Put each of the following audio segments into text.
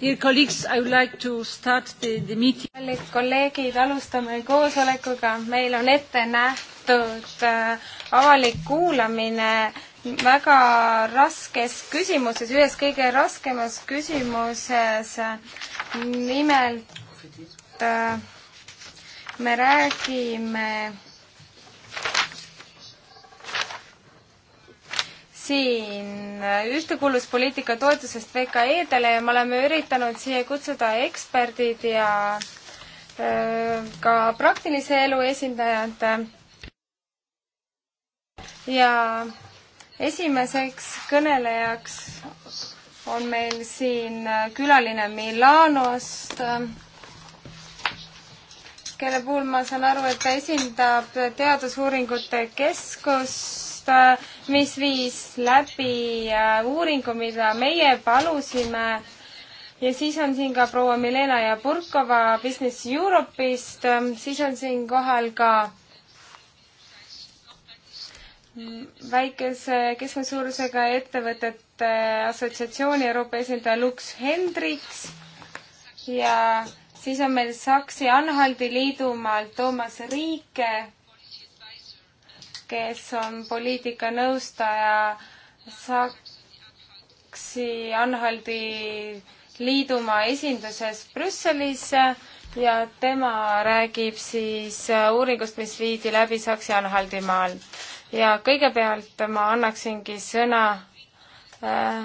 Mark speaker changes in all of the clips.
Speaker 1: kallid
Speaker 2: kolleegid, alustame koosolekuga. meil on ette nähtud äh, avalik kuulamine väga raskes küsimuses, ühes kõige raskemas küsimuses.
Speaker 1: nimelt
Speaker 2: äh, me räägime siin ühtekuuluvuspoliitika toetusest VKE-dele ja me oleme üritanud siia kutsuda eksperdid ja äh, ka praktilise elu esindajad. ja esimeseks kõnelejaks on meil siin külaline Milanost, kelle puhul ma saan aru, et ta esindab Teadusuuringute Keskust valitsust, mis viis läbi äh, uuringu, mida meie palusime. ja siis on siin ka proua Milena Jaburkova Business Europe'ist, ähm, siis on siin kohal ka väikese keskmise suurusega ettevõtete assotsiatsiooni Euroopa esindaja Lux Hendriks ja siis on meil Saksi Anhaldi liidumaalt Toomas Riike kes on poliitikanõustaja Saksi-Anhaldi liidumaa esinduses Brüsselis ja tema räägib siis uuringust, mis viidi läbi Saksi-Anhaldimaal. ja kõigepealt ma annaksingi sõna äh,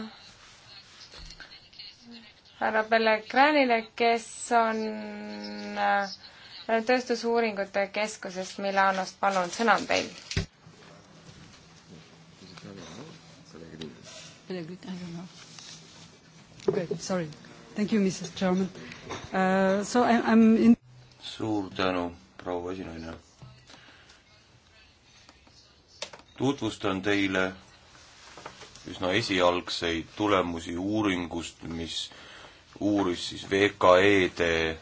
Speaker 2: härra Pellegrinile, kes on äh, tööstusuuringute keskusest Milanost, palun, sõna on teil.
Speaker 1: Pellegrini, I don't know. Good, sorry. Thank you, Mrs Chairman uh,. So I, I'm in.
Speaker 3: suur tänu, proua esinaine. tutvustan teile üsna esialgseid tulemusi uuringust, mis uuris siis VKE-de äh,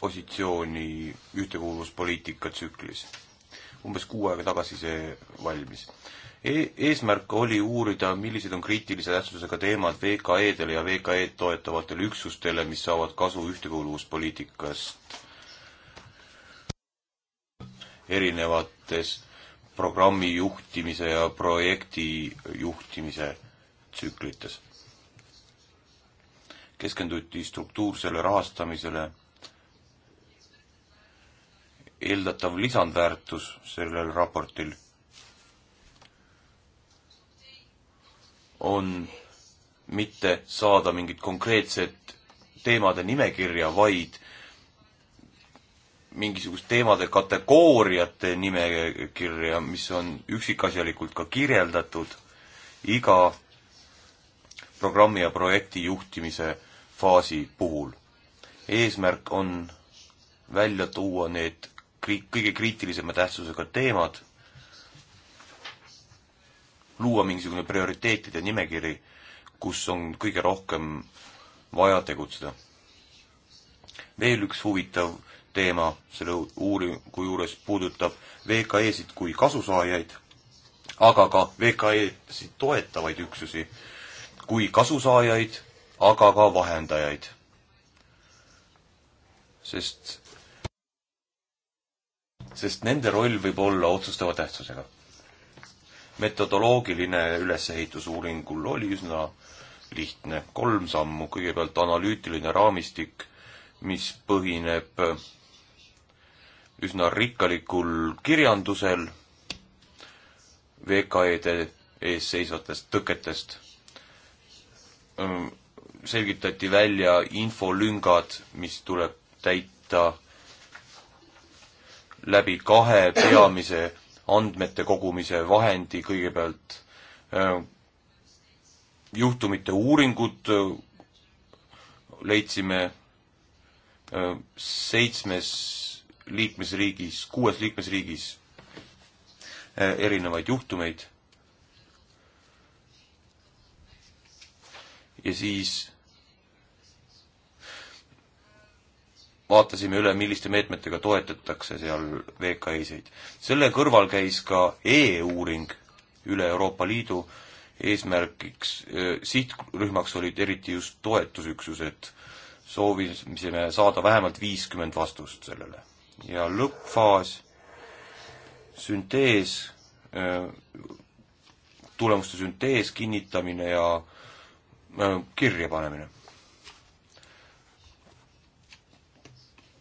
Speaker 3: positsiooni ühtekuuluvuspoliitika tsüklis umbes kuu aega tagasi see valmis e. Eesmärk oli uurida, millised on kriitilise tähtsusega teemad VKE-dele ja VKE-d toetavatele üksustele, mis saavad kasu ühtekuuluvuspoliitikast erinevates programmi juhtimise ja projekti juhtimise tsüklites. keskenduti struktuursele rahastamisele eeldatav lisandväärtus sellel raportil on mitte saada mingit konkreetset teemade nimekirja, vaid mingisugust teemade kategooriate nimekirja, mis on üksikasjalikult ka kirjeldatud iga programmi ja projekti juhtimise faasi puhul. eesmärk on välja tuua need kri-, kõige kriitilisema tähtsusega teemad, luua mingisugune prioriteetide nimekiri, kus on kõige rohkem vaja tegutseda. veel üks huvitav teema selle uuringu juures puudutab VKE-sid kui kasusaajaid, aga ka VKE-sid toetavaid üksusi kui kasusaajaid, aga ka vahendajaid. sest sest nende roll võib olla otsustava tähtsusega. metodoloogiline ülesehitus uuringul oli üsna lihtne, kolm sammu, kõigepealt analüütiline raamistik, mis põhineb üsna rikkalikul kirjandusel VKE-de ees seisvatest tõketest. selgitati välja infolüngad, mis tuleb täita läbi kahe peamise andmete kogumise vahendi, kõigepealt äh, juhtumite uuringud äh, leidsime äh, seitsmes liikmesriigis, kuues liikmesriigis erinevaid juhtumeid ja siis vaatasime üle, milliste meetmetega toetatakse seal VKI-sid. selle kõrval käis ka e-uuring üle Euroopa Liidu, eesmärgiks, e, sihtrühmaks olid eriti just toetusüksused, soovisime saada vähemalt viiskümmend vastust sellele. ja lõppfaas, süntees, e, tulemuste süntees, kinnitamine ja e, kirjapanemine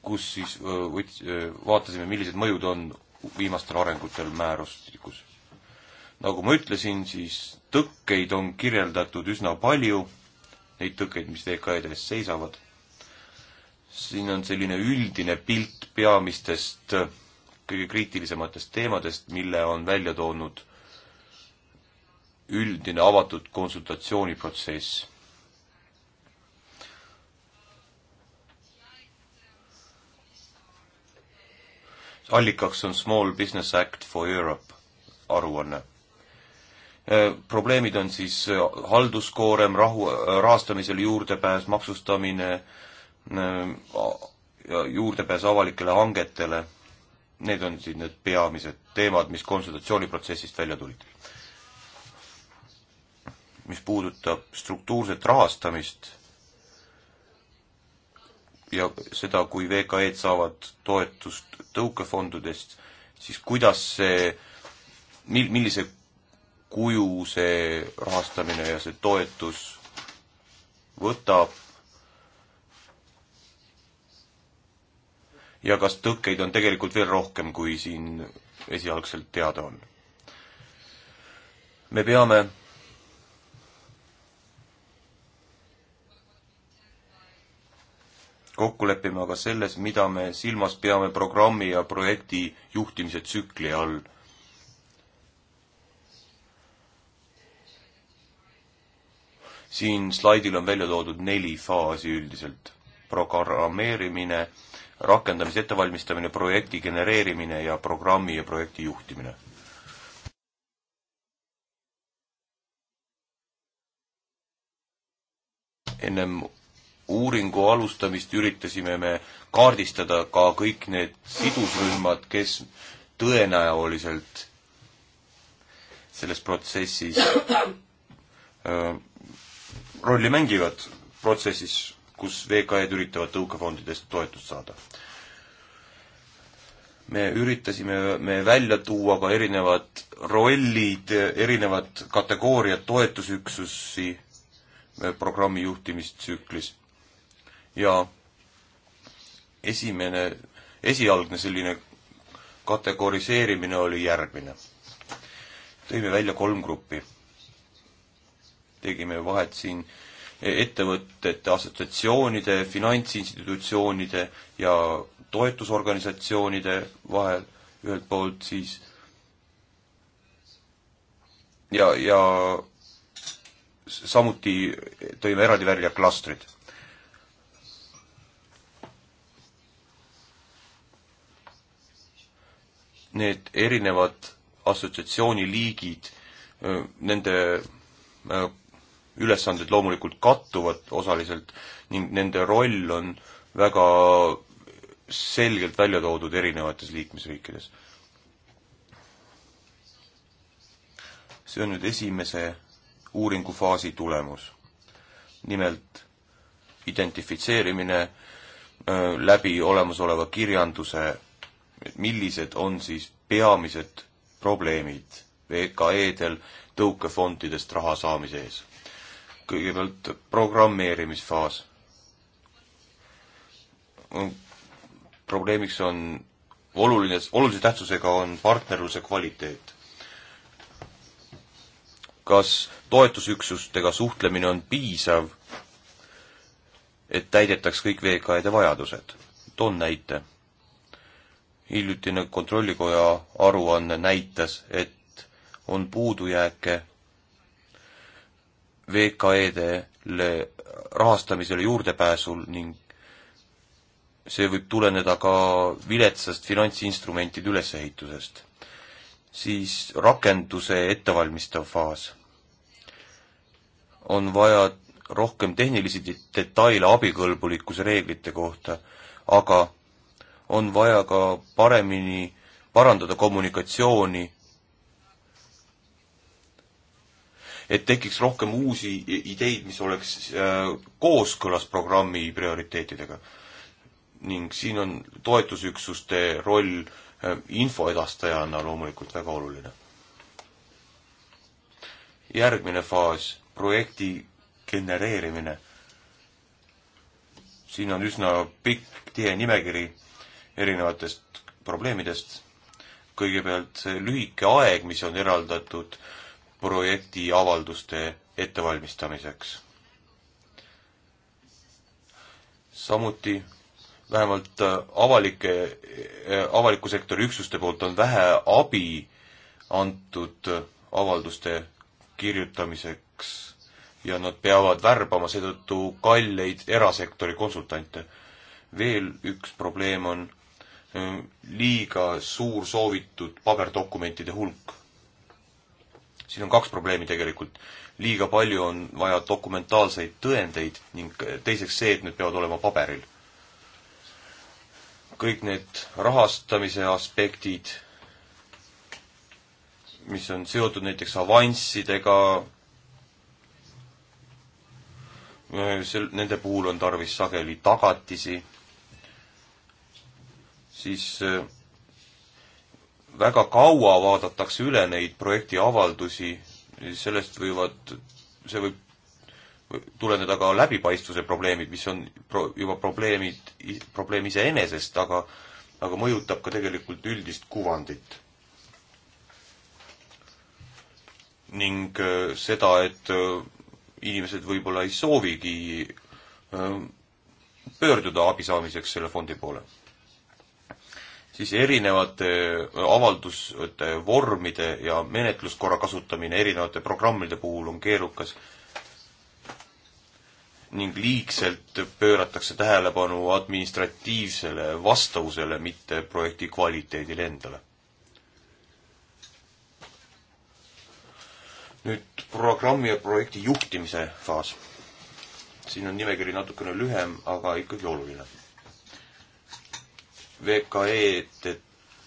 Speaker 3: kus siis võts-, vaatasime, millised mõjud on viimastel arengutel määrustikus. nagu ma ütlesin, siis tõkkeid on kirjeldatud üsna palju, neid tõkkeid, mis VKD ees seisavad. siin on selline üldine pilt peamistest kõige kriitilisematest teemadest, mille on välja toonud üldine avatud konsultatsiooniprotsess allikaks on Small Business Act for Europe aruanne. Äh, probleemid on siis äh, halduskoorem, rahu, äh, rahastamisele juurdepääs, maksustamine, juurdepääs avalikele hangetele, need on siis need peamised teemad, mis konsultatsiooniprotsessist välja tulid. mis puudutab struktuurset rahastamist ja seda, kui VKE-d saavad toetust tõukefondidest, siis kuidas see, mil-, millise kuju see rahastamine ja see toetus võtab ja kas tõkkeid on tegelikult veel rohkem, kui siin esialgselt teada on? me peame kokku leppima ka selles, mida me silmas peame programmi ja projekti juhtimise tsükli all. siin slaidil on välja toodud neli faasi üldiselt. programmeerimine, rakendamise ettevalmistamine, projekti genereerimine ja programmi ja projekti juhtimine ennem uuringu alustamist üritasime me kaardistada ka kõik need sidusrühmad, kes tõenäoliselt selles protsessis äh, rolli mängivad, protsessis, kus VKE-d üritavad tõukefondidest toetust saada. me üritasime, me välja tuua ka erinevad rollid, erinevad kategooriad toetusüksusi programmi juhtimistsüklis ja esimene, esialgne selline kategoriseerimine oli järgmine. tõime välja kolm gruppi. tegime vahet siin ettevõtete, assotsiatsioonide, finantsinstitutsioonide ja toetusorganisatsioonide vahel ühelt poolt siis ja, ja samuti tõime eraldi välja klastrid need erinevad assotsiatsiooni liigid, nende ülesanded loomulikult kattuvad osaliselt ning nende roll on väga selgelt välja toodud erinevates liikmesriikides. see on nüüd esimese uuringufaasi tulemus. nimelt identifitseerimine läbi olemasoleva kirjanduse et millised on siis peamised probleemid VKE-del tõukefondidest raha saamise ees? kõigepealt programmeerimisfaas. probleemiks on oluline, olulise tähtsusega on partnerluse kvaliteet. kas toetusüksustega suhtlemine on piisav, et täidetaks kõik VKE-de vajadused? toon näite hiljutine Kontrollikoja aruanne näitas, et on puudujääke VKE-dele rahastamisele juurdepääsul ning see võib tuleneda ka viletsast finantsinstrumentide ülesehitusest. siis rakenduse ettevalmistav faas. on vaja rohkem tehnilisi detaile abikõlbulikkuse reeglite kohta, aga on vaja ka paremini parandada kommunikatsiooni, et tekiks rohkem uusi ideid, mis oleks äh, kooskõlas programmi prioriteetidega. ning siin on toetusüksuste roll äh, info edastajana loomulikult väga oluline. järgmine faas, projekti genereerimine. siin on üsna pikk, tihe nimekiri erinevatest probleemidest. kõigepealt see lühike aeg, mis on eraldatud projekti avalduste ettevalmistamiseks. samuti vähemalt äh, avalike, äh, avaliku sektori üksuste poolt on vähe abi antud äh, avalduste kirjutamiseks ja nad peavad värbama seetõttu kalleid erasektori konsultante. veel üks probleem on liiga suur soovitud paberdokumentide hulk. siin on kaks probleemi tegelikult. liiga palju on vaja dokumentaalseid tõendeid ning teiseks see, et need peavad olema paberil. kõik need rahastamise aspektid, mis on seotud näiteks avanssidega, sel-, nende puhul on tarvis sageli tagatisi siis äh, väga kaua vaadatakse üle neid projektiavaldusi, sellest võivad, see võib tuleneda ka läbipaistvuse probleemid, mis on pro, juba probleemid, probleem iseenesest, aga, aga mõjutab ka tegelikult üldist kuvandit. ning äh, seda, et äh, inimesed võib-olla ei soovigi pöörduda abi saamiseks selle fondi poole siis erinevate äh, avalduste vormide ja menetluskorra kasutamine erinevate programmide puhul on keerukas ning liigselt pööratakse tähelepanu administratiivsele vastavusele, mitte projekti kvaliteedile endale. nüüd programmi ja projekti juhtimise faas. siin on nimekiri natukene lühem, aga ikkagi oluline VKE-d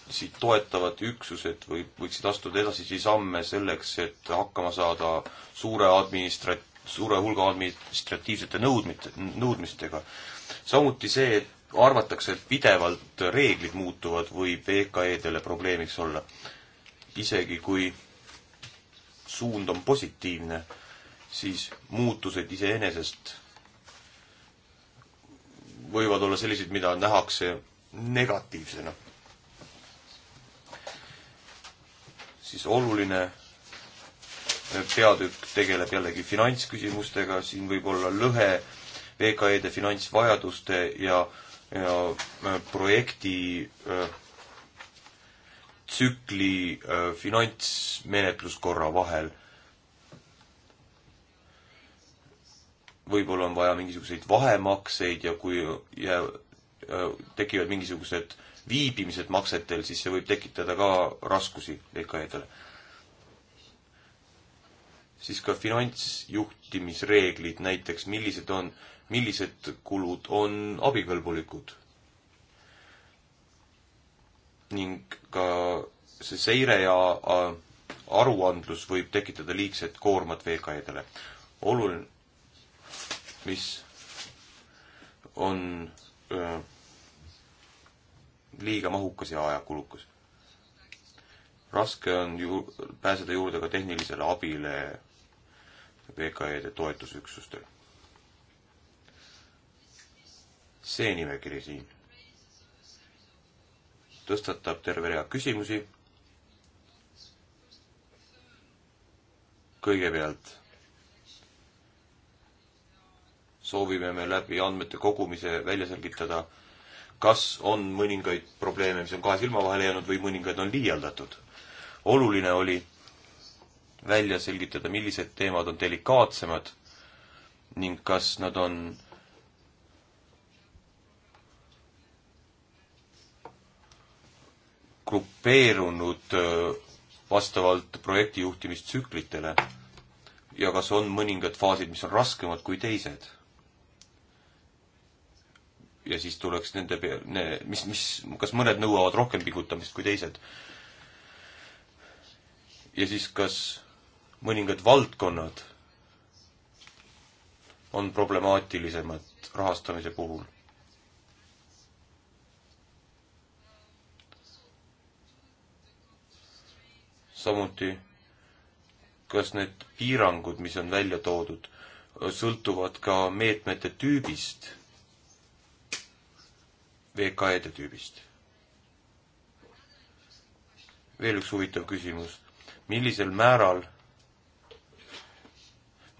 Speaker 3: siit toetavad üksused või võiksid astuda edasisi samme selleks, et hakkama saada suure administra-, suure hulga administratiivsete nõudmit-, nõudmistega. samuti see, et arvatakse, et pidevalt reeglid muutuvad, võib VKE-dele probleemiks olla. isegi kui suund on positiivne, siis muutused iseenesest võivad olla sellised, mida nähakse negatiivsena. siis oluline eh, peatükk tegeleb jällegi finantsküsimustega, siin võib olla lõhe VKE-de finantsvajaduste ja, ja eh, projekti äh, tsükli äh, finantsmenetluskorra vahel. võib-olla on vaja mingisuguseid vahemakseid ja kui jääb Äh, tekivad mingisugused viibimised maksetel, siis see võib tekitada ka raskusi VKE-dele. siis ka finantsjuhtimisreeglid näiteks, millised on, millised kulud on abikõlbulikud. ning ka see seire ja äh, aruandlus võib tekitada liigset koormat VKE-dele. oluline, mis on öö, äh, liiga mahukas ja ajakulukas. raske on ju pääseda juurde ka tehnilisele abile VKE-de toetusüksustel. see nimekiri siin tõstatab terve rea küsimusi. kõigepealt soovime me läbi andmete kogumise välja selgitada, kas on mõningaid probleeme, mis on kahe silma vahele jäänud või mõningaid on liialdatud. oluline oli välja selgitada, millised teemad on delikaatsemad ning kas nad on grupeerunud äh, vastavalt projektijuhtimistsüklitele ja kas on mõningad faasid, mis on raskemad kui teised ja siis tuleks nende peal ne,, mis, mis, kas mõned nõuavad rohkem pingutamist kui teised. ja siis, kas mõningad valdkonnad on problemaatilisemad rahastamise puhul? samuti, kas need piirangud, mis on välja toodud, sõltuvad ka meetmete tüübist VKE-de tüübist. veel üks huvitav küsimus. millisel määral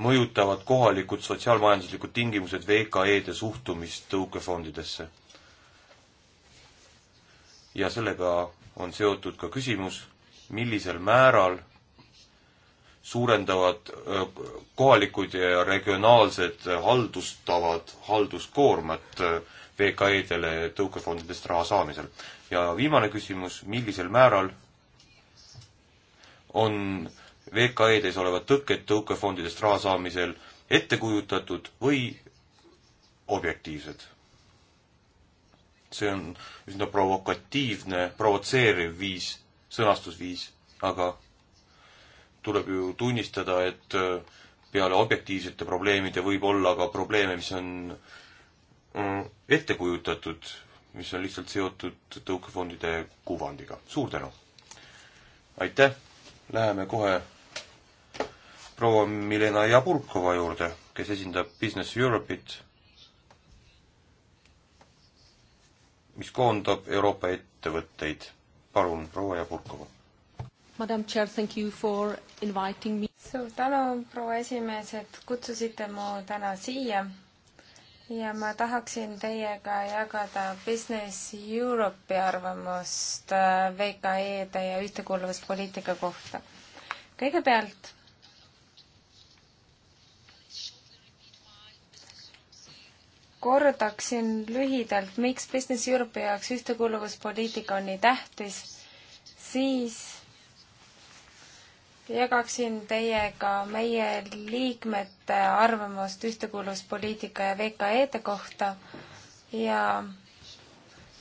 Speaker 3: mõjutavad kohalikud sotsiaalmajanduslikud tingimused VKE-de suhtumist tõukefondidesse? ja sellega on seotud ka küsimus, millisel määral suurendavad kohalikud ja regionaalsed haldustavad halduskoormat VKE-dele tõukefondidest raha saamisel. ja viimane küsimus, millisel määral on VKE-des olevad tõkked tõukefondidest raha saamisel ette kujutatud või objektiivsed? see on üsna provokatiivne, provotseeriv viis, sõnastusviis, aga tuleb ju tunnistada, et äh, peale objektiivsete probleemide võib olla ka probleeme, mis on ette kujutatud, mis on lihtsalt seotud tõukefondide kuvandiga. suur tänu! aitäh! Läheme kohe proua Milena Jaburkova juurde, kes esindab Business Europe'it, mis koondab Euroopa ettevõtteid. palun, proua Jaburkova.
Speaker 1: Madam Chair, thank
Speaker 2: you for inviting me. suur tänu, proua esimees, et kutsusite mu täna siia ja ma tahaksin teiega jagada Business Europe'i arvamust äh, VKE-de ja ühtekuuluvuspoliitika kohta. kõigepealt kordaksin lühidalt, miks Business Europe'i jaoks ühtekuuluvuspoliitika on nii tähtis, siis jagaksin teiega meie liikmete arvamust ühtekuuluvuspoliitika ja VKE-de kohta ja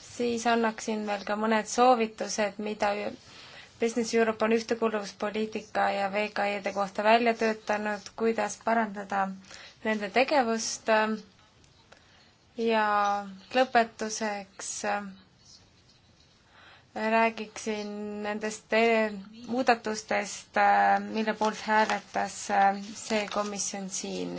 Speaker 2: siis annaksin veel ka mõned soovitused, mida Business Europe on ühtekuuluvuspoliitika ja VKE-de kohta välja töötanud, kuidas parandada nende tegevust ja lõpetuseks räägiksin nendest e- muudatustest, äh, mille poolt hääletas äh, see komisjon siin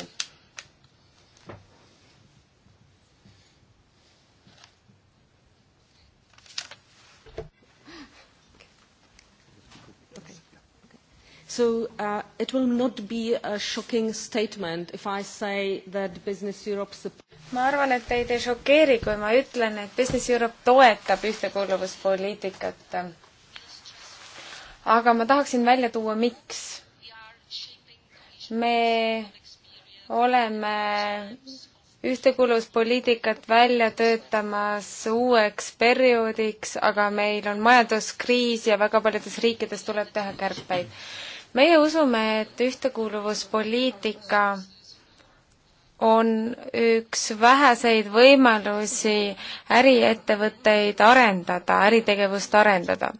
Speaker 1: So uh, it will not be a shocking statement if I say that Business Europe
Speaker 2: ma arvan, et teid ei šokeeri, kui ma ütlen, et Business Europe toetab ühtekuuluvuspoliitikat. aga ma tahaksin välja tuua, miks. me oleme ühtekuuluvuspoliitikat välja töötamas uueks perioodiks, aga meil on majanduskriis ja väga paljudes riikides tuleb teha kärpeid meie usume, et ühtekuuluvuspoliitika on üks väheseid võimalusi äriettevõtteid arendada, äritegevust arendada.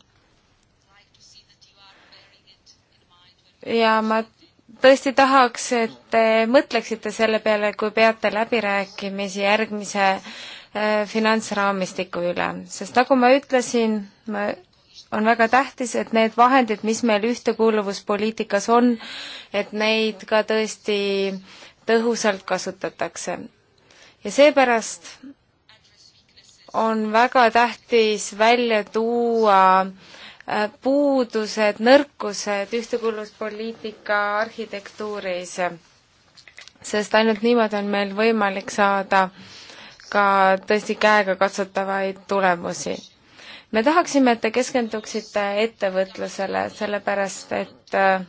Speaker 2: ja ma tõesti tahaks, et te mõtleksite selle peale, kui peate läbirääkimisi järgmise eh, finantsraamistiku üle, sest nagu ma ütlesin, ma on väga tähtis, et need vahendid, mis meil ühtekuuluvuspoliitikas on, et neid ka tõesti tõhusalt kasutatakse. ja seepärast on väga tähtis välja tuua äh, puudused, nõrkused ühtekuuluvuspoliitika arhitektuuris, sest ainult niimoodi on meil võimalik saada ka tõesti käegakatsutavaid tulemusi me tahaksime, et te keskenduksite ettevõtlusele, sellepärast et äh,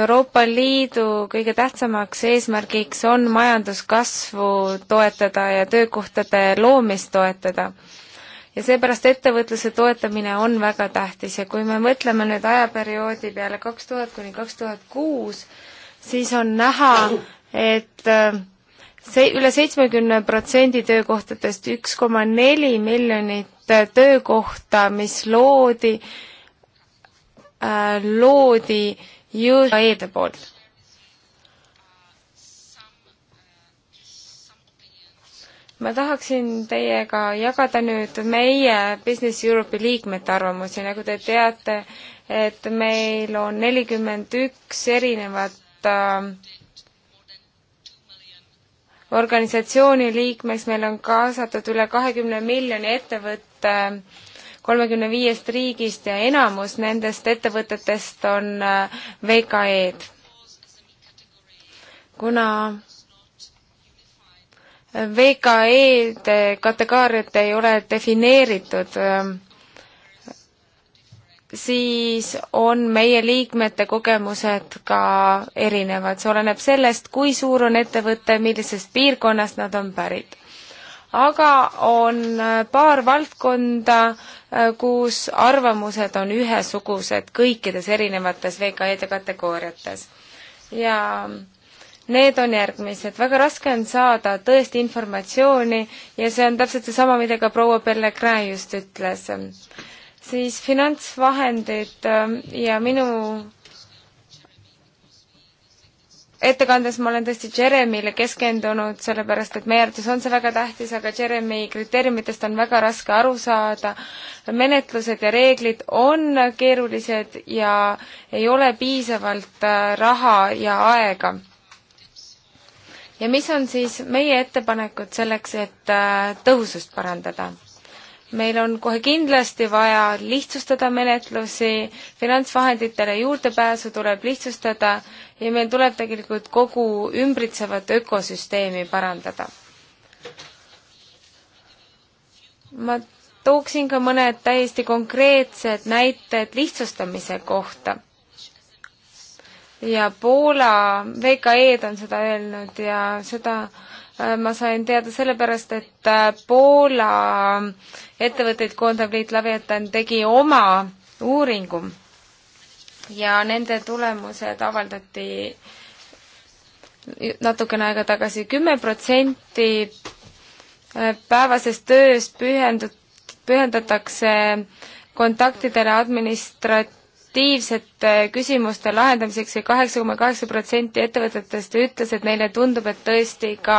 Speaker 2: Euroopa Liidu kõige tähtsamaks eesmärgiks on majanduskasvu toetada ja töökohtade loomist toetada. ja seepärast ettevõtluse toetamine on väga tähtis ja kui me mõtleme nüüd ajaperioodi peale kaks tuhat kuni kaks tuhat kuus, siis on näha, et äh, see üle seitsmekümne protsendi töökohtadest, üks koma neli miljonit äh, töökohta, mis loodi äh,, loodi jõe poolt. ma tahaksin teiega jagada nüüd meie Business Europe'i liikmete arvamusi, nagu te teate, et meil on nelikümmend üks erinevat äh, organisatsiooni liikmeks, meil on kaasatud üle kahekümne miljoni ettevõtte kolmekümne viiest riigist ja enamus nendest ettevõtetest on äh, VKE-d. kuna VKE-de kategooriat ei ole defineeritud äh, siis on meie liikmete kogemused ka erinevad, see oleneb sellest, kui suur on ettevõte, millisest piirkonnast nad on pärit. aga on äh, paar valdkonda, äh, kus arvamused on ühesugused kõikides erinevates VKE-de kategooriates. ja need on järgmised, väga raske on saada tõesti informatsiooni ja see on täpselt seesama, mida ka proua Pellegrin just ütles siis finantsvahendid ähm, ja minu ettekandes ma olen tõesti Jeremile keskendunud, sellepärast et meie arvates on see väga tähtis, aga Jeremy kriteeriumitest on väga raske aru saada. menetlused ja reeglid on keerulised ja ei ole piisavalt äh, raha ja aega. ja mis on siis meie ettepanekud selleks, et äh, tõhusust parandada? meil on kohe kindlasti vaja lihtsustada menetlusi, finantsvahenditele juurdepääsu tuleb lihtsustada ja meil tuleb tegelikult kogu ümbritsevat ökosüsteemi parandada. ma tooksin ka mõned täiesti konkreetsed näited lihtsustamise kohta. ja Poola VKE-d on seda öelnud ja seda äh, Äh, ma sain teada sellepärast, et äh, Poola ettevõtteid koondav liit Leviatan tegi oma uuringu ja nende tulemused avaldati natukene aega tagasi, kümme protsenti äh, päevases töös pühendut-, pühendatakse kontaktidele administrat-, aktiivsete küsimuste lahendamiseks ja kaheksa koma kaheksa protsenti ettevõtetest ütles, et neile tundub, et tõesti ka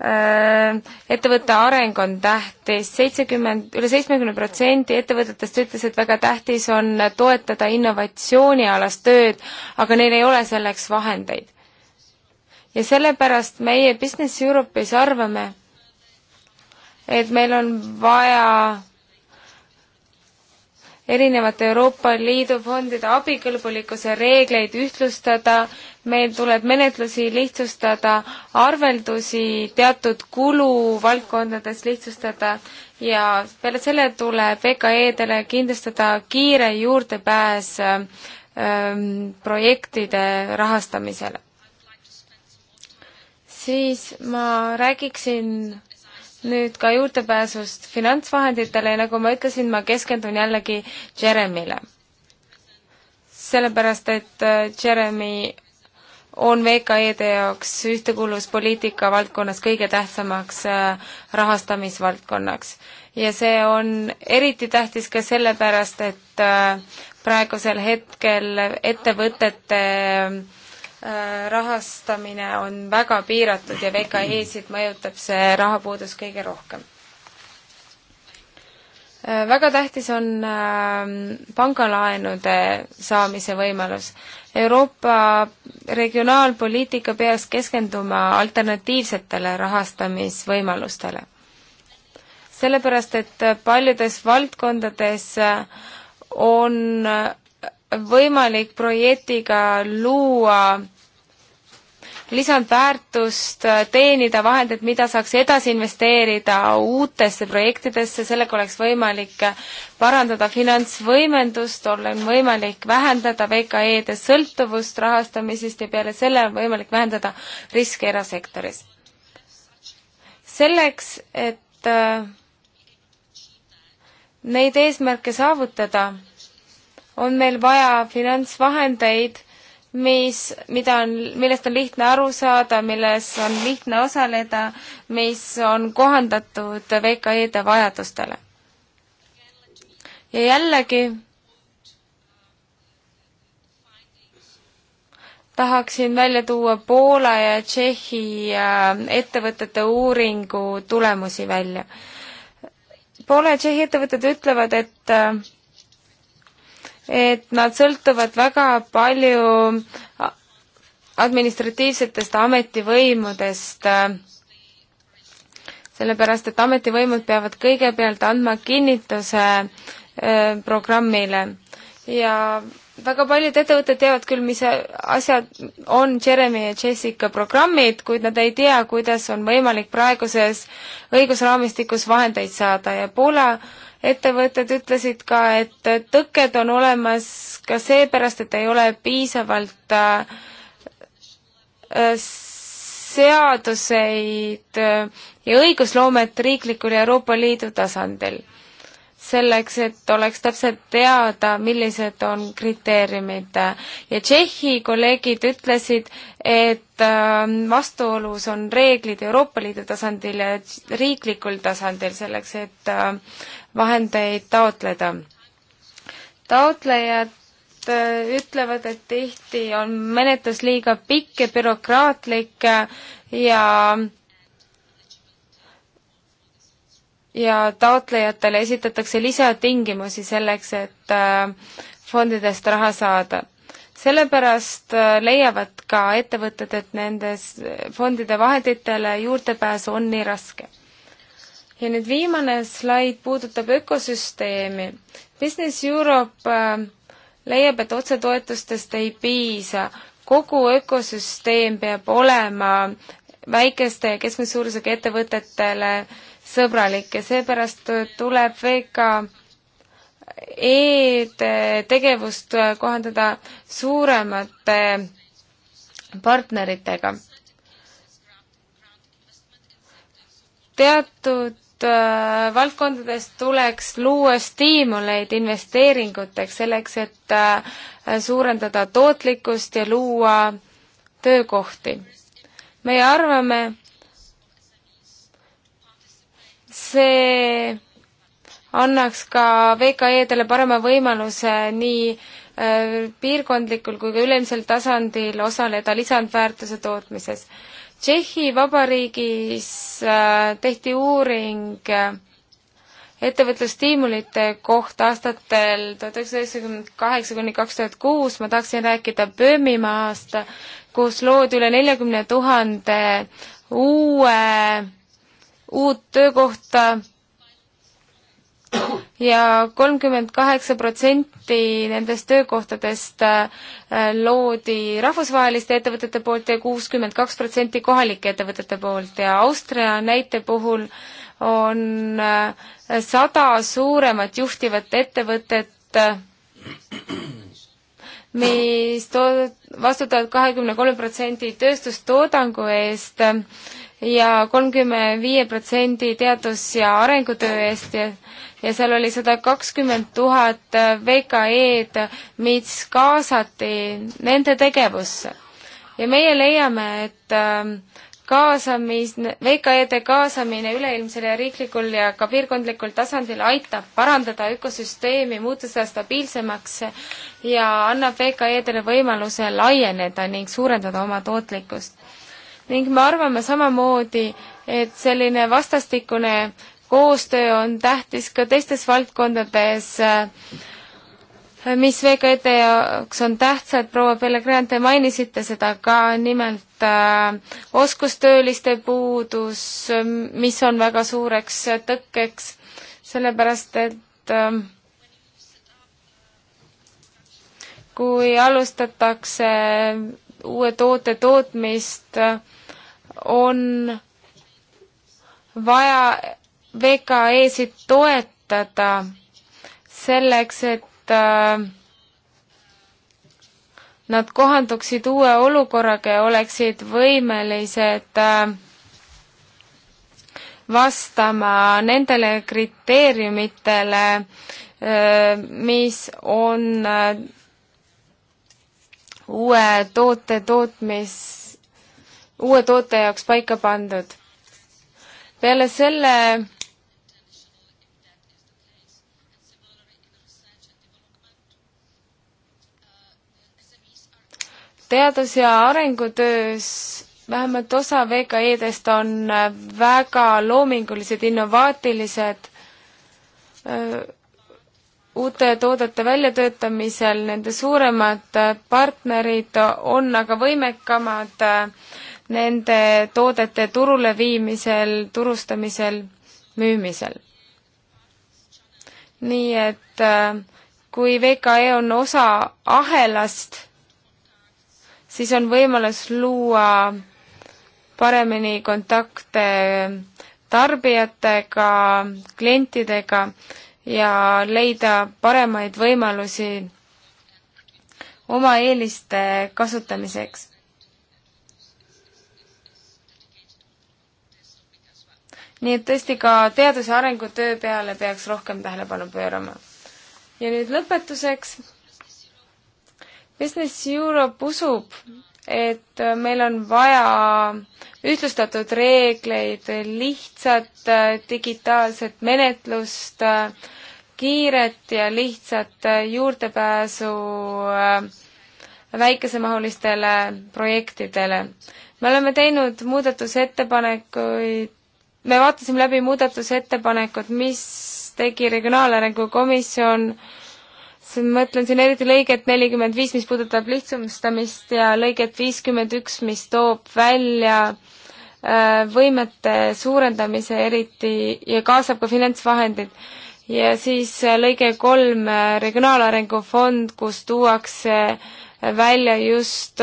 Speaker 2: äh, ettevõtte areng on tähtis, seitsekümmend, üle seitsmekümne protsendi ettevõtetest ütles, et väga tähtis on toetada innovatsioonialast tööd, aga neil ei ole selleks vahendeid. ja sellepärast meie Business Europe'is arvame, et meil on vaja erinevate Euroopa Liidu fondide abikõlbulikkuse reegleid ühtlustada, meil tuleb menetlusi lihtsustada, arveldusi teatud kuluvaldkondades lihtsustada ja peale selle tuleb VKE-dele kindlustada kiire juurdepääs ähm, projektide rahastamisele. siis ma räägiksin nüüd ka juurdepääsust finantsvahenditele ja nagu ma ütlesin, ma keskendun jällegi Jeremile. sellepärast, et äh, Jeremy on VKE-de jaoks ühtekuuluvuspoliitika valdkonnas kõige tähtsamaks äh, rahastamisvaldkonnaks. ja see on eriti tähtis ka sellepärast, et äh, praegusel hetkel ettevõtete äh, Äh, rahastamine on väga piiratud ja VKE-sid mõjutab see rahapuudus kõige rohkem. Äh, väga tähtis on äh, pangalaenude saamise võimalus. Euroopa regionaalpoliitika peaks keskenduma alternatiivsetele rahastamisvõimalustele. sellepärast, et paljudes valdkondades on võimalik projektiga luua lisandväärtust, teenida vahendeid, mida saaks edasi investeerida uutesse projektidesse, sellega oleks võimalik parandada finantsvõimendust, on võimalik vähendada VKE-de sõltuvust rahastamisest ja peale selle on võimalik vähendada riske erasektoris. selleks, et äh, neid eesmärke saavutada, on meil vaja finantsvahendeid, mis, mida on, millest on lihtne aru saada, milles on lihtne osaleda, mis on kohandatud VKE-de vajadustele. ja jällegi tahaksin välja tuua Poola ja Tšehhi äh, ettevõtete uuringu tulemusi välja. Poola ja Tšehhi ettevõtted ütlevad, et äh, et nad sõltuvad väga palju administratiivsetest ametivõimudest, sellepärast et ametivõimud peavad kõigepealt andma kinnituse äh, programmile ja väga paljud ettevõtted teavad küll, mis asjad on Jeremy ja Jessica programmid, kuid nad ei tea, kuidas on võimalik praeguses õigusraamistikus vahendeid saada ja Poola äh, ettevõtted ütlesid ka, et tõkked on olemas ka seepärast, et ei ole piisavalt äh, äh, seaduseid äh, ja õigusloomet riiklikul ja Euroopa Liidu tasandil selleks, et oleks täpselt teada, millised on kriteeriumid. ja Tšehhi kolleegid ütlesid, et ähm, vastuolus on reeglid Euroopa Liidu tasandil ja riiklikul tasandil selleks, et ähm, vahendeid taotleda. taotlejad äh, ütlevad, et tihti on menetlus liiga pikk ja bürokraatlik ja ja taotlejatele esitatakse lisatingimusi selleks, et äh, fondidest raha saada. sellepärast äh, leiavad ka ettevõtted, et nendes äh, fondide vahenditele juurdepääs on nii raske. ja nüüd viimane slaid puudutab ökosüsteemi. Business Europe leiab, et otsetoetustest ei piisa, kogu ökosüsteem peab olema väikeste ja keskmise suurusega ettevõtetele äh, sõbralik ja seepärast tuleb VK e-tegevust kohandada suuremate partneritega. teatud äh, valdkondades tuleks luua stiimuleid investeeringuteks, selleks et äh, suurendada tootlikkust ja luua töökohti. meie arvame, see annaks ka VKE-dele parema võimaluse nii äh, piirkondlikul kui ka ülemisel tasandil osaleda lisandväärtuse tootmises. Tšehhi Vabariigis äh, tehti uuring äh, ettevõtlusstiimulite kohta aastatel tuhat üheksasada üheksakümmend kaheksa kuni kaks tuhat kuus, ma tahaksin rääkida Böömimaast, kus loodi üle neljakümne tuhande uue uut töökohta ja kolmkümmend kaheksa protsenti nendest töökohtadest äh, loodi rahvusvaheliste ettevõtete poolt ja kuuskümmend kaks protsenti kohalike ettevõtete poolt ja Austria näite puhul on äh, sada suuremat juhtivat ettevõtet, äh, mis to-, vastutavad kahekümne kolme protsendi tööstustoodangu eest ja kolmkümmend viie protsendi teadus- ja arengutöö eest ja ja seal oli sada kakskümmend tuhat VKE-d, mis kaasati nende tegevusse. ja meie leiame, et ähm, kaasamis, VKE-de kaasamine üleilmsel ja riiklikul ja ka piirkondlikul tasandil aitab parandada ökosüsteemi, muuta seda stabiilsemaks ja annab VKE-dele võimaluse laieneda ning suurendada oma tootlikkust ning me arvame samamoodi, et selline vastastikune koostöö on tähtis ka teistes valdkondades, mis VKT jaoks on tähtsad, proua Pellegrin, te mainisite seda ka, nimelt äh, oskustööliste puudus, mis on väga suureks tõkkeks, sellepärast et äh, kui alustatakse uue toote tootmist, on vaja VKE-sid toetada selleks, et äh, nad kohanduksid uue olukorraga ja oleksid võimelised äh, vastama nendele kriteeriumitele, äh, mis on uue toote tootmis, uue toote jaoks paika pandud. peale selle teadus- ja arengutöös vähemalt osa VKE-dest on väga loomingulised, innovaatilised uute toodete väljatöötamisel, nende suuremad partnerid on aga võimekamad nende toodete turule viimisel, turustamisel, müümisel. nii et äh, kui VKE on osa ahelast, siis on võimalus luua paremini kontakte tarbijatega, klientidega ja leida paremaid võimalusi oma eeliste kasutamiseks. nii et tõesti ka teadus- ja arengutöö peale peaks rohkem tähelepanu pöörama. ja nüüd lõpetuseks. Business Europe usub, et äh, meil on vaja ühtlustatud reegleid, lihtsat äh, digitaalset menetlust, äh, kiiret ja lihtsat juurdepääsu väikesemahulistele projektidele. me oleme teinud muudatusettepanekuid, me vaatasime läbi muudatusettepanekud, mis tegi Regionaalarengu Komisjon äh, mõtlen siin eriti lõiget nelikümmend viis, mis puudutab lihtsustamist ja lõiget viiskümmend üks, mis toob välja äh, võimete suurendamise eriti ja kaasab ka finantsvahendid. ja siis äh, lõige kolm, äh, Regionaalarengu fond, kus tuuakse välja just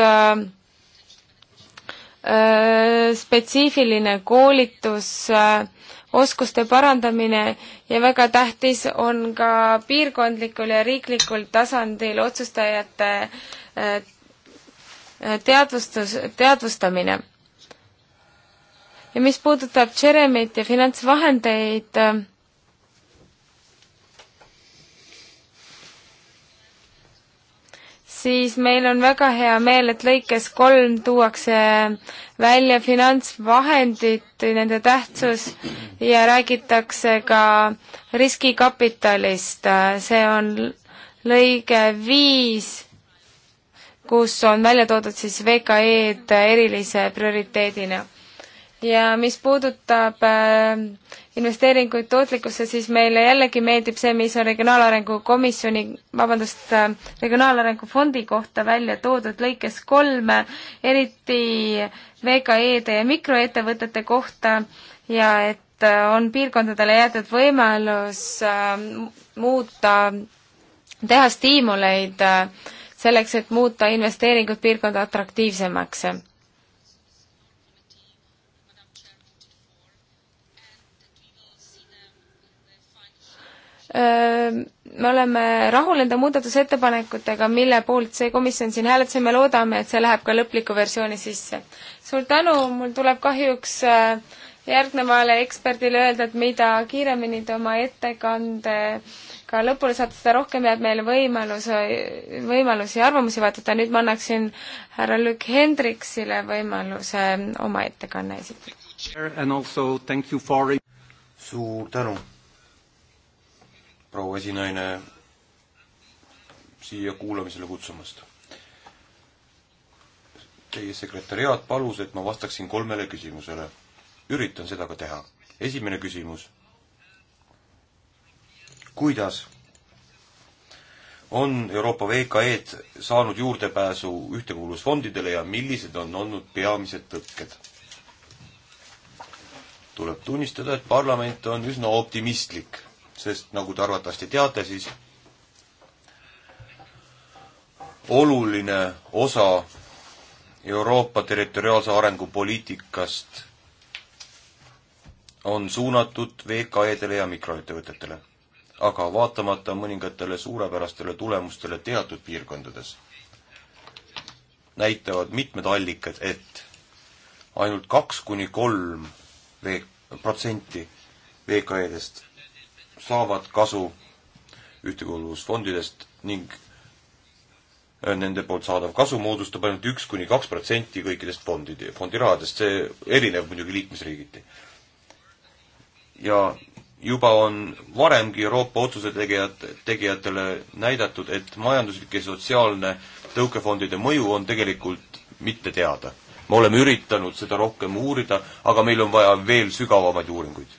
Speaker 2: spetsiifiline koolitus äh, oskuste parandamine ja väga tähtis on ka piirkondlikul ja riiklikul tasandil otsustajate äh, teadvustus, teadvustamine. ja mis puudutab Jeremit ja finantsvahendeid, äh, siis meil on väga hea meel, et lõikes kolm tuuakse välja finantsvahendid, nende tähtsus ja räägitakse ka riskikapitalist. see on lõige viis, kus on välja toodud siis VKE-d erilise prioriteedina. ja mis puudutab äh, investeeringuid tootlikkusse, siis meile jällegi meeldib see, mis on Regionaalarengu Komisjoni, vabandust, äh, Regionaalarengu Fondi kohta välja toodud lõikes kolm, eriti VKE-de ja mikroettevõtete kohta ja et äh, on piirkondadele jäetud võimalus äh, muuta, teha stiimuleid äh, selleks, et muuta investeeringud piirkonda atraktiivsemaks me oleme rahul nende muudatusettepanekutega, mille poolt see komisjon siin hääletas ja me loodame, et see läheb ka lõpliku versiooni sisse. suur tänu, mul tuleb kahjuks äh, järgnevale eksperdile öelda, et mida kiiremini te oma ettekandega lõpule saate, seda rohkem jääb meile võimalus, võimalusi ja arvamusi vaadata. nüüd ma annaksin härra Lükk Hendriksile võimaluse oma ettekanne esitada.
Speaker 3: suur tänu proua esinaine siia kuulamisele kutsumast. Teie sekretäriaat palus, et ma vastaksin kolmele küsimusele. üritan seda ka teha. esimene küsimus. kuidas on Euroopa VKE-d saanud juurdepääsu ühtekuuluvusfondidele ja millised on olnud peamised tõkked? tuleb tunnistada, et parlament on üsna optimistlik sest nagu te arvatavasti teate, siis oluline osa Euroopa territoriaalse arengu poliitikast on suunatud VKE-dele ja mikroettevõtetele, aga vaatamata mõningatele suurepärastele tulemustele teatud piirkondades, näitavad mitmed allikad, et ainult kaks kuni kolm protsenti VKE-dest saavad kasu ühtekuuluvusfondidest ning äh, nende poolt saadav kasu moodustab ainult üks kuni kaks protsenti kõikidest fondide, fondirahadest, see erineb muidugi liikmesriigiti. ja juba on varemgi Euroopa otsuse tegijad, tegijatele näidatud, et majanduslik ja sotsiaalne tõukefondide mõju on tegelikult mitte teada. me oleme üritanud seda rohkem uurida, aga meil on vaja veel sügavamaid uuringuid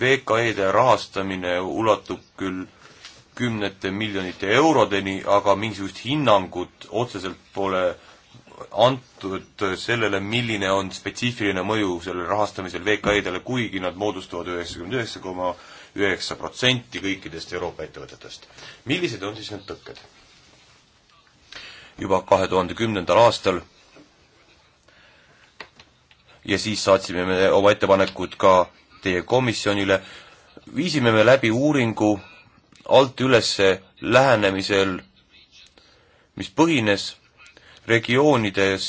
Speaker 3: VKE-de rahastamine ulatub küll kümnete miljonite eurodeni, aga mingisugust hinnangut otseselt pole antud sellele, milline on spetsiifiline mõju sellel rahastamisel VKI-dele, kuigi nad moodustavad üheksakümmend üheksa koma üheksa protsenti kõikidest Euroopa ettevõtetest. millised on siis need tõkked? juba kahe tuhande kümnendal aastal ja siis saatsime me oma ettepanekud ka teie komisjonile, viisime me läbi uuringu alt ülesse lähenemisel, mis põhines regioonides,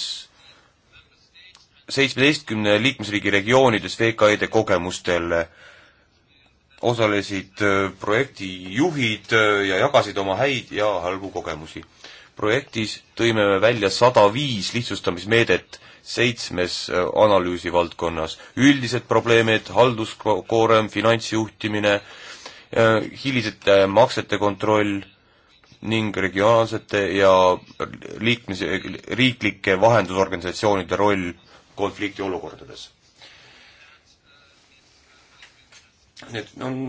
Speaker 3: seitsmeteistkümne liikmesriigi regioonides VKE-de kogemustele osalesid äh, projektijuhid äh, ja jagasid oma häid ja halbu kogemusi projektis tõime me välja sada viis lihtsustamismeedet seitsmes äh, analüüsivaldkonnas. üldised probleemid, halduskoorem, finantsjuhtimine, äh, hilisete maksete kontroll ning regionaalsete ja liikmes-, riiklike vahendusorganisatsioonide roll konfliktiolukordades. Need on,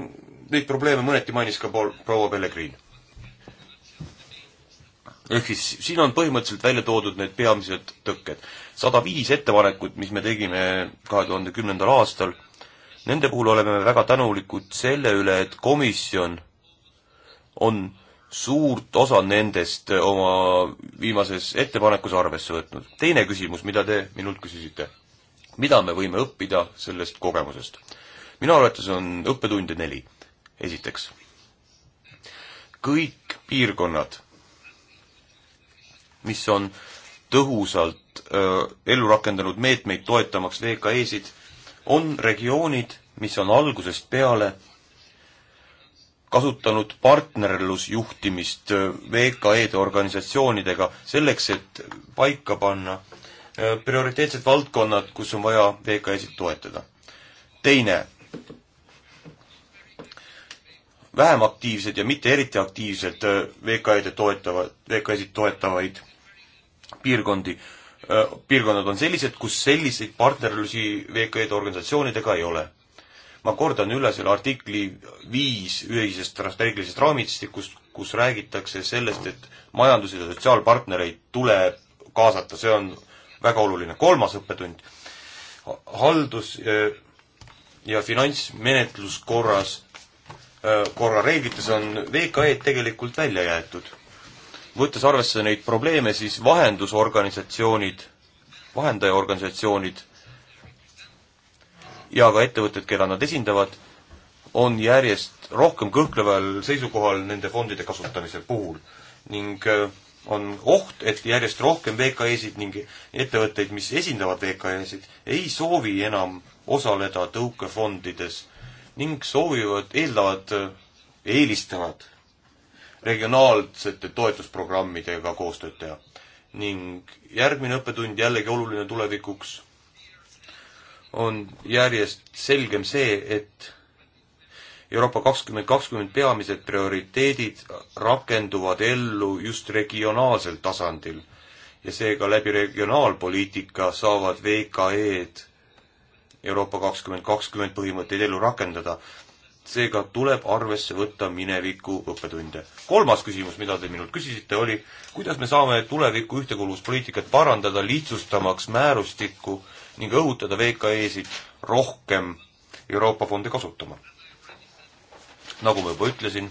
Speaker 3: neid probleeme mõneti mainis ka proua Pellegrin ehk siis siin on põhimõtteliselt välja toodud need peamised tõkked. sada viis ettepanekut, mis me tegime kahe tuhande kümnendal aastal, nende puhul oleme me väga tänulikud selle üle, et komisjon on suurt osa nendest oma viimases ettepanekus arvesse võtnud. teine küsimus, mida te minult küsisite. mida me võime õppida sellest kogemusest? minu arvates on õppetunde neli. esiteks, kõik piirkonnad mis on tõhusalt öö, ellu rakendanud meetmeid toetamaks VKE-sid, on regioonid, mis on algusest peale kasutanud partnerlusjuhtimist VKE-de organisatsioonidega selleks, et paika panna prioriteetsed valdkonnad, kus on vaja VKE-sid toetada. teine, vähem aktiivsed ja mitte eriti aktiivsed VKE-de toetavad, VKE-sid toetavaid piirkondi, piirkonnad on sellised, kus selliseid partnerlusi VKE-de organisatsioonidega ei ole. ma kordan üle selle artikli viis ühisest strateegilisest raamistikust, kus räägitakse sellest, et majandus- ja sotsiaalpartnereid tuleb kaasata, see on väga oluline. kolmas õppetund, haldus ja finantsmenetluskorras, korra reeglites on VKE-d tegelikult välja jäetud võttes arvesse neid probleeme, siis vahendusorganisatsioonid, vahendajaorganisatsioonid ja ka ettevõtted, keda nad esindavad, on järjest rohkem kõhkleval seisukohal nende fondide kasutamise puhul ning äh, on oht, et järjest rohkem VKE-sid ning ettevõtteid, mis esindavad VKE-sid, ei soovi enam osaleda tõukefondides ning soovivad, eeldavad, äh, eelistavad regionaalsete toetusprogrammidega koostööd teha. ning järgmine õppetund, jällegi oluline tulevikuks, on järjest selgem see, et Euroopa kakskümmend kakskümmend peamised prioriteedid rakenduvad ellu just regionaalsel tasandil ja seega läbi regionaalpoliitika saavad VKE-d Euroopa kakskümmend kakskümmend põhimõtteid ellu rakendada seega tuleb arvesse võtta mineviku õppetunde. kolmas küsimus, mida te minult küsisite, oli kuidas me saame tuleviku ühtekuuluvuspoliitikat parandada, lihtsustamaks määrustikku ning õhutada VKE-sid rohkem Euroopa fonde kasutama? nagu ma juba ütlesin,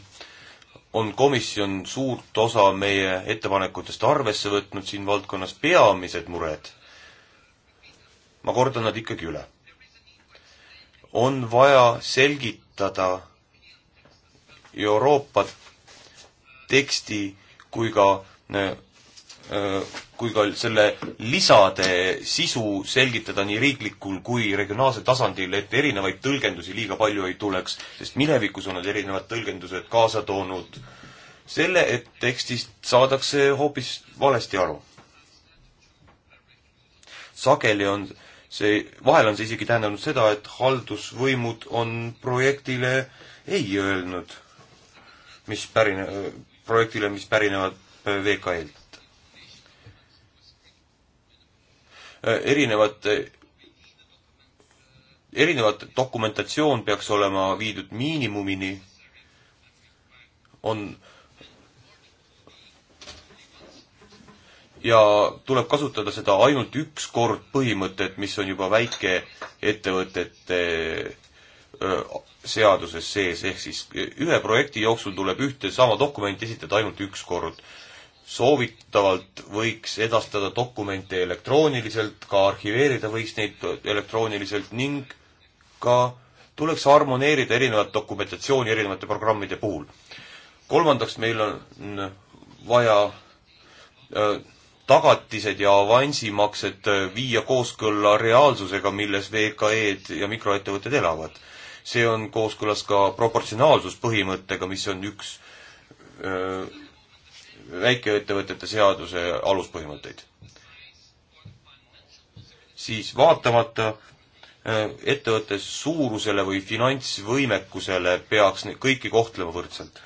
Speaker 3: on komisjon suurt osa meie ettepanekutest arvesse võtnud siin valdkonnas peamised mured. ma kordan nad ikkagi üle. on vaja selgit-, kasutada Euroopa teksti kui ka kui ka selle lisade sisu selgitada nii riiklikul kui regionaalsel tasandil, et erinevaid tõlgendusi liiga palju ei tuleks, sest minevikus on need erinevad tõlgendused kaasa toonud selle, et tekstist saadakse hoopis valesti aru. sageli on see, vahel on see isegi tähendanud seda, et haldusvõimud on projektile ei öelnud, mis pärine, projektile, mis pärinevad VKL-t. erinevate, erinevat dokumentatsioon peaks olema viidud miinimumini, on ja tuleb kasutada seda ainult üks kord põhimõtet, mis on juba väikeettevõtete seaduses sees, ehk siis ühe projekti jooksul tuleb ühte sama dokumenti esitada ainult üks kord. soovitavalt võiks edastada dokumente elektrooniliselt, ka arhiveerida võiks neid elektrooniliselt ning ka tuleks harmoneerida erinevat dokumentatsiooni erinevate programmide puhul. kolmandaks, meil on vaja tagatised ja avansimaksed viia kooskõlla reaalsusega, milles VKE-d ja mikroettevõtted elavad. see on kooskõlas ka proportsionaalsuspõhimõttega, mis on üks öö, väikeettevõtete seaduse aluspõhimõtteid. siis vaatamata ettevõtte suurusele või finantsvõimekusele peaks kõiki kohtlema võrdselt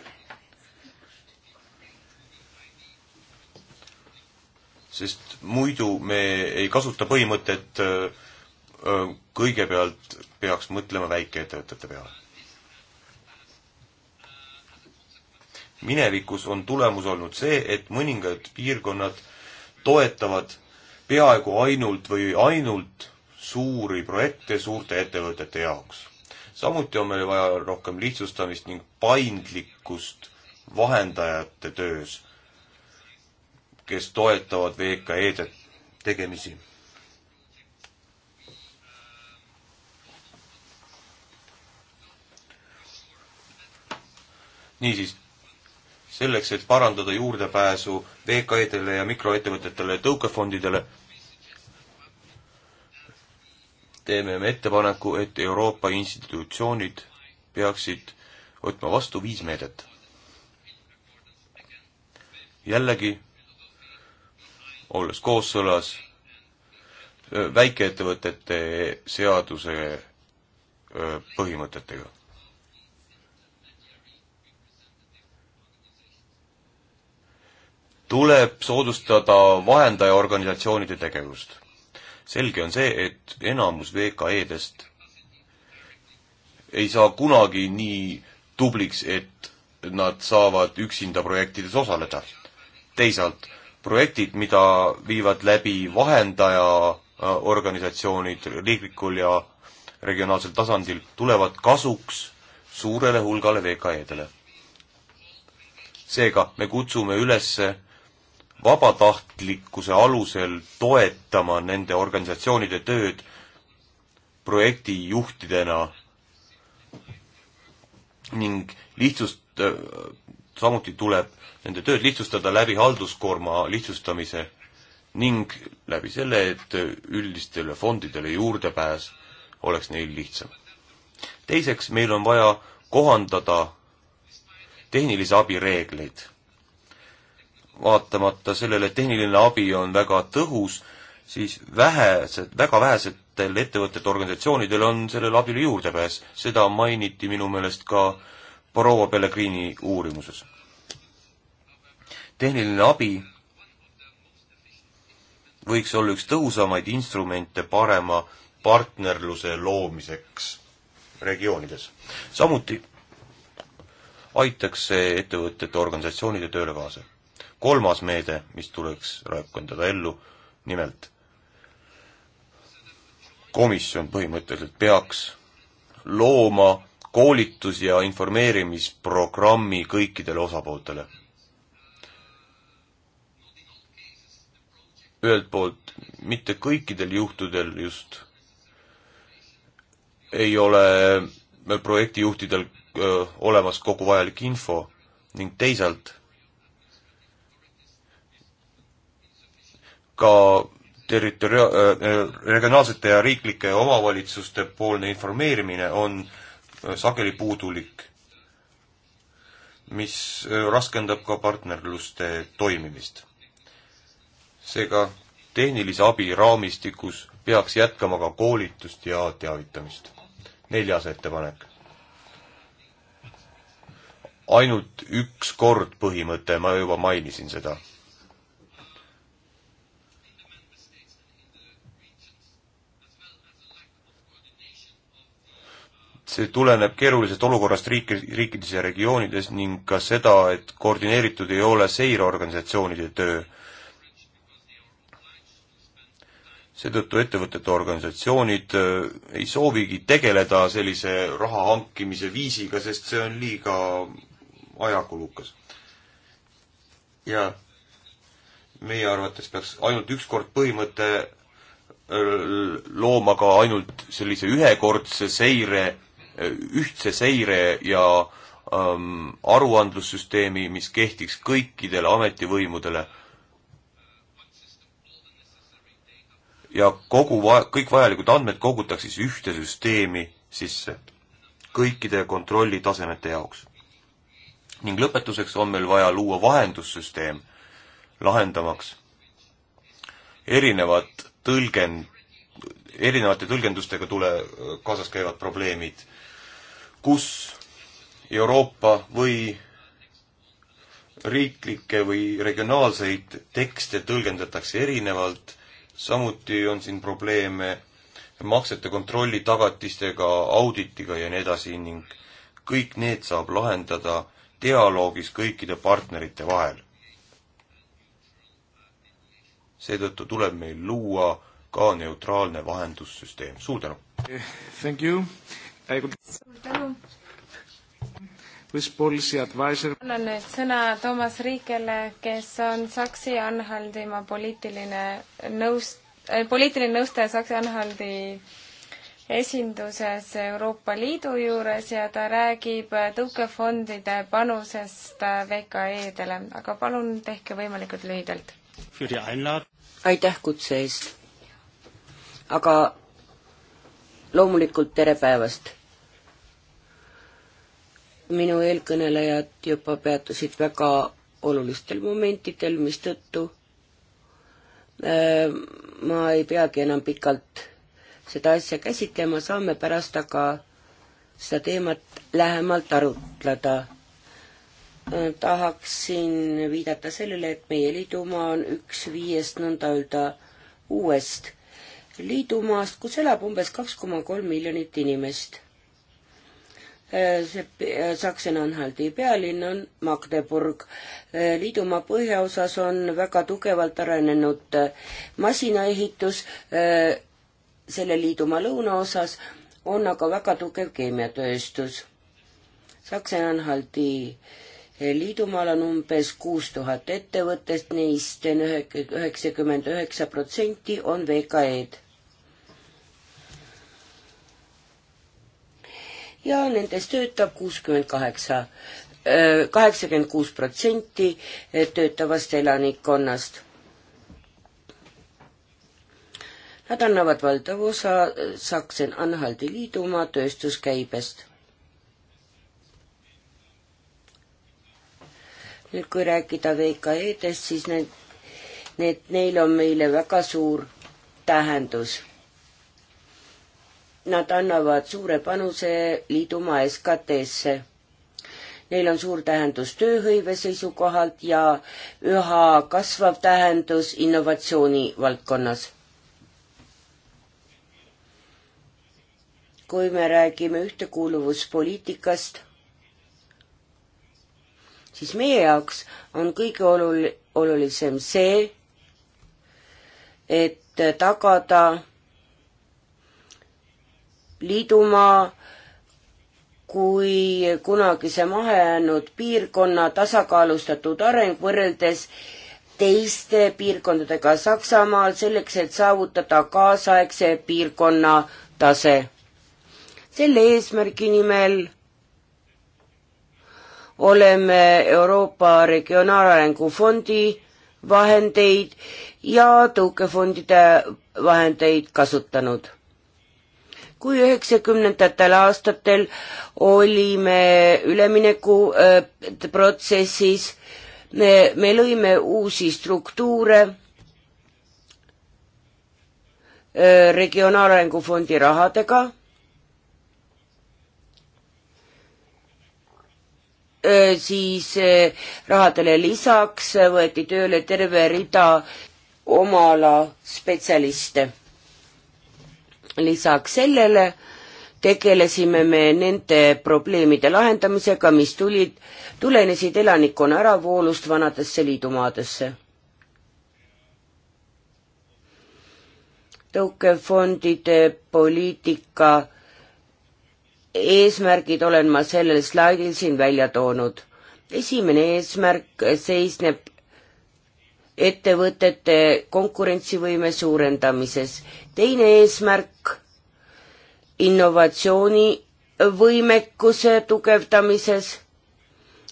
Speaker 3: sest muidu me ei kasuta põhimõtet kõigepealt peaks mõtlema väikeettevõtete peale. minevikus on tulemus olnud see, et mõningad piirkonnad toetavad peaaegu ainult või ainult suuri projekte suurte ettevõtete jaoks. samuti on meil vaja rohkem lihtsustamist ning paindlikkust vahendajate töös kes toetavad VKE-de tegemisi. niisiis, selleks, et parandada juurdepääsu VKE-dele ja mikroettevõtetele ja tõukefondidele, teeme me ettepaneku, et Euroopa institutsioonid peaksid võtma vastu viis meedet. jällegi olles kooskõlas väikeettevõtete seaduse põhimõtetega. tuleb soodustada vahendajaorganisatsioonide tegevust. selge on see, et enamus VKE-dest ei saa kunagi nii tubliks, et nad saavad üksinda projektides osaleda. teisalt projektid, mida viivad läbi vahendaja äh, organisatsioonid riiklikul ja regionaalsel tasandil, tulevad kasuks suurele hulgale VKE-dele. seega me kutsume üles vabatahtlikkuse alusel toetama nende organisatsioonide tööd projektijuhtidena ning lihtsust samuti tuleb nende tööd lihtsustada läbi halduskoorma lihtsustamise ning läbi selle, et üldistele fondidele juurdepääs oleks neil lihtsam. teiseks, meil on vaja kohandada tehnilise abi reegleid. vaatamata sellele, et tehniline abi on väga tõhus, siis vähesed, väga vähesetel ettevõtete organisatsioonidel on sellele abile juurdepääs. seda mainiti minu meelest ka äh, proua Pellegrini uurimuses. tehniline abi võiks olla üks tõhusamaid instrumente parema partnerluse loomiseks regioonides. samuti aitaks see ettevõtete organisatsioonide tööle kaasa. kolmas meede, mis tuleks rakendada ellu, nimelt komisjon põhimõtteliselt peaks looma koolitus- ja informeerimisprogrammi kõikidele osapooltele. ühelt poolt mitte kõikidel juhtudel just ei ole projektijuhtidel öö, olemas kogu vajalik info ning teisalt ka territoria-, regionaalsete ja riiklike omavalitsuste poolne informeerimine on öö, sageli puudulik, mis äh, raskendab ka partnerluste toimimist. seega tehnilise abi raamistikus peaks jätkama ka koolitust ja teavitamist. neljas ettepanek. ainult üks kord põhimõte, ma juba mainisin seda see tuleneb keerulisest olukorrast riik, riikides ja regioonides ning ka seda, et koordineeritud ei ole seireorganisatsioonide töö. seetõttu ettevõtete organisatsioonid äh, ei soovigi tegeleda sellise raha hankimise viisiga, sest see on liiga ajakulukas. ja meie arvates peaks ainult ükskord põhimõte äh, looma ka ainult sellise ühekordse seire ühtse seire ja ähm, aruandlussüsteemi, mis kehtiks kõikidele ametivõimudele ja kogu va-, kõik vajalikud andmed kogutakse siis ühte süsteemi sisse kõikide kontrollitasemete jaoks. ning lõpetuseks on meil vaja luua vahendussüsteem, lahendamaks erinevad tõlgen-, erinevate tõlgendustega tule, kaasas käivad probleemid kus Euroopa või riiklikke või regionaalseid tekste tõlgendatakse erinevalt, samuti on siin probleeme maksete kontrolli tagatistega, auditiga ja nii edasi ning kõik need saab lahendada dialoogis kõikide partnerite vahel. seetõttu tuleb meil luua ka neutraalne vahendussüsteem. suur tänu! Thank you! suur
Speaker 2: tänu. annan nüüd sõna Toomas Riikele, kes on Saksi-Anhaldimaa poliitiline nõust- äh,, poliitiline nõustaja Saksi-Anhaldi esinduses Euroopa Liidu juures ja ta räägib tõukefondide panusest VKE-dele, aga palun tehke võimalikult lühidalt.
Speaker 1: aitäh kutse eest. aga loomulikult tere päevast minu eelkõnelejad juba peatusid väga olulistel momentidel, mistõttu äh, ma ei peagi enam pikalt seda asja käsitlema, saame pärast aga seda teemat lähemalt arutleda äh,. tahaksin viidata sellele, et meie liidumaa on üks viiest nõnda öelda uuest liidumaast, kus elab umbes kaks koma kolm miljonit inimest Eh, see eh, Saksa-Anhalti pealinn on Magdeburg. Eh, liidumaa põhjaosas on väga tugevalt arenenud masinaehitus, selle liidumaa lõunaosas on aga väga tugev keemiatööstus. Saksa-Anhalti liidumaal on umbes kuus tuhat ettevõttest neist, neist üheksakümmend üheksa protsenti on VKE-d ja nendest töötab kuuskümmend kaheksa, kaheksakümmend kuus protsenti eh, töötavast elanikkonnast. Nad annavad valdav osa eh, Saksen-Anhalti liidumaa tööstuskäibest. nüüd, kui rääkida VKE-dest, siis need, need, neil on meile väga suur tähendus nad annavad suure panuse liidumaa SKT-sse. Neil on suur tähendus tööhõive seisukohalt ja üha kasvav tähendus innovatsiooni valdkonnas. kui me räägime ühtekuuluvuspoliitikast, siis meie jaoks on kõige olul-, olulisem see, et tagada liidumaa kui kunagise mahajäänud piirkonna tasakaalustatud areng võrreldes teiste piirkondadega Saksamaal selleks, et saavutada kaasaegse piirkonna tase. selle eesmärgi nimel oleme Euroopa Regionaalarengu Fondi vahendeid ja tõukefondide vahendeid kasutanud kui üheksakümnendatel aastatel olime üleminekuprotsessis, äh, me, me lõime uusi struktuure äh, regionaalarengu fondi rahadega äh, siis rahadele lisaks võeti tööle terve rida oma ala spetsialiste lisaks sellele tegelesime me nende probleemide lahendamisega, mis tulid, tulenesid elanikkonna äravoolust vanadesse liidumaadesse. tõukefondide poliitika eesmärgid olen ma sellel slaidil siin välja toonud. esimene eesmärk seisneb ettevõtete konkurentsivõime suurendamises teine eesmärk, innovatsioonivõimekuse tugevdamises,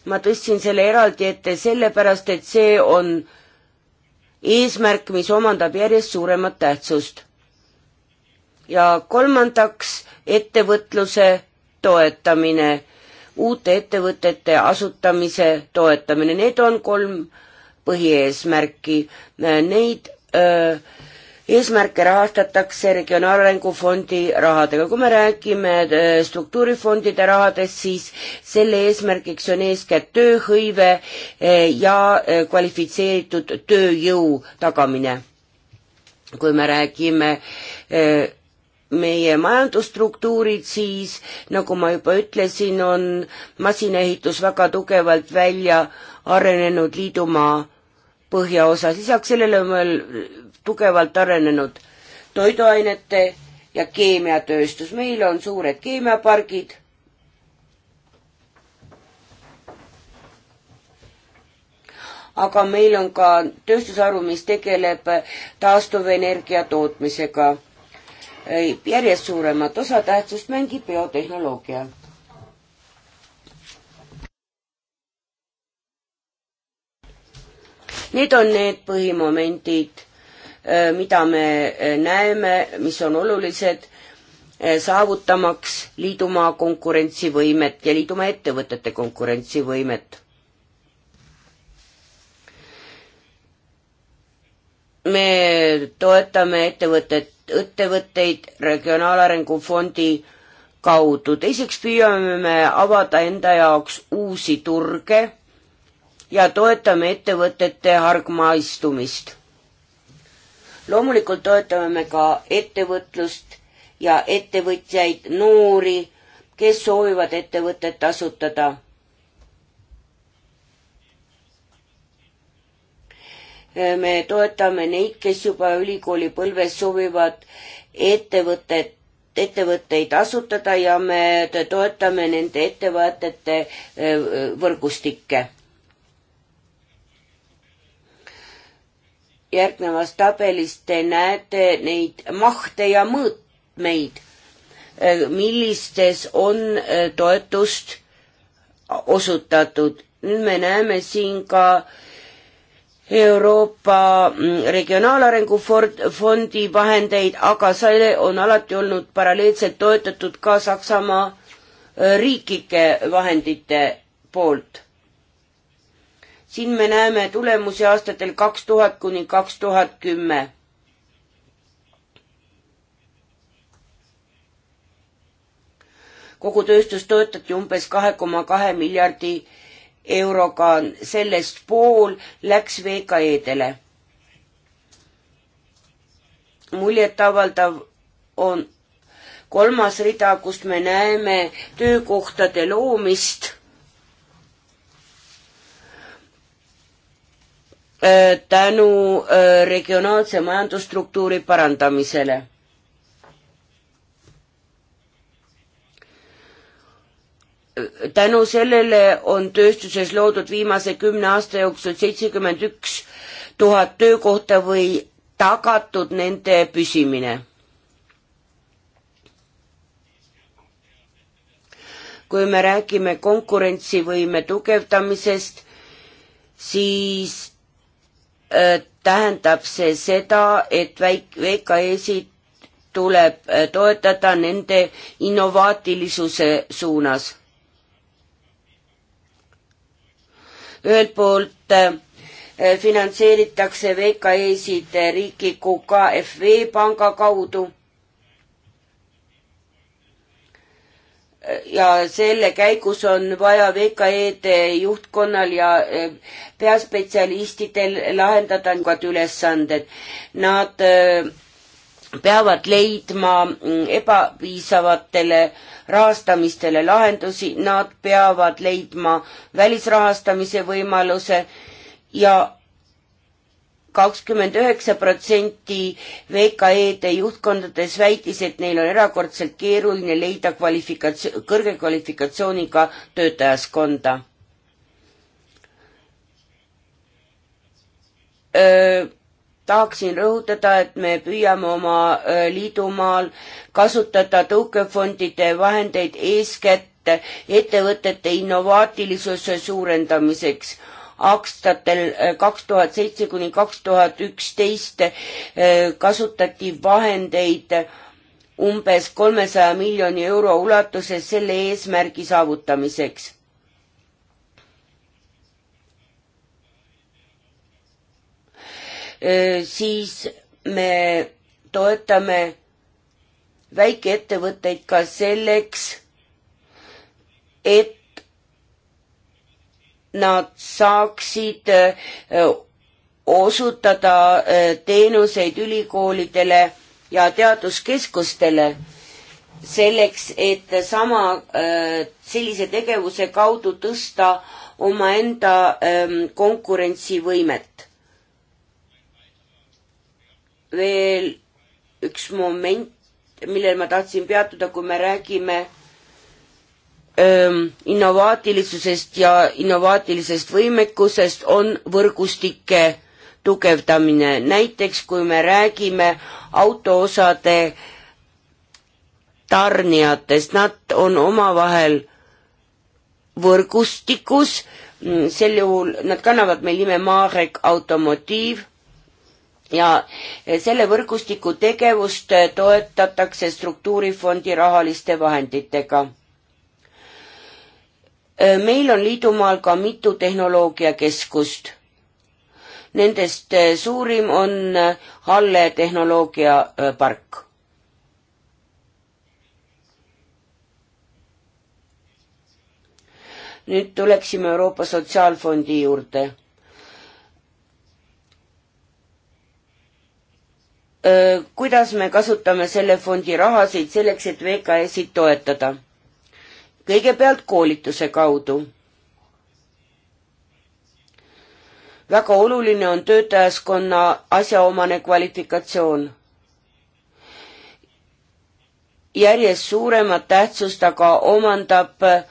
Speaker 1: ma tõstsin selle eraldi ette sellepärast, et see on eesmärk, mis omandab järjest suuremat tähtsust. ja kolmandaks, ettevõtluse toetamine, uute ettevõtete asutamise toetamine, need on kolm põhieesmärki, neid öö, eesmärke rahastatakse Regionaalarengu fondi rahadega. kui me räägime äh, struktuurifondide rahadest, siis selle eesmärgiks on eeskätt tööhõive äh, ja äh, kvalifitseeritud tööjõu tagamine. kui me räägime meie majandusstruktuurid, siis nagu ma juba ütlesin, on masinaehitus väga tugevalt välja arenenud liidumaa põhjaosas, lisaks sellele on veel tugevalt arenenud toiduainete ja keemiatööstus. meil on suured keemiapargid. aga meil on ka tööstusharu, mis tegeleb taastuvenergia tootmisega. järjest suuremat osatähtsust mängib biotehnoloogia. Need on need põhimomendid Äh, mida me äh, näeme, mis on olulised äh, saavutamaks liidumaa konkurentsivõimet ja liidumaa ettevõtete konkurentsivõimet. me toetame ettevõtet, ettevõtteid Regionaalarengu Fondi kaudu, teiseks püüame me avada enda jaoks uusi turge ja toetame ettevõtete hargmaistumist loomulikult toetame me ka ettevõtlust ja ettevõtjaid, noori, kes soovivad ettevõtet asutada. me toetame neid, kes juba ülikoolipõlves soovivad ettevõtet, ettevõtteid asutada ja me toetame nende ettevõtete eh, võrgustikke järgnevas tabelis te näete neid mahte ja mõõtmeid, äh, millistes on äh, toetust osutatud. nüüd me näeme siin ka Euroopa mm, Regionaalarengu Fondi vahendeid, aga selle on alati olnud paralleelselt toetatud ka Saksamaa äh, riiklike vahendite poolt siin me näeme tulemusi aastatel kaks tuhat kuni kaks tuhat kümme. kogu tööstus toetati umbes kahe koma kahe miljardi euroga, sellest pool läks VKE-dele. muljetavaldav on kolmas rida, kus me näeme töökohtade loomist tänu regionaalse majandusstruktuuri parandamisele. tänu sellele on tööstuses loodud viimase kümne aasta jooksul seitsekümmend üks tuhat töökohta või tagatud nende püsimine kui me räägime konkurentsivõime tugevdamisest, siis tähendab see seda, et väik-, VKE-sid tuleb toetada nende innovaatilisuse suunas. ühelt poolt finantseeritakse VKE-sid riikliku KFV panga kaudu ja selle käigus on vaja VKE-de juhtkonnal ja eh, peaspetsialistidel lahendada need ülesanded. Nad eh, peavad leidma mm, ebapiisavatele rahastamistele lahendusi, nad peavad leidma välisrahastamise võimaluse ja kakskümmend üheksa protsenti VKE-de juhtkondades väitis, et neil on erakordselt keeruline leida kvalifikatsioon, kõrge kvalifikatsiooniga töötajaskonda. tahaksin rõhutada, et me püüame oma liidumaal kasutada tõukefondide vahendeid eeskätt ettevõtete innovaatilisuse suurendamiseks aastatel eh, kaks tuhat seitse kuni kaks tuhat üksteist eh, kasutati vahendeid umbes kolmesaja miljoni euro ulatuses selle eesmärgi saavutamiseks. Eh, siis me toetame väikeettevõtteid ka selleks, et nad saaksid äh, osutada äh, teenuseid ülikoolidele ja teaduskeskustele selleks, et sama, äh, sellise tegevuse kaudu tõsta omaenda ähm, konkurentsivõimet. veel üks moment, millel ma tahtsin peatuda, kui me räägime Ähm, innovaatilisusest ja innovaatilisest võimekusest on võrgustike tugevdamine. näiteks kui me räägime autoosade tarnijatest, nad on omavahel võrgustikus, mm, sel juhul nad kannavad meil nime Marek Automotiiv ja eh, selle võrgustiku tegevust eh, toetatakse struktuurifondi rahaliste vahenditega meil on Liidumaal ka mitu tehnoloogiakeskust. Nendest suurim on Halle tehnoloogiapark. nüüd tuleksime Euroopa Sotsiaalfondi juurde. kuidas me kasutame selle fondi rahasid selleks, et VKS-id toetada? kõigepealt koolituse kaudu. väga oluline on töötajaskonna asjaomane kvalifikatsioon. järjest suuremat tähtsust aga omandab äh,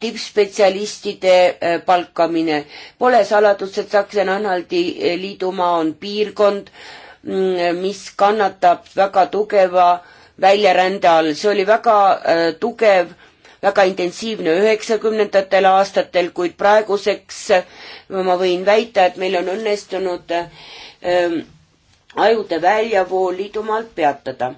Speaker 1: tippspetsialistide äh, palkamine. Pole saladus, et Saksa-Anhalti äh, liidumaa on piirkond, mm, mis kannatab väga tugeva väljarände all, see oli väga tugev väga intensiivne üheksakümnendatel aastatel, kuid praeguseks ma võin väita, et meil on õnnestunud ähm, ajude väljavool idumaalt peatada.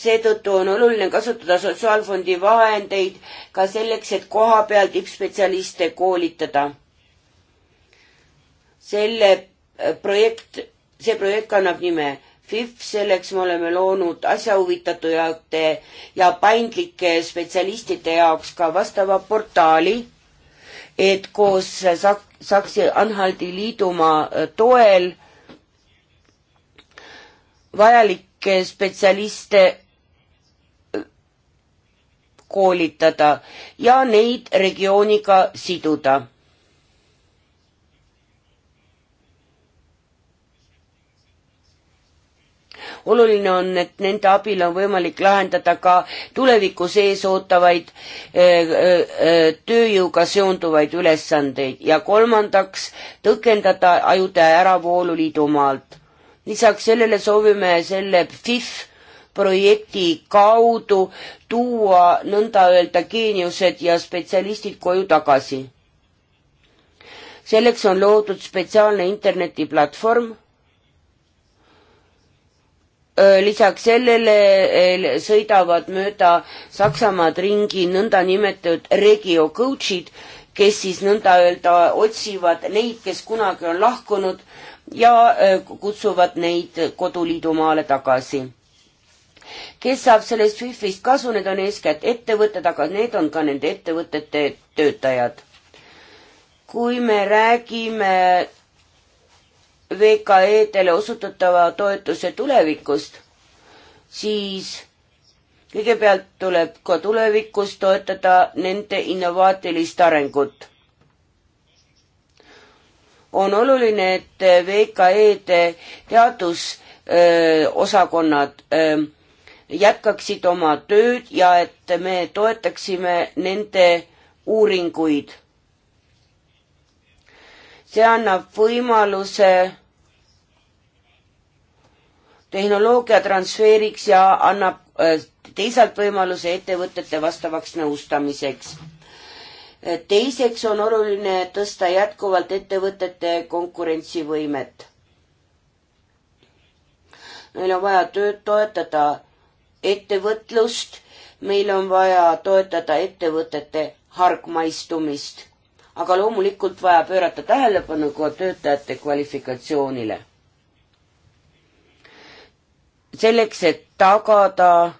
Speaker 1: seetõttu on oluline kasutada Sotsiaalfondi vahendeid ka selleks, et kohapeal tippspetsialiste koolitada. selle äh, projekt, see projekt kannab nime FIF, selleks me oleme loonud asjahuvitatujaote ja paindlike spetsialistide jaoks ka vastava portaali, et koos Sak-, Saksi-Anhaldi liidumaa äh, toel vajalikke spetsialiste äh, koolitada ja neid regiooniga siduda oluline on, et nende abil on võimalik lahendada ka tulevikus ees ootavaid eh, eh, eh, tööjõuga seonduvaid ülesandeid ja kolmandaks tõkendada ajude äravoolu liidumaalt. lisaks sellele soovime selle FIF projekti kaudu tuua nõnda öelda geeniused ja spetsialistid koju tagasi. selleks on loodud spetsiaalne internetiplatvorm lisaks sellele äh, sõidavad mööda Saksamaad ringi nõndanimetatud regio coach'id, kes siis nõnda öelda otsivad neid, kes kunagi on lahkunud ja äh, kutsuvad neid koduliidumaale tagasi. kes saab sellest SWIFTist kasu, need on eeskätt ettevõtted, aga need on ka nende ettevõtete töötajad. kui me räägime VKE-dele osutatava toetuse tulevikust, siis kõigepealt tuleb ka tulevikus toetada nende innovaatilist arengut. on oluline, et VKE-de teadusosakonnad jätkaksid oma tööd ja et me toetaksime nende uuringuid. see annab võimaluse tehnoloogia transfeeriks ja annab äh, teisalt võimaluse ettevõtete vastavaks nõustamiseks. Äh, teiseks on oluline tõsta jätkuvalt ettevõtete konkurentsivõimet. meil on vaja tööd toetada ettevõtlust, meil on vaja toetada ettevõtete hargmaistumist, aga loomulikult vaja pöörata tähelepanu ka töötajate kvalifikatsioonile selleks, et tagada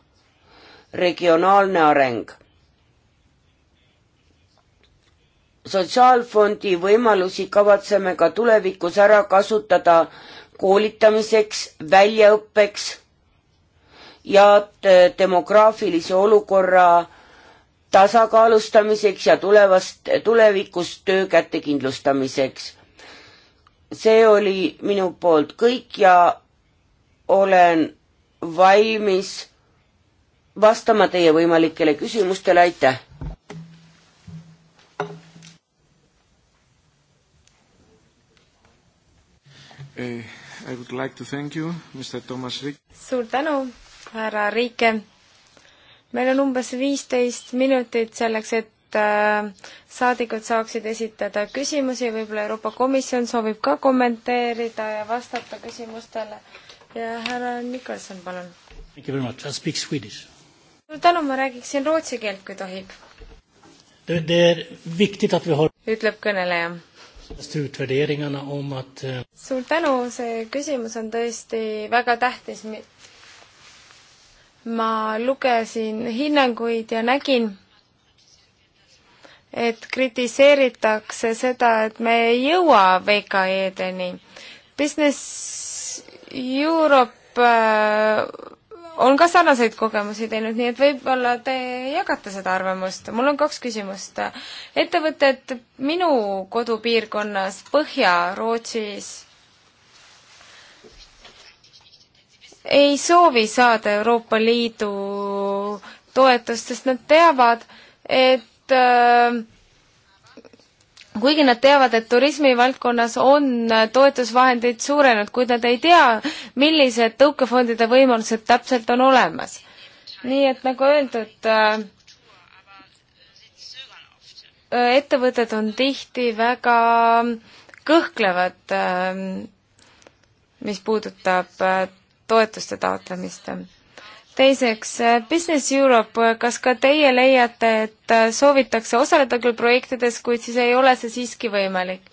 Speaker 1: regionaalne areng. sotsiaalfondi võimalusi kavatseme ka tulevikus ära kasutada koolitamiseks, väljaõppeks ja demograafilise olukorra tasakaalustamiseks ja tulevast, tulevikus töökäte kindlustamiseks. see oli minu poolt kõik ja olen valmis vastama teie võimalikele küsimustele, aitäh! Eh, I would like to thank you, Mr Toomas Riik.
Speaker 2: suur tänu, härra Riike. meil on umbes viisteist minutit selleks, et äh, saadikud saaksid esitada küsimusi, võib-olla Euroopa Komisjon soovib ka kommenteerida ja vastata küsimustele ja härra Nikolson, palun. tänu, ma räägiksin rootsi keelt, kui tohib. ütleb kõneleja.
Speaker 1: Eh,
Speaker 2: suur tänu, see küsimus on tõesti väga tähtis. ma lugesin hinnanguid ja nägin et kritiseeritakse seda, et me ei jõua VKE-deni. Business Europe äh, on ka sarnaseid kogemusi teinud, nii et võib-olla te jagate seda arvamust. mul on kaks küsimust. ettevõtted minu kodupiirkonnas Põhja-Rootsis ei soovi saada Euroopa Liidu toetust, sest nad teavad, et äh, kuigi nad teavad, et turismivaldkonnas on toetusvahendid suurenenud, kuid nad ei tea, millised tõukefondide võimalused täpselt on olemas. nii et nagu öeldud, äh, ettevõtted on tihti väga kõhklevad, äh, mis puudutab äh, toetuste taotlemist teiseks, äh, Business Europe, äh, kas ka teie leiate, et äh, soovitakse osaleda küll projektides, kuid siis ei ole see siiski võimalik?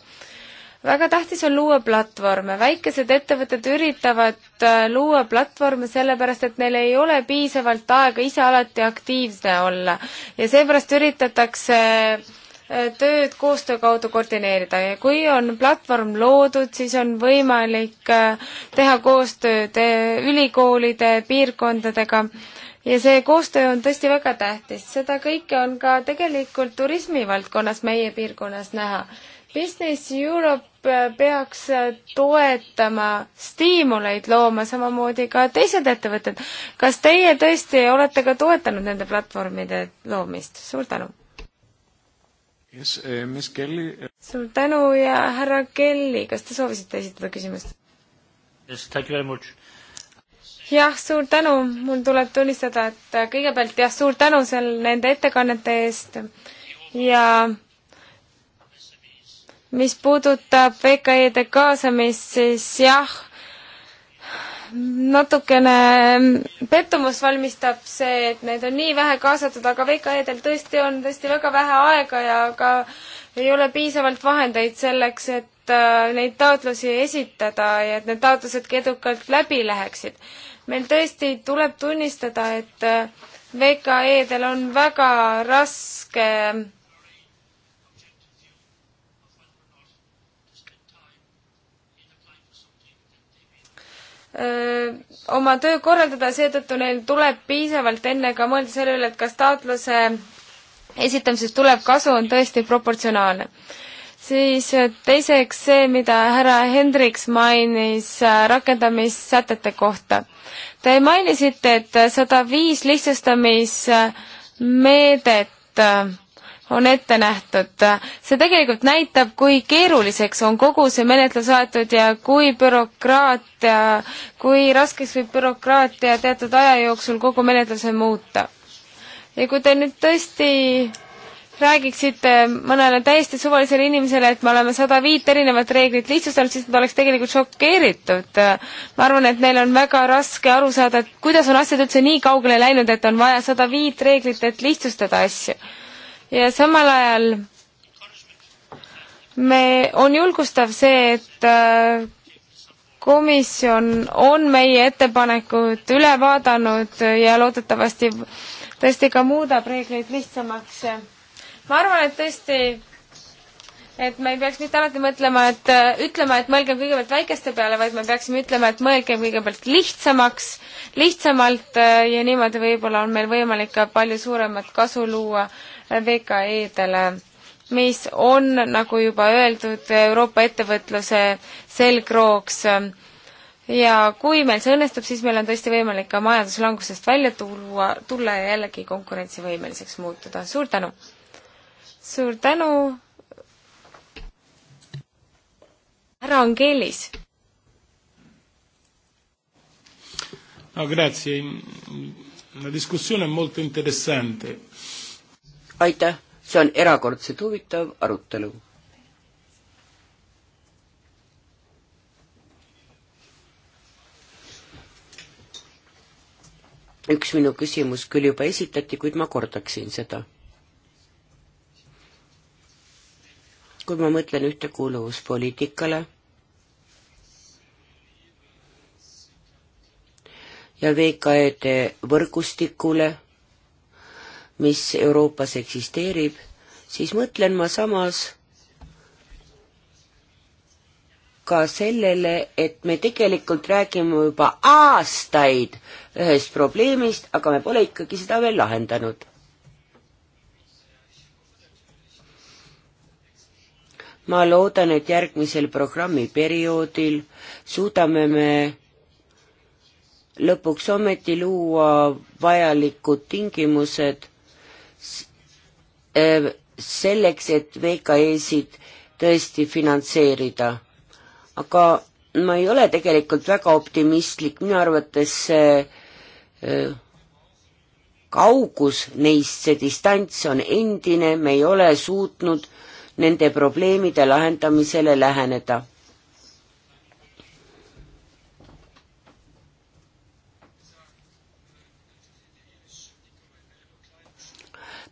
Speaker 2: väga tähtis on luua platvorme, väikesed ettevõtted üritavad luua platvorme sellepärast, et neil ei ole piisavalt aega ise alati aktiivne olla ja seepärast üritatakse äh, tööd koostöö kaudu koordineerida ja kui on platvorm loodud, siis on võimalik äh, teha koostööd äh, ülikoolide, piirkondadega ja see koostöö on tõesti väga tähtis. seda kõike on ka tegelikult turismivaldkonnas meie piirkonnas näha. Business Europe äh, peaks toetama stiimuleid looma, samamoodi ka teised ettevõtted. kas teie tõesti olete ka toetanud nende platvormide loomist? suur tänu!
Speaker 1: yes,. Eh, Miss Kelly. Eh. suur
Speaker 2: tänu ja härra Kelly, kas te soovisite esitada küsimust?
Speaker 1: Yes, thank you very much
Speaker 2: jah, suur tänu, mul tuleb tunnistada, et eh, kõigepealt jah, suur tänu seal nende ettekannete eest ja mis puudutab VKE-de kaasamist, siis jah, natukene pettumust valmistab see, et neid on nii vähe kaasatud, aga VKE-del tõesti on tõesti väga vähe aega ja ka ei ole piisavalt vahendeid selleks, et äh, neid taotlusi esitada ja et need taotlusedki edukalt läbi läheksid. meil tõesti tuleb tunnistada, et äh, VKE-del on väga raske oma töö korraldada, seetõttu neil tuleb piisavalt enne ka mõelda selle üle, et kas taotluse esitamisest tulev kasu on tõesti proportsionaalne. siis äh, teiseks see, mida härra Hendriks mainis äh, rakendamissätete kohta. Te mainisite, et äh, sada viis lihtsustamismeedet on ette nähtud. see tegelikult näitab, kui keeruliseks on kogu see menetlus aetud ja kui bürokraatia, kui raskeks võib bürokraatia teatud aja jooksul kogu menetluse muuta. ja kui te nüüd tõesti räägiksite mõnele täiesti suvalisele inimesele, et me oleme sada viit erinevat reeglit lihtsustanud, siis nad oleks tegelikult šokeeritud. ma arvan, et neil on väga raske aru saada, et kuidas on asjad üldse nii kaugele läinud, et on vaja sada viit reeglit, et lihtsustada asju ja samal ajal me, on julgustav see, et äh, komisjon on meie ettepanekud üle vaadanud ja loodetavasti tõesti ka muudab reegleid lihtsamaks. ma arvan, et tõesti, et me ei peaks mitte alati mõtlema, et äh, ütlema, et mõelgem kõigepealt väikeste peale, vaid me peaksime ütlema, et mõelgem kõigepealt lihtsamaks, lihtsamalt äh, ja niimoodi võib-olla on meil võimalik ka palju suuremat kasu luua VKE-dele, mis on, nagu juba öeldud, Euroopa ettevõtluse selgrooks. ja kui meil see õnnestub, siis meil on tõesti võimalik ka majanduslangusest välja tuua, tulla ja jällegi konkurentsivõimeliseks muutuda. suur tänu! suur tänu! härra Angelis
Speaker 3: No, grazie. La discussione è molto interessante
Speaker 1: aitäh, see on erakordselt huvitav arutelu. üks minu küsimus küll juba esitati, kuid ma kordaksin seda. kui ma mõtlen ühtekuuluvuspoliitikale ja VKE-de võrgustikule mis Euroopas eksisteerib, siis mõtlen ma samas ka sellele, et me tegelikult räägime juba aastaid ühest probleemist, aga me pole ikkagi seda veel lahendanud. ma loodan, et järgmisel programmiperioodil suudame me lõpuks ometi luua vajalikud tingimused Äh, selleks, et VKE-sid tõesti finantseerida. aga ma ei ole tegelikult väga optimistlik, minu arvates see äh, äh, kaugus neist, see distants on endine, me ei ole suutnud nende probleemide lahendamisele läheneda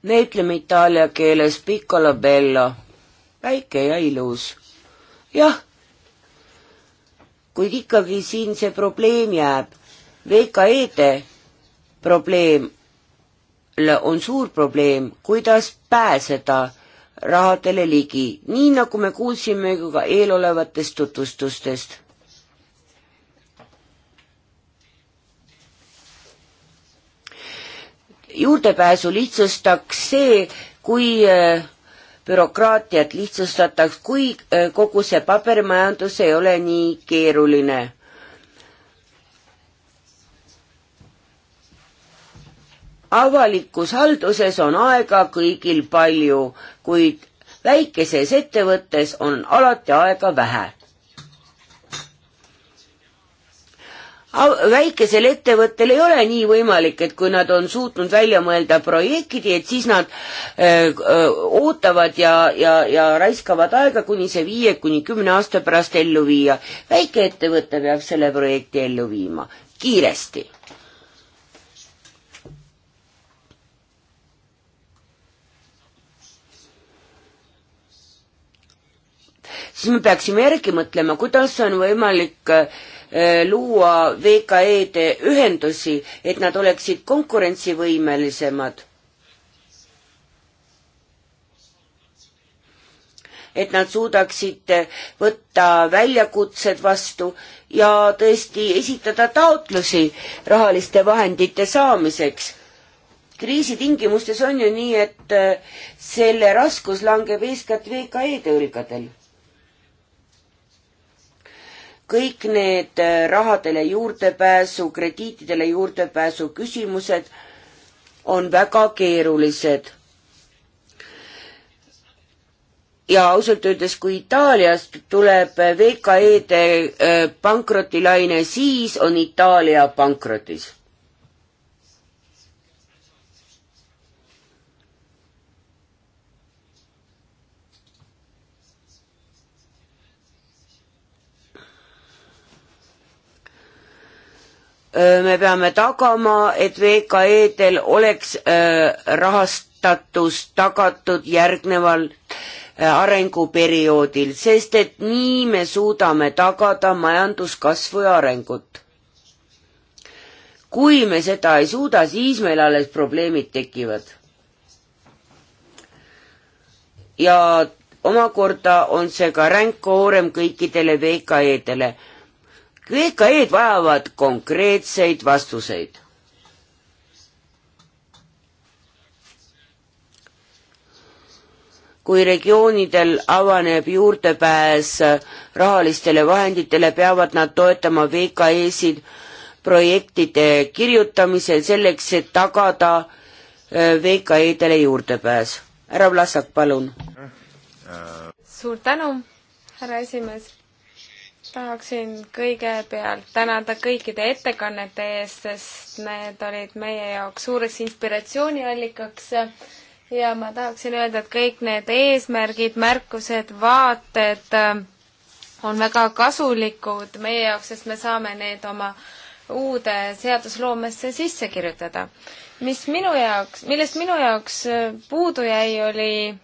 Speaker 1: me ütleme itaalia keeles piccola bella, väike ja ilus. jah, kuid ikkagi siin see probleem jääb. VKE-de probleem on suur probleem, kuidas pääseda rahadele ligi, nii nagu me kuulsime ka eelolevatest tutvustustest juurdepääsu lihtsustaks see, kui äh, bürokraatiat lihtsustataks, kui äh, kogu see pabermajandus ei ole nii keeruline. avalikus halduses on aega kõigil palju, kuid väikeses ettevõttes on alati aega vähe väikesel ettevõttel ei ole nii võimalik, et kui nad on suutnud välja mõelda projektid, et siis nad öö, äh, öö, äh, ootavad ja, ja, ja raiskavad aega, kuni see viie kuni kümne aasta pärast ellu viia. väikeettevõte peab selle projekti ellu viima kiiresti. siis me peaksime järgi mõtlema, kuidas on võimalik öö, äh, Eh, luua VKE-de ühendusi, et nad oleksid konkurentsivõimelisemad. et nad suudaksid võtta väljakutsed vastu ja tõesti esitada taotlusi rahaliste vahendite saamiseks kriisitingimustes on ju nii, et eh, selle raskus langeb eeskätt VKE-de õlgadel kõik need äh, rahadele juurdepääsu, krediitidele juurdepääsu küsimused on väga keerulised. ja ausalt öeldes, kui Itaaliast tuleb VKE-de äh, pankrotilaine, siis on Itaalia pankrotis me peame tagama, et VKE-del oleks rahastatus tagatud järgneval arenguperioodil, sest et nii me suudame tagada majanduskasvu ja arengut. kui me seda ei suuda, siis meil alles probleemid tekivad. ja omakorda on see ka ränk koorem kõikidele VKE-dele VKE-d vajavad konkreetseid vastuseid. kui regioonidel avaneb juurdepääs rahalistele vahenditele, peavad nad toetama VKE-sid projektide kirjutamisel selleks, et tagada äh, VKE-dele juurdepääs. härra Vlasak, palun.
Speaker 2: suur tänu, härra esimees tahaksin kõigepealt tänada kõikide ettekannete eest, sest need olid meie jaoks suureks inspiratsiooniallikaks ja ma tahaksin öelda, et kõik need eesmärgid, märkused, vaated äh, on väga kasulikud meie jaoks, sest me saame need oma uude seadusloomesse sisse kirjutada. mis minu jaoks, millest minu jaoks äh, puudu jäi, oli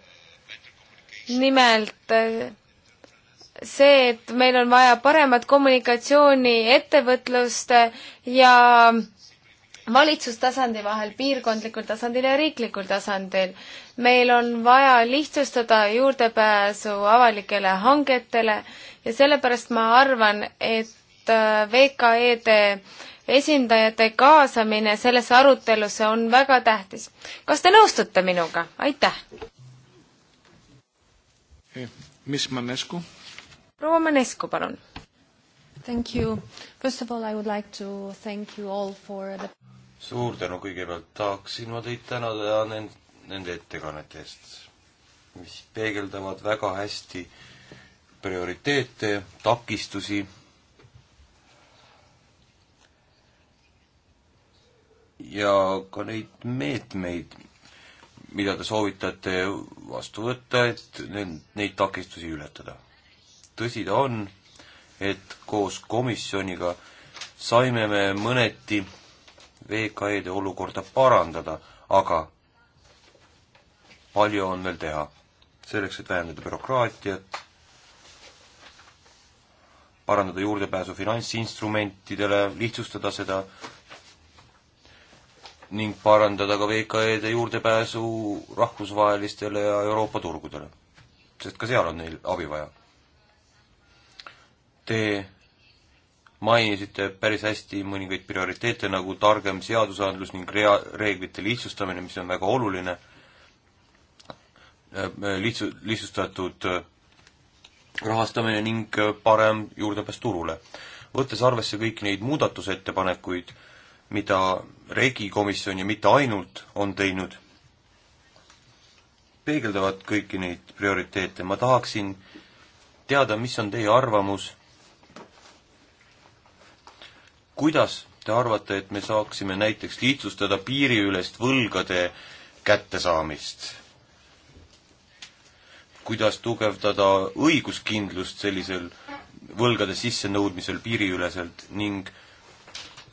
Speaker 2: nimelt äh, see, et meil on vaja paremat kommunikatsiooni ettevõtluste ja valitsustasandi vahel, piirkondlikul tasandil ja riiklikul tasandil. meil on vaja lihtsustada juurdepääsu avalikele hangetele ja sellepärast ma arvan, et äh, VKE-de esindajate kaasamine sellesse arutelusse on väga tähtis. kas te nõustute minuga? aitäh!
Speaker 3: Eh, mis Manescu?
Speaker 2: proua Manescu, palun. Thank you. First of all I would like to thank you all
Speaker 3: for the suur tänu kõigepealt, tahaksin ma teid tänada nend-, nende ettekannete eest, mis peegeldavad väga hästi prioriteete, takistusi ja ka neid meetmeid, mida te soovitate vastu võtta, et neid takistusi ületada tõsi ta on, et koos komisjoniga saime me mõneti VKE-de olukorda parandada, aga palju on veel teha. selleks, et vähendada bürokraatiat, parandada juurdepääsu finantsinstrumentidele, lihtsustada seda ning parandada ka VKE-de juurdepääsu rahvusvahelistele ja Euroopa turgudele. sest ka seal on neil abi vaja Te mainisite päris hästi mõningaid prioriteete, nagu targem seadusandlus ning rea-, reeglite lihtsustamine, mis on väga oluline, äh, äh, lihtsu-, lihtsustatud äh, rahastamine ning parem juurdepääs turule. võttes arvesse kõiki neid muudatusettepanekuid, mida Regi komisjon ja mitte ainult on teinud, peegeldavad kõiki neid prioriteete, ma tahaksin teada, mis on teie arvamus kuidas te arvate, et me saaksime näiteks lihtsustada piiriülest võlgade kättesaamist? kuidas tugevdada õiguskindlust sellisel võlgade sissenõudmisel piiriüleselt ning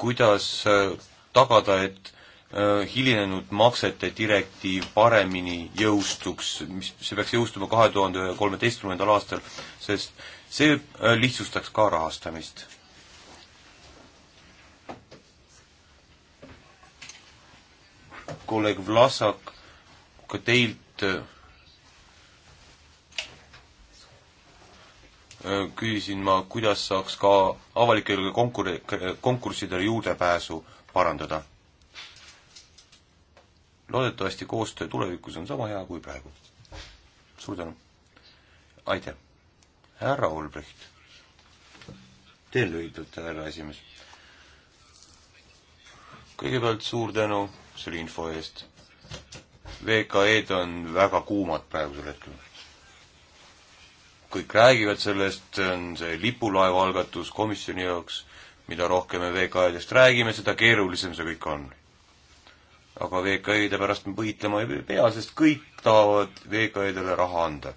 Speaker 3: kuidas äh, tagada, et äh, hilinenud maksete direktiiv paremini jõustuks, mis, see peaks jõustuma kahe tuhande kolmeteistkümnendal aastal, sest see äh, lihtsustaks ka rahastamist kolleeg Vlasak, ka teilt äh, küsisin ma, kuidas saaks ka avalikele konkur-, konkurssidele juurdepääsu parandada. loodetavasti koostöö tulevikus on sama hea kui praegu. suur tänu! aitäh! härra Olbricht! Teil lühidalt, härra esimees! kõigepealt suur tänu selle info eest. VKE-d on väga kuumad praegusel hetkel. kõik räägivad sellest, see on see lipulaeva algatus komisjoni jaoks, mida rohkem me VKE-dest räägime, seda keerulisem see kõik on. aga VKE-de pärast me võitlema ei pea, sest kõik tahavad VKE-dele raha anda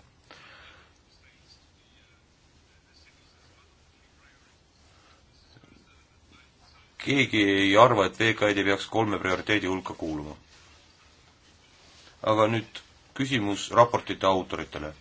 Speaker 3: keegi ei arva, et VKD peaks kolme prioriteedi hulka kuuluma. aga nüüd küsimus raportite autoritele.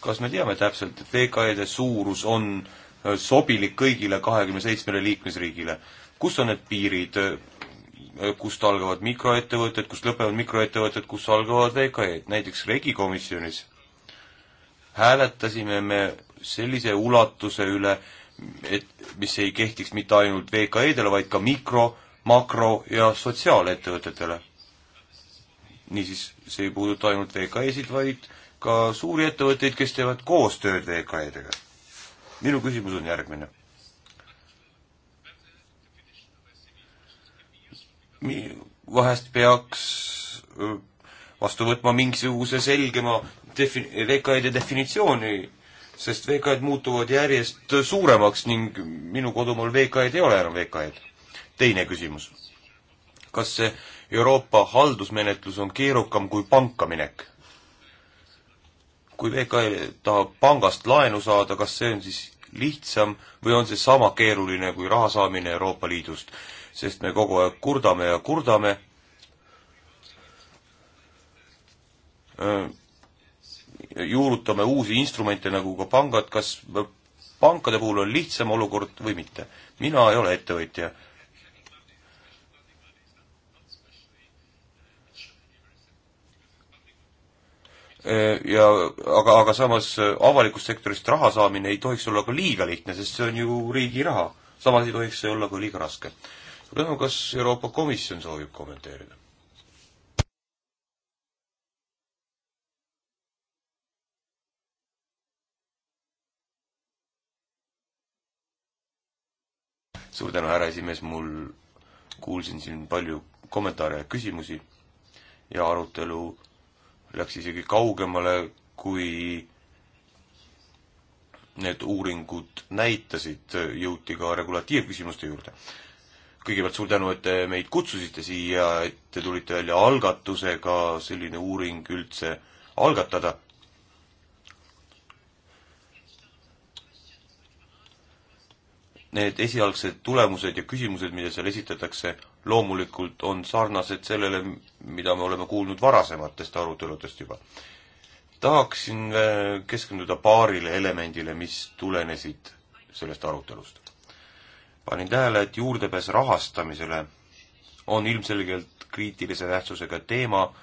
Speaker 3: kas me teame täpselt, et VKD suurus on äh, sobilik kõigile kahekümne seitsmele liikmesriigile? kus on need piirid, äh, kust algavad mikroettevõtted, kust lõpevad mikroettevõtted, kus algavad VKE-d, näiteks regikomisjonis hääletasime me sellise ulatuse üle, et mis ei kehtiks mitte ainult VKE-dele, vaid ka mikro, makro- ja sotsiaalettevõtetele. niisiis, see ei puuduta ainult VKE-sid, vaid ka suuri ettevõtteid, kes teevad koostööd VKE-dega. minu küsimus on järgmine. vahest peaks vastu võtma mingisuguse selgema defin-, VKE-de definitsiooni sest VKE-d muutuvad järjest suuremaks ning minu kodumaal VKE-d ei ole enam VKE-d. teine küsimus. kas see Euroopa haldusmenetlus on keerukam kui panka minek? kui VKE tahab pangast laenu saada, kas see on siis lihtsam või on see sama keeruline kui raha saamine Euroopa Liidust? sest me kogu aeg kurdame ja kurdame juurutame uusi instrumente nagu ka pangad, kas pankade puhul on lihtsam olukord või mitte? mina ei ole ettevõtja. ja aga, aga samas avalikust sektorist raha saamine ei tohiks olla ka liiga lihtne, sest see on ju riigi raha. samas ei tohiks see olla ka liiga raske. suur tänu, kas Euroopa Komisjon soovib kommenteerida? suur tänu, härra esimees, mul kuulsin siin palju kommentaare ja küsimusi ja arutelu läks isegi kaugemale, kui need uuringud näitasid, jõuti ka regulatiivküsimuste juurde. kõigepealt suur tänu, et te meid kutsusite siia, et te tulite välja algatusega selline uuring üldse algatada need esialgsed tulemused ja küsimused, mida seal esitatakse, loomulikult on sarnased sellele, mida me oleme kuulnud varasematest aruteludest juba. tahaksin äh, keskenduda paarile elemendile, mis tulenesid sellest arutelust. panin tähele, et juurdepääs rahastamisele on ilmselgelt kriitilise tähtsusega teema,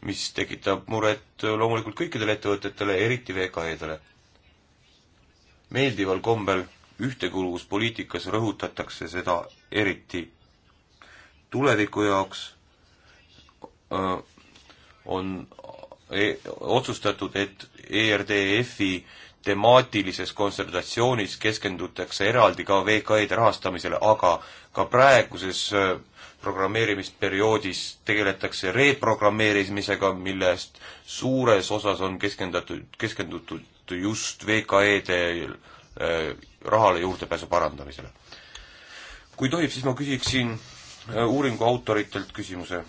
Speaker 3: mis tekitab muret loomulikult kõikidele ettevõtetele, eriti VKE-dele. meeldival kombel ühtekuuluvuspoliitikas rõhutatakse seda eriti tuleviku jaoks öö, on e otsustatud, et ERDF-i temaatilises konsultatsioonis keskendutakse eraldi ka VKE-de rahastamisele, aga ka praeguses programmeerimisperioodis tegeletakse reprogrammeerimisega, millest suures osas on keskendatud, keskendutud just VKE-de Äh, rahale juurdepääsu parandamisele. kui tohib, siis ma küsiksin äh, uuringu autoritelt küsimuse.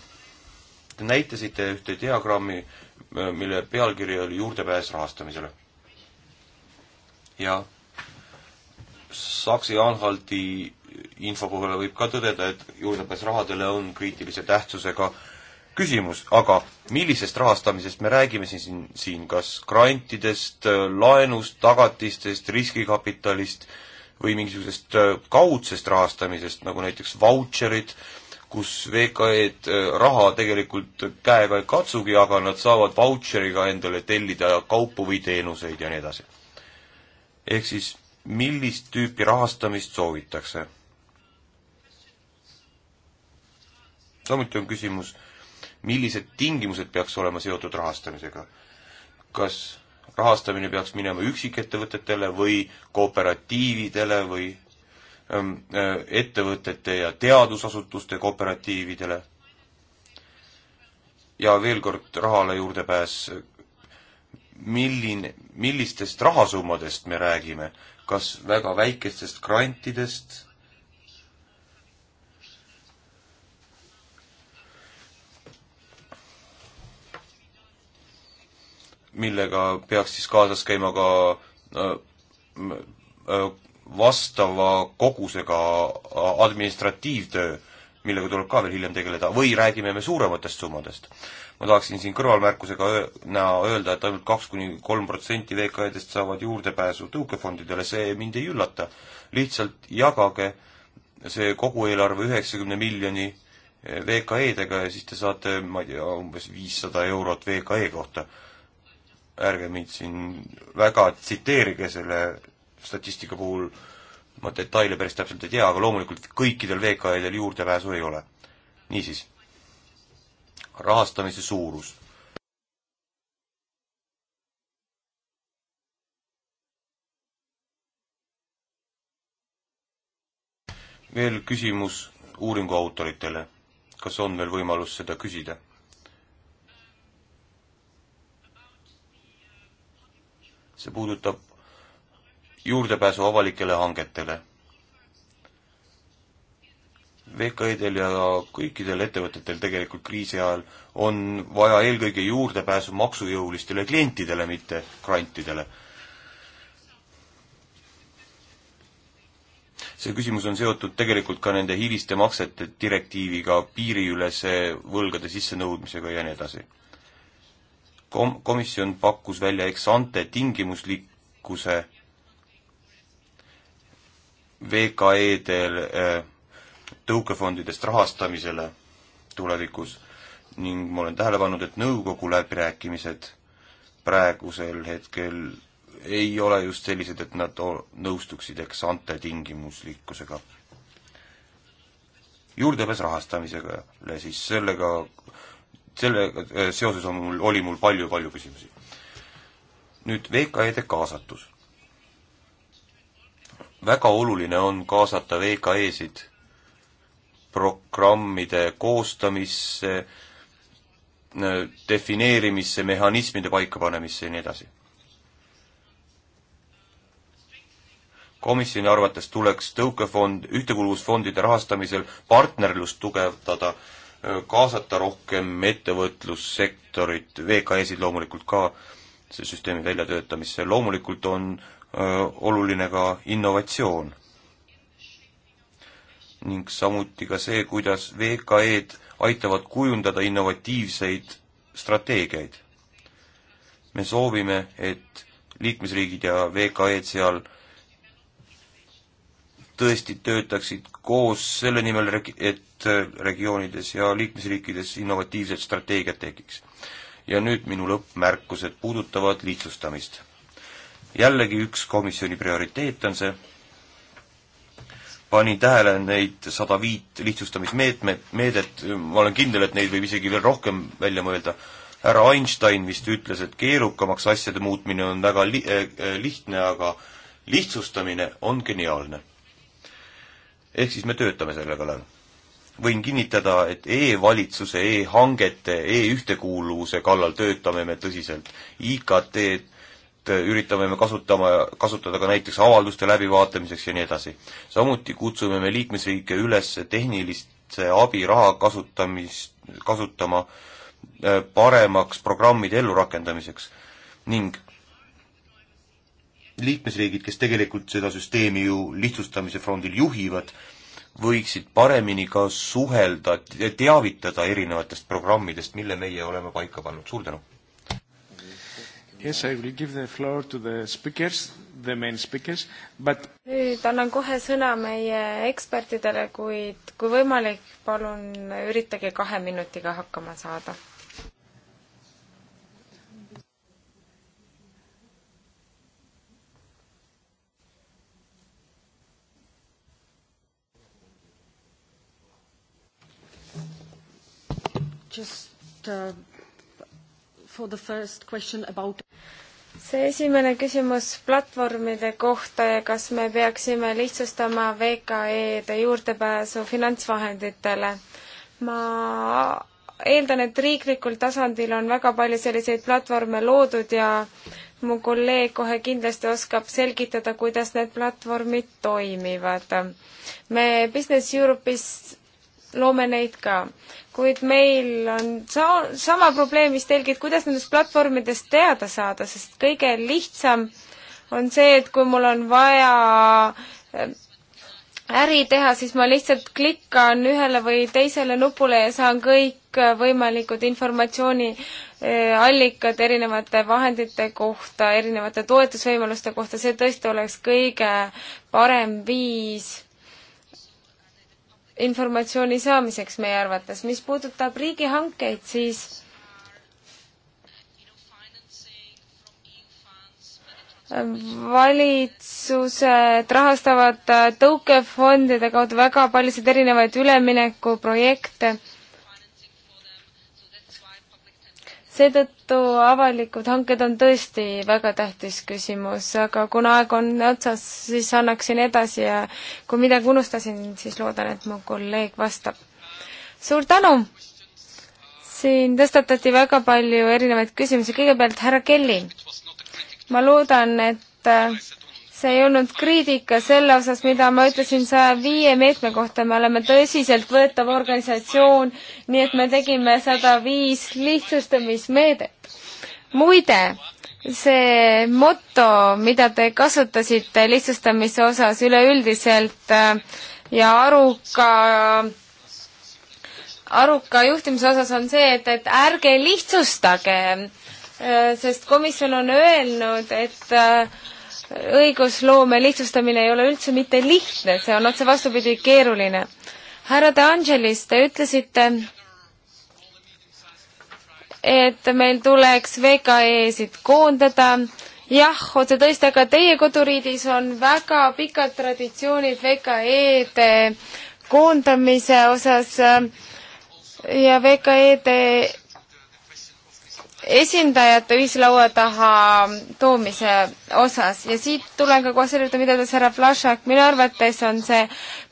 Speaker 3: Te näitasite ühte diagrammi, äh, mille pealkiri oli juurdepääs rahastamisele. ja Saksi-Anhalti info põhjal võib ka tõdeda, et juurdepääs rahadele on kriitilise tähtsusega äh, küsimus, aga millisest rahastamisest me räägime siin, siin, siin kas grantidest, laenust, tagatistest, riskikapitalist või mingisugusest äh, kaudsest rahastamisest, nagu näiteks vautšerid, kus VKE-d äh, raha tegelikult käega ei katsugi, aga nad saavad vautšeriga endale tellida kaupu või teenuseid ja nii edasi. ehk siis, millist tüüpi rahastamist soovitakse? samuti on küsimus millised tingimused peaks olema seotud rahastamisega? kas rahastamine peaks minema üksikettevõtetele või kooperatiividele või ähm, äh, ettevõtete ja teadusasutuste kooperatiividele? ja veel kord rahale juurdepääs, milline, millistest rahasummadest me räägime, kas väga väikestest grantidest millega peaks siis kaasas käima ka äh, äh, vastava kogusega administratiivtöö, millega tuleb ka veel hiljem tegeleda, või räägime me suurematest summadest? ma tahaksin siin kõrvalmärkusega näha öelda, et ainult kaks kuni kolm protsenti VKE-dest saavad juurdepääsu tõukefondidele, see mind ei üllata. lihtsalt jagage see kogu eelarve üheksakümne miljoni äh, VKE-dega ja siis te saate, ma ei tea, umbes viissada eurot VKE kohta ärge mind siin väga tsiteerige selle statistika puhul, ma detaile päris täpselt ei tea, aga loomulikult kõikidel VKE-del juurdepääsu ei ole. niisiis, rahastamise suurus. veel küsimus uuringu autoritele. kas on veel võimalus seda küsida? see puudutab juurdepääsu avalikele hangetele. VKE-del ja kõikidel ettevõtetel tegelikult kriisi ajal on vaja eelkõige juurdepääsu maksujõulistele klientidele, mitte grantidele. see küsimus on seotud tegelikult ka nende hiliste maksete direktiiviga, piiriülese võlgade sissenõudmisega ja nii edasi kom-, komisjon pakkus välja eksante tingimuslikkuse VKE-del äh, tõukefondidest rahastamisele tulevikus ning ma olen tähele pannud, et nõukogu läbirääkimised praegusel hetkel ei ole just sellised, et nad nõustuksid eksante tingimuslikkusega. juurdepääs rahastamisele, siis sellega sellega äh, seoses on mul, oli mul palju-palju küsimusi. nüüd VKE-de kaasatus. väga oluline on kaasata VKE-sid programmide koostamisse, äh, defineerimisse, mehhanismide paikapanemisse ja nii edasi. komisjoni arvates tuleks tõukefond, ühtekuuluvusfondide rahastamisel partnerlust tugevdada äh, kaasata rohkem ettevõtlussektorit, VKE-sid loomulikult ka selle süsteemi väljatöötamisse, loomulikult on öö, oluline ka innovatsioon. ning samuti ka see, kuidas VKE-d aitavad kujundada innovatiivseid strateegiaid. me soovime, et liikmesriigid ja VKE-d seal öö, tõesti töötaksid koos selle nimel, et äh, regioonides ja liikmesriikides innovatiivsed strateegiad tekiks. ja nüüd minu lõppmärkused puudutavad lihtsustamist. jällegi üks komisjoni prioriteet on see, panin tähele neid sada viit lihtsustamismeetmed, meedet, ma olen kindel, et neid võib isegi veel rohkem välja mõelda, härra Einstein vist ütles, et keerukamaks asjade muutmine on väga li-, äh, äh, lihtne, aga lihtsustamine on geniaalne ehk siis me töötame selle kallal. võin kinnitada, et e-valitsuse e, e-hangete e, e-ühtekuuluvuse kallal töötame me tõsiselt. IKT-d üritame me kasutama, kasutada ka näiteks avalduste läbivaatamiseks ja nii edasi. samuti kutsume me liikmesriike üles tehnilist abiraha kasutamist, kasutama äh, paremaks programmide ellurakendamiseks ning liikmesriigid, kes tegelikult seda süsteemi ju lihtsustamise frondil juhivad, võiksid paremini ka suhelda, teavitada erinevatest programmidest, mille meie oleme paika pannud, suur tänu! Yes, I will give the floor to the speakers, the main speakers, but
Speaker 2: nüüd annan kohe sõna meie ekspertidele, kuid kui võimalik, palun üritage kahe minutiga hakkama saada
Speaker 1: Just uh, for the first question about
Speaker 2: see esimene küsimus platvormide kohta ja kas me peaksime lihtsustama VKE-de juurdepääsu finantsvahenditele. ma eeldan, et riiklikul tasandil on väga palju selliseid platvorme loodud ja mu kolleeg kohe kindlasti oskab selgitada, kuidas need platvormid toimivad. me Business Europe'is loome neid ka kuid meil on sa-, sama probleem, mis teilgi, et kuidas nendest platvormidest teada saada, sest kõige lihtsam on see, et kui mul on vaja ähm, äri teha, siis ma lihtsalt klikkan ühele või teisele nupule ja saan kõikvõimalikud informatsiooniallikad äh, erinevate vahendite kohta, erinevate toetusvõimaluste kohta, see tõesti oleks kõige parem viis informatsiooni saamiseks meie arvates. mis puudutab riigihankeid, siis valitsused rahastavad tõukefondide kaudu väga paljusid erinevaid üleminekuprojekte seetõttu avalikud hanked on tõesti väga tähtis küsimus, aga kuna aeg on otsas, siis annaksin edasi ja kui midagi unustasin, siis loodan, et mu kolleeg vastab. suur tänu! siin tõstatati väga palju erinevaid küsimusi, kõigepealt härra Kelly. ma loodan, et see ei olnud kriitika selle osas, mida ma ütlesin saja viie meetme kohta, me oleme tõsiseltvõetav organisatsioon, nii et me tegime sada viis lihtsustamismeedet. muide, see moto, mida te kasutasite lihtsustamise osas üleüldiselt äh, ja aruka aruka juhtimise osas on see, et, et ärge lihtsustage, äh, sest komisjon on öelnud, et äh, õigusloome lihtsustamine ei ole üldse mitte lihtne, see on otse vastupidi keeruline. härra De Angelis, te ütlesite, et meil tuleks VKE-sid koondada. jah, otse tõesti, aga teie koduriigis on väga pikad traditsioonid VKE-de koondamise osas ja VKE-de esindajate ühislaua taha toomise osas ja siit tulen ka kohe selle juurde, mida ütles härra Flašak, minu arvates on see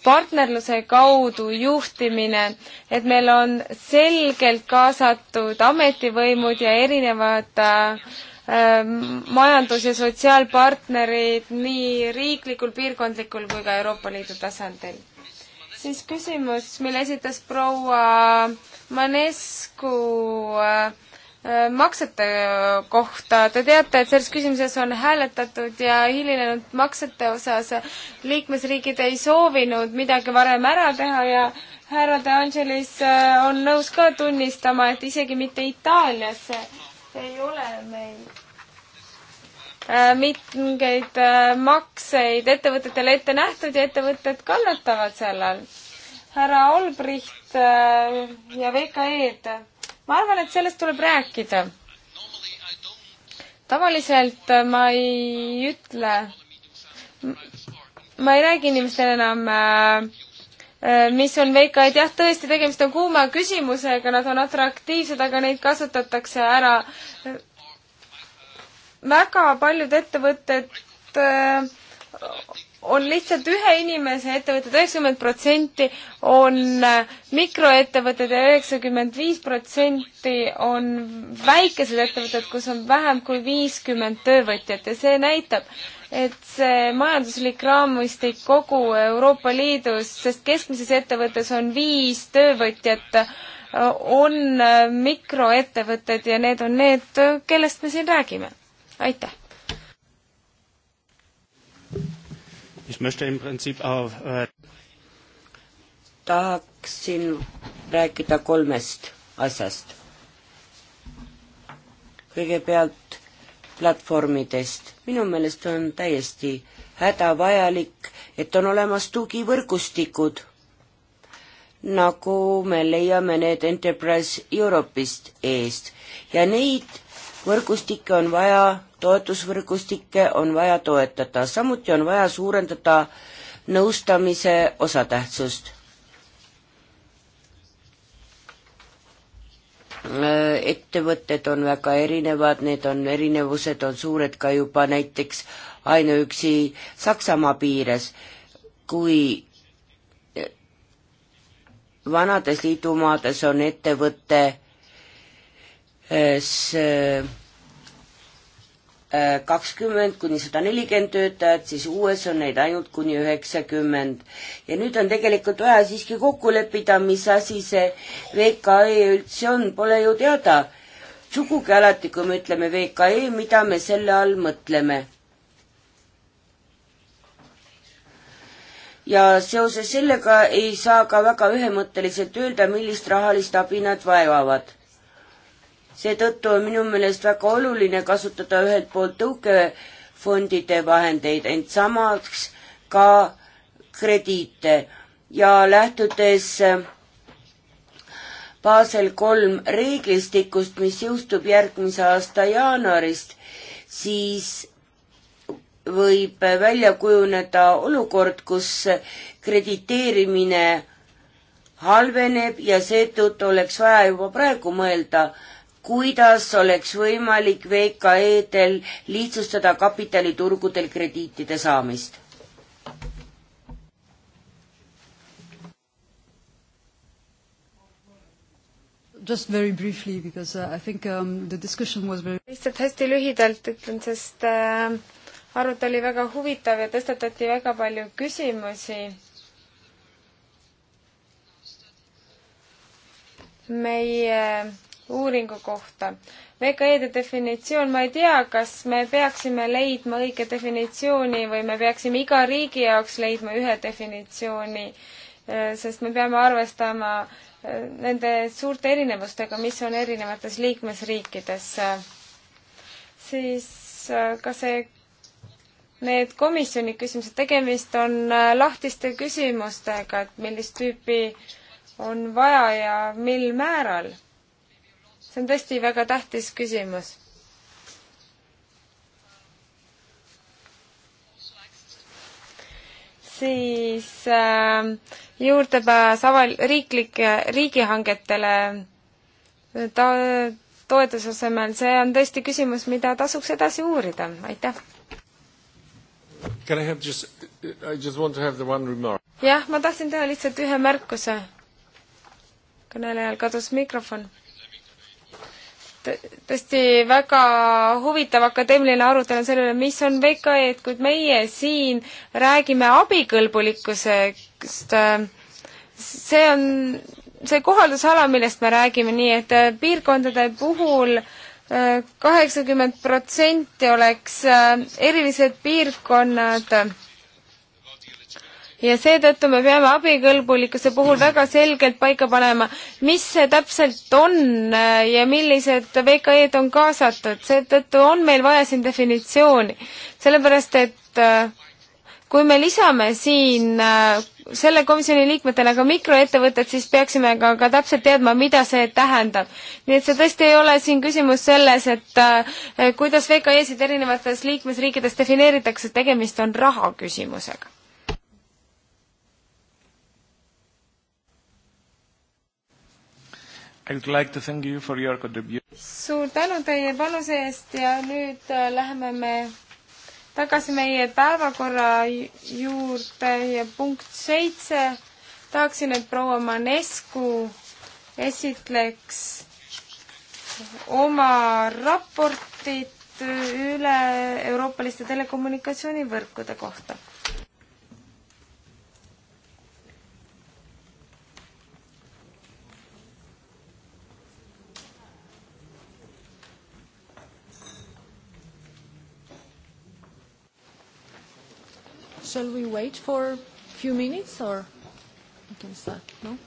Speaker 2: partnerluse kaudu juhtimine, et meil on selgelt kaasatud ametivõimud ja erinevad äh, majandus- ja sotsiaalpartnerid nii riiklikul, piirkondlikul kui ka Euroopa Liidu tasandil. siis küsimus, mille esitas proua Manescu äh, Äh, maksete kohta, te teate, et selles küsimuses on hääletatud ja hilinenud maksete osas liikmesriigid ei soovinud midagi varem ära teha ja härra De Angelis äh, on nõus ka tunnistama, et isegi mitte Itaalias ei ole meil äh, mingeid makseid ettevõtetele ette nähtud ja ettevõtted kannatavad selle all. härra Olbricht ja VKE-d ma arvan, et sellest tuleb rääkida. tavaliselt ma ei ütle, ma ei räägi inimestele enam äh, äh, mis on veikaid, jah, tõesti, tegemist on kuuma küsimusega, nad on atraktiivsed, aga neid kasutatakse ära. väga paljud ettevõtted äh, on lihtsalt ühe inimese ettevõtted, üheksakümmend protsenti on äh, mikroettevõtted ja üheksakümmend viis protsenti on väikesed ettevõtted, kus on vähem kui viiskümmend töövõtjat ja see näitab, et see majanduslik raamistik kogu Euroopa Liidus, sest keskmises ettevõttes on viis töövõtjat, äh, on äh, mikroettevõtted ja need on need, kellest me siin räägime. aitäh!
Speaker 1: Ich möchte im Prinzip auf, äh... tahaksin rääkida kolmest asjast. kõigepealt platvormidest. minu meelest on täiesti hädavajalik, et on olemas tugivõrgustikud, nagu me leiame need Enterprise Europe'ist eest ja neid võrgustikke on vaja, toetusvõrgustikke on vaja toetada, samuti on vaja suurendada nõustamise osatähtsust. Äh, ettevõtted on väga erinevad, need on, erinevused on suured ka juba näiteks ainuüksi Saksamaa piires, kui äh, vanades liidumaades on ettevõte Äh, see äh, kakskümmend kuni sada nelikümmend töötajat, siis uues on neid ainult kuni üheksakümmend. ja nüüd on tegelikult vaja siiski kokku leppida, mis asi see VKE üldse on, pole ju teada. sugugi alati, kui me ütleme VKE, mida me selle all mõtleme. ja seoses sellega ei saa ka väga ühemõtteliselt öelda, millist rahalist abi nad vaevavad seetõttu on minu meelest väga oluline kasutada ühelt poolt tõukefondide vahendeid, ent samas ka krediite ja lähtudes äh, Basel kolm reeglistikust, mis jõustub järgmise aasta jaanuarist, siis võib välja kujuneda olukord, kus krediteerimine halveneb ja seetõttu oleks vaja juba praegu mõelda kuidas oleks võimalik VKE-del lihtsustada kapitaliturgudel krediitide saamist?
Speaker 3: Just very briefly because uh, I think um, the discussion was very
Speaker 2: lihtsalt hästi lühidalt ütlen, sest äh, arutelu oli väga huvitav ja tõstatati väga palju küsimusi meie uuringu kohta. VKE-de definitsioon, ma ei tea, kas me peaksime leidma õige definitsiooni või me peaksime iga riigi jaoks leidma ühe definitsiooni, eh, sest me peame arvestama eh, nende suurte erinevustega, mis on erinevates liikmesriikides. siis eh, ka see, need komisjoni küsimused, tegemist on lahtiste küsimustega, et millist tüüpi on vaja ja mil määral see on tõesti väga tähtis küsimus. siis äh, juurdepääs aval-, riiklike, riigihangetele äh, ta-, toetuse asemel, see on tõesti küsimus, mida tasuks edasi uurida, aitäh! jah, ma tahtsin teha lihtsalt ühe märkuse. kõnelejal kadus mikrofon tõesti väga huvitav akadeemiline arutelu selle üle, mis on VKE-d, kuid meie siin räägime abikõlbulikkusest. see on see kohaldusala, millest me räägime, nii et äh, piirkondade puhul äh, kaheksakümmend protsenti oleks äh, erilised piirkonnad ja seetõttu me peame abikõlbulikkuse puhul väga selgelt paika panema, mis see täpselt on äh, ja millised VKE-d on kaasatud, seetõttu on meil vaja siin definitsiooni. sellepärast, et äh, kui me lisame siin äh, selle komisjoni liikmetena ka mikroettevõtted, siis peaksime ka, ka täpselt teadma, mida see tähendab. nii et see tõesti ei ole siin küsimus selles, et äh, kuidas VKE-sid erinevates liikmesriikides defineeritakse, tegemist on raha küsimusega.
Speaker 3: Like you
Speaker 2: suur tänu teie panuse eest ja nüüd äh, läheme me tagasi meie päevakorra juurde ja punkt seitse. tahaksin, et proua Manescu esitleks oma raportit üle euroopaliste telekommunikatsioonivõrkude kohta Shall we wait for a few minutes or we can start? No?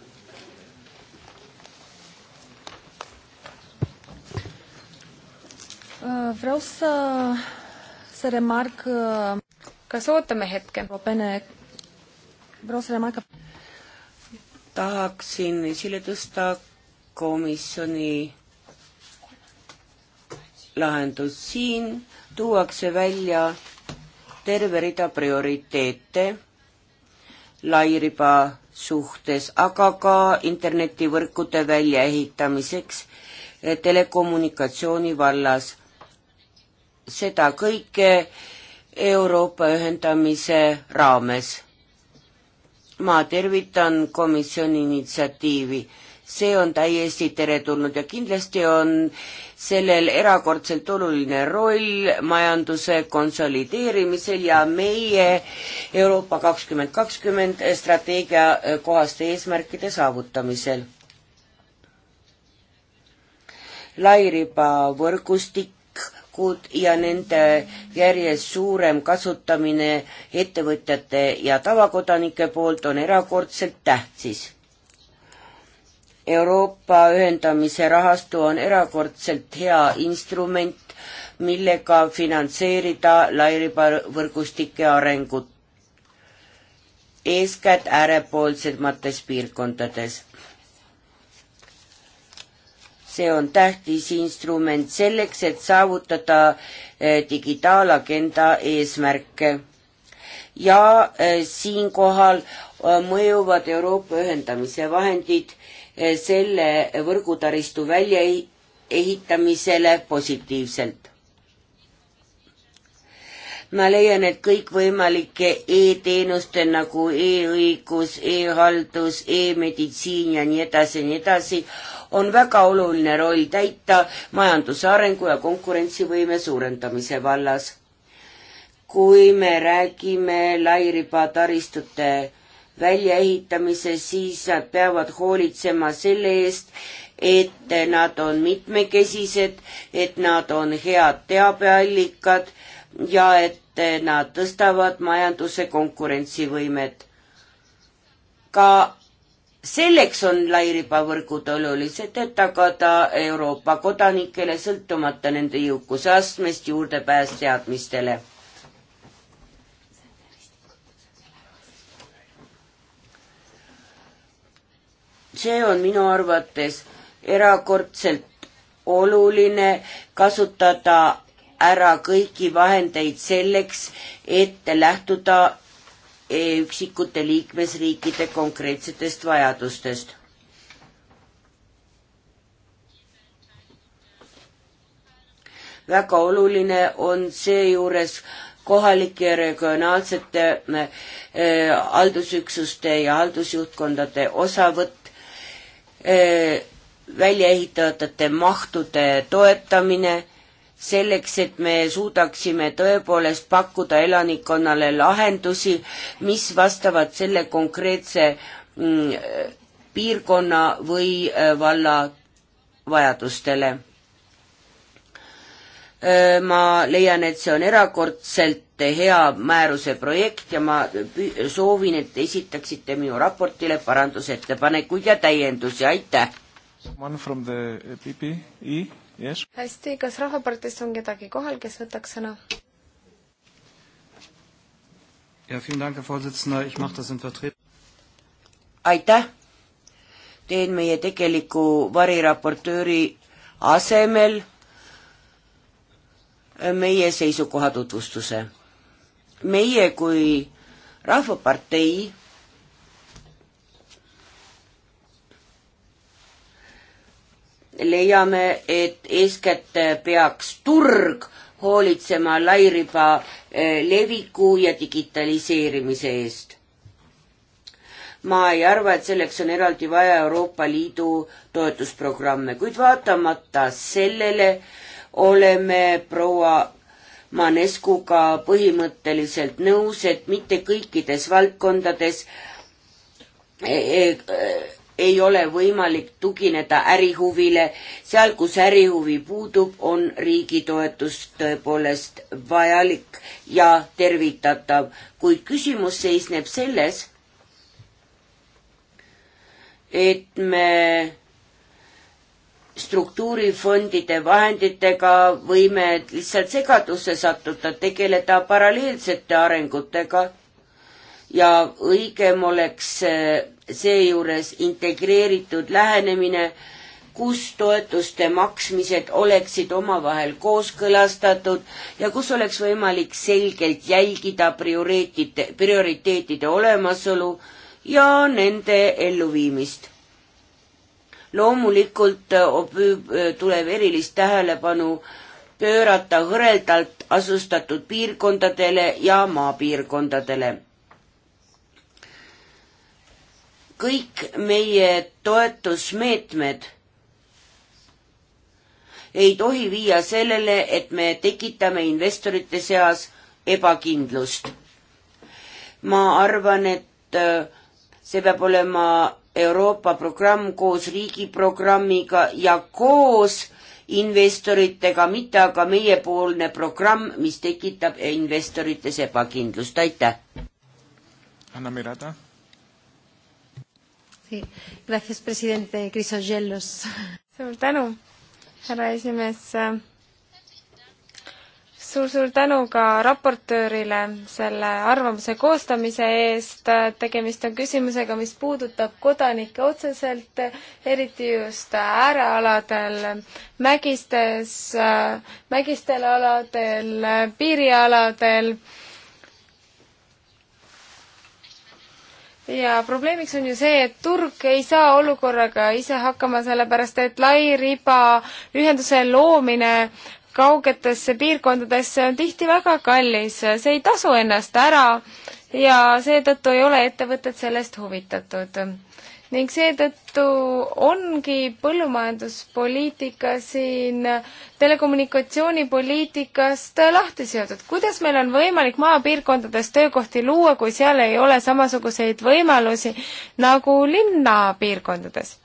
Speaker 2: Uh, vreau să, să remarc... Kas uh, ootame hetke? Vreau să remarc...
Speaker 1: Tahaksin esile tõsta komisjoni lahendus. Siin tuuakse välja terve rida prioriteete lairiba suhtes, aga ka internetivõrkude väljaehitamiseks eh, telekommunikatsiooni vallas. seda kõike Euroopa ühendamise raames. ma tervitan komisjoni initsiatiivi see on täiesti teretulnud ja kindlasti on sellel erakordselt oluline roll majanduse konsolideerimisel ja meie Euroopa kakskümmend kakskümmend strateegia kohaste eesmärkide saavutamisel. lairibavõrgustikud ja nende järjest suurem kasutamine ettevõtjate ja tavakodanike poolt on erakordselt tähtis Euroopa ühendamise rahastu on erakordselt hea instrument, millega finantseerida lairibavõrgustike arengut, eeskätt äärepoolsemates piirkondades. see on tähtis instrument selleks, et saavutada eh, digitaalagenda eesmärke. ja eh, siinkohal eh, mõjuvad Euroopa ühendamise vahendid Eh, selle võrgutaristu väljaehitamisele positiivselt. ma leian, et kõikvõimalike e-teenuste nagu e-õigus e, e-haldus e, e-meditsiin ja nii edasi ja nii edasi on väga oluline roll täita majanduse arengu ja konkurentsivõime suurendamise vallas. kui me räägime lairibataristute väljaehitamise, siis nad peavad hoolitsema selle eest, et nad on mitmekesised, et nad on head teabeallikad ja et nad tõstavad majanduse konkurentsivõimet. ka selleks on lairibavõrgud olulised, et tagada Euroopa kodanikele, sõltumata nende jõukuse astmest, juurdepääs teadmistele see on minu arvates erakordselt oluline kasutada ära kõiki vahendeid selleks, et lähtuda e, üksikute liikmesriikide konkreetsetest vajadustest. väga oluline on seejuures kohalike ja regionaalsete e, haldusüksuste ja haldusjuhtkondade osavõtt Eh, väljaehitatavate mahtude toetamine, selleks, et me suudaksime tõepoolest pakkuda elanikkonnale lahendusi, mis vastavad selle konkreetse mm, piirkonna või eh, valla vajadustele. Eh, ma leian, et see on erakordselt olete hea määruse projekt ja ma soovin, et esitaksite minu raportile parandusettepanekuid ja täiendusi, aitäh!
Speaker 3: E e, yes.
Speaker 2: hästi, kas Rahvaparteist on kedagi kohal, kes võtaks sõna?
Speaker 1: aitäh! teen meie tegeliku variraportööri asemel meie seisukoha tutvustuse meie kui Rahvapartei leiame, et eeskätt peaks turg hoolitsema lairiba eh, leviku ja digitaliseerimise eest. ma ei arva, et selleks on eraldi vaja Euroopa Liidu toetusprogramme, kuid vaatamata sellele oleme proua Manescuga põhimõtteliselt nõus, et mitte kõikides valdkondades ei, e, e, ei ole võimalik tugineda ärihuvile, seal, kus ärihuvi puudub, on riigi toetus tõepoolest vajalik ja tervitatav, kuid küsimus seisneb selles, et me struktuurifondide vahenditega võime lihtsalt segadusse sattuda, tegeleda paralleelsete arengutega ja õigem oleks eh, seejuures integreeritud lähenemine, kus toetuste maksmised oleksid omavahel kooskõlastatud ja kus oleks võimalik selgelt jälgida prioriteetide, prioriteetide olemasolu ja nende elluviimist loomulikult püüb, äh, äh, tuleb erilist tähelepanu pöörata hõredalt asustatud piirkondadele ja maapiirkondadele. kõik meie toetusmeetmed ei tohi viia sellele, et me tekitame investorite seas ebakindlust. ma arvan, et äh, see peab olema Euroopa programm koos riigiprogrammiga ja koos investoritega, mitte aga meiepoolne programm, mis tekitab investorites ebakindlust, aitäh.
Speaker 3: Anna Mirata.
Speaker 2: Gracias, president Chrysogelos. suur tänu, härra esimees suur-suur tänu ka raportöörile selle arvamuse koostamise eest. tegemist on küsimusega, mis puudutab kodanikke otseselt, eriti just äärealadel, mägistes, mägistel aladel, piirialadel. ja probleemiks on ju see, et turg ei saa olukorraga ise hakkama, sellepärast et lairiba ühenduse loomine kaugetesse piirkondadesse on tihti väga kallis, see ei tasu ennast ära ja seetõttu ei ole ettevõtted sellest huvitatud. ning seetõttu ongi põllumajanduspoliitika siin telekommunikatsioonipoliitikast lahti seotud. kuidas meil on võimalik maapiirkondades töökohti luua, kui seal ei ole samasuguseid võimalusi nagu linnapiirkondades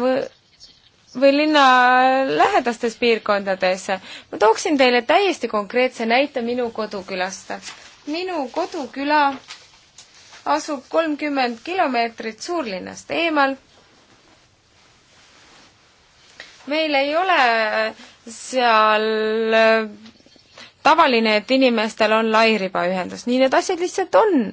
Speaker 2: Võ? või linna lähedastes piirkondades. ma tooksin teile täiesti konkreetse näite minu kodukülast. minu koduküla asub kolmkümmend kilomeetrit suurlinnast eemal. meil ei ole seal äh, tavaline, et inimestel on lairibaühendus, nii need asjad lihtsalt on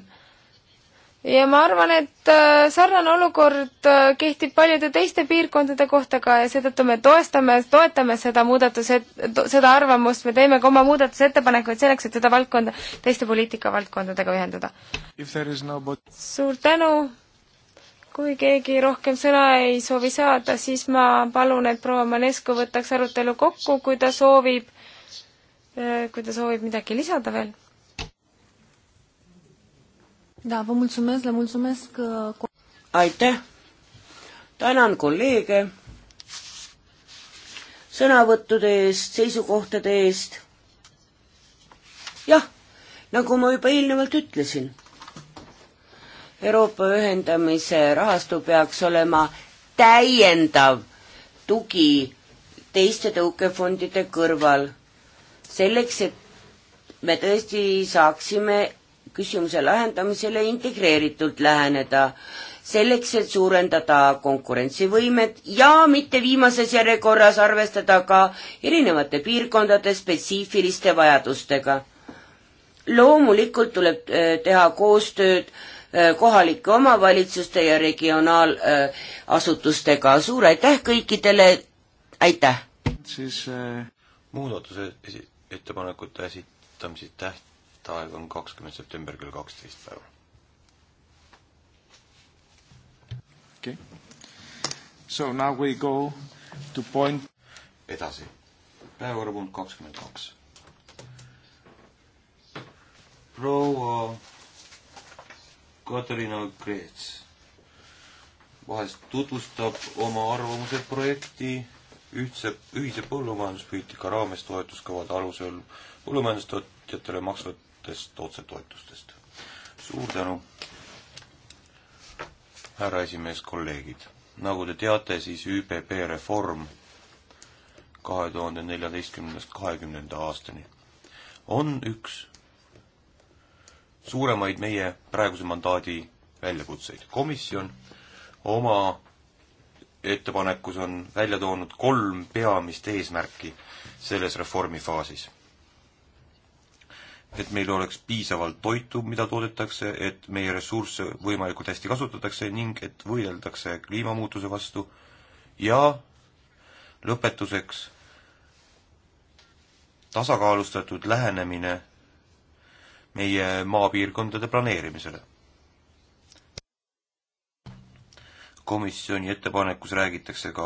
Speaker 2: ja ma arvan, et äh, sarnane olukord äh, kehtib paljude teiste piirkondade kohta ka ja seetõttu me toestame, toetame seda muudatuse, seda arvamust, me teeme ka oma muudatusettepanekuid selleks, et seda valdkonda teiste poliitikavaldkondadega ühendada.
Speaker 3: No... suur
Speaker 2: tänu! kui keegi rohkem sõna ei soovi saada, siis ma palun, et proua Manescu võtaks arutelu kokku, kui ta soovib, äh, kui ta soovib midagi lisada veel da, vă mulțumesc, le mulțumesc. Uh,
Speaker 1: aitäh, tänan kolleege sõnavõttude eest, seisukohtade eest. jah, nagu ma juba eelnevalt ütlesin, Euroopa ühendamise rahastu peaks olema täiendav tugi teiste tõukefondide kõrval, selleks et me tõesti saaksime küsimuse lahendamisele integreeritult läheneda, selleks, et suurendada konkurentsivõimet ja mitte viimases järjekorras arvestada ka erinevate piirkondade spetsiifiliste vajadustega. loomulikult tuleb äh, teha koostööd äh, kohalike omavalitsuste ja regionaalasutustega, äh, suur aitäh kõikidele, aitäh!
Speaker 3: siis äh... muudatuse esi-, ettepanekute esitamise täht-, tähtaeg on kakskümmend september kell kaksteist päeval. okei okay.. So now we go to point edasi. päevakorrapunkt kakskümmend kaks. proua Katariina Kreets vahest tutvustab oma arvamuse projekti ühtse, ühise põllumajanduspoliitika raames toetuskavade alusel põllumajandustootjatele maksvat otsetoetustest, otsetoetustest. suur tänu, härra esimees, kolleegid. nagu te teate, siis ÜBB reform kahe tuhande neljateistkümnendast kahekümnenda aastani on üks suuremaid meie praeguse mandaadi väljakutseid. komisjon oma ettepanekus on välja toonud kolm peamist eesmärki selles reformi faasis et meil oleks piisavalt toitu, mida toodetakse, et meie ressursse võimalikult hästi kasutatakse ning et võideldakse kliimamuutuse vastu ja lõpetuseks tasakaalustatud lähenemine meie maapiirkondade planeerimisele. komisjoni ettepanekus räägitakse ka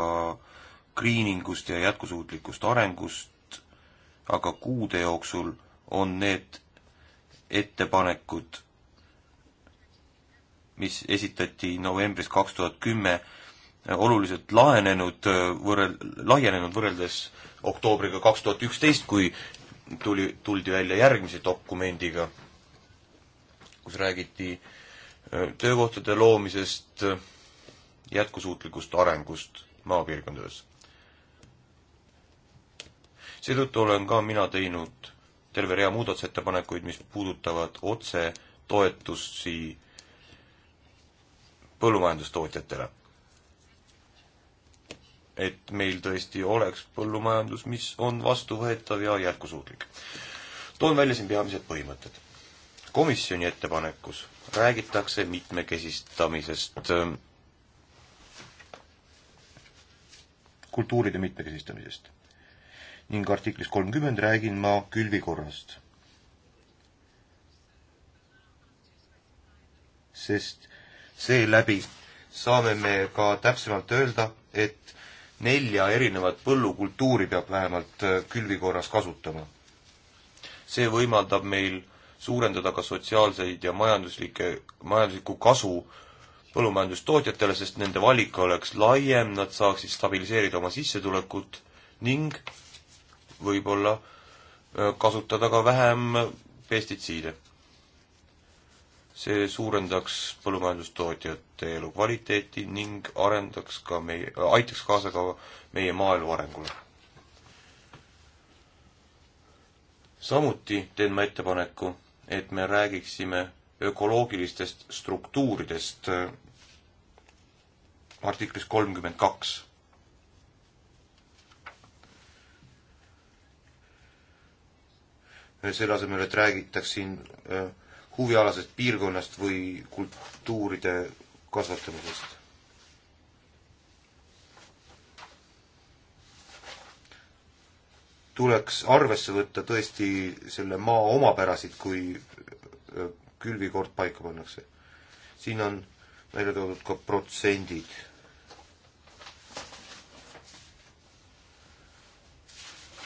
Speaker 3: greeningust ja jätkusuutlikust arengust, aga kuude jooksul on need ettepanekud, mis esitati novembris kaks tuhat kümme, oluliselt laenenud võrrel-, laienenud võrreldes oktoobriga kaks tuhat üksteist, kui tuli, tuldi välja järgmise dokumendiga, kus räägiti töökohtade loomisest, jätkusuutlikust arengust maapiirkondades. seetõttu olen ka mina teinud terve rea muudatusettepanekuid, mis puudutavad otse toetusi põllumajandustootjatele. et meil tõesti oleks põllumajandus, mis on vastuvõetav ja jätkusuutlik. toon välja siin peamised põhimõtted. komisjoni ettepanekus räägitakse mitmekesistamisest, ähm, kultuuride mitmekesistamisest ning artiklis kolmkümmend räägin ma külvikorrast. sest seeläbi saame me ka täpsemalt öelda, et nelja erinevat põllukultuuri peab vähemalt äh, külvikorras kasutama. see võimaldab meil suurendada ka sotsiaalseid ja majanduslikke, majanduslikku kasu põllumajandustootjatele, sest nende valik oleks laiem, nad saaksid stabiliseerida oma sissetulekut ning võib-olla äh, kasutada ka vähem pestitsiide. see suurendaks põllumajandustootjate elukvaliteeti ning arendaks ka meie, äh, aitaks kaasa ka meie maaelu arengule. samuti teen ma ettepaneku, et me räägiksime ökoloogilistest struktuuridest äh, artiklis kolmkümmend kaks selle asemel, et räägitaks siin äh, huvialasest piirkonnast või kultuuride kasvatamisest. tuleks arvesse võtta tõesti selle maa omapärasid, kui äh, külvikord paika pannakse. siin on välja toodud ka protsendid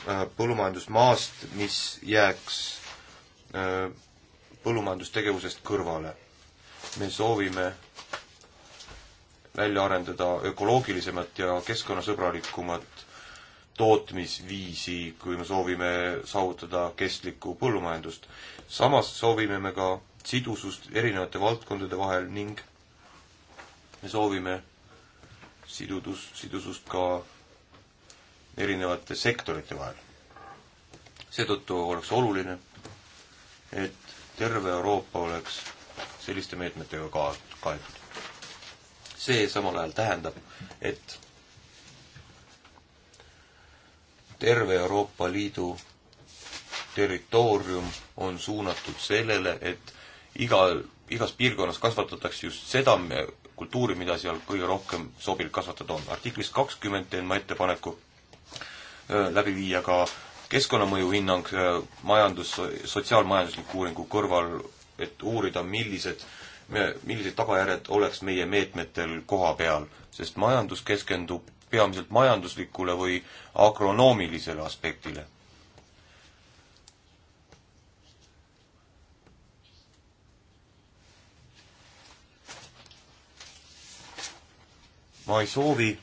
Speaker 3: Äh, põllumajandusmaast, mis jääks äh, põllumajandustegevusest kõrvale. me soovime välja arendada ökoloogilisemat ja keskkonnasõbralikumat tootmisviisi, kui me soovime saavutada kestlikku põllumajandust. samas soovime me ka sidusust erinevate valdkondade vahel ning me soovime sidudus, sidusust ka erinevate sektorite vahel. seetõttu oleks oluline, et terve Euroopa oleks selliste meetmetega ka kaetud. see samal ajal tähendab, et terve Euroopa Liidu territoorium on suunatud sellele, et igal, igas piirkonnas kasvatatakse just seda kultuuri, mida seal kõige rohkem sobilik kasvatada on. artiklis kakskümmend teen ma ettepaneku Äh, läbi viia ka keskkonnamõju hinnang äh, majandus, sotsiaalmajandusliku uuringu kõrval, et uurida, millised, millised tagajärjed oleks meie meetmetel koha peal, sest majandus keskendub peamiselt majanduslikule või agronoomilisele aspektile ma ei soovi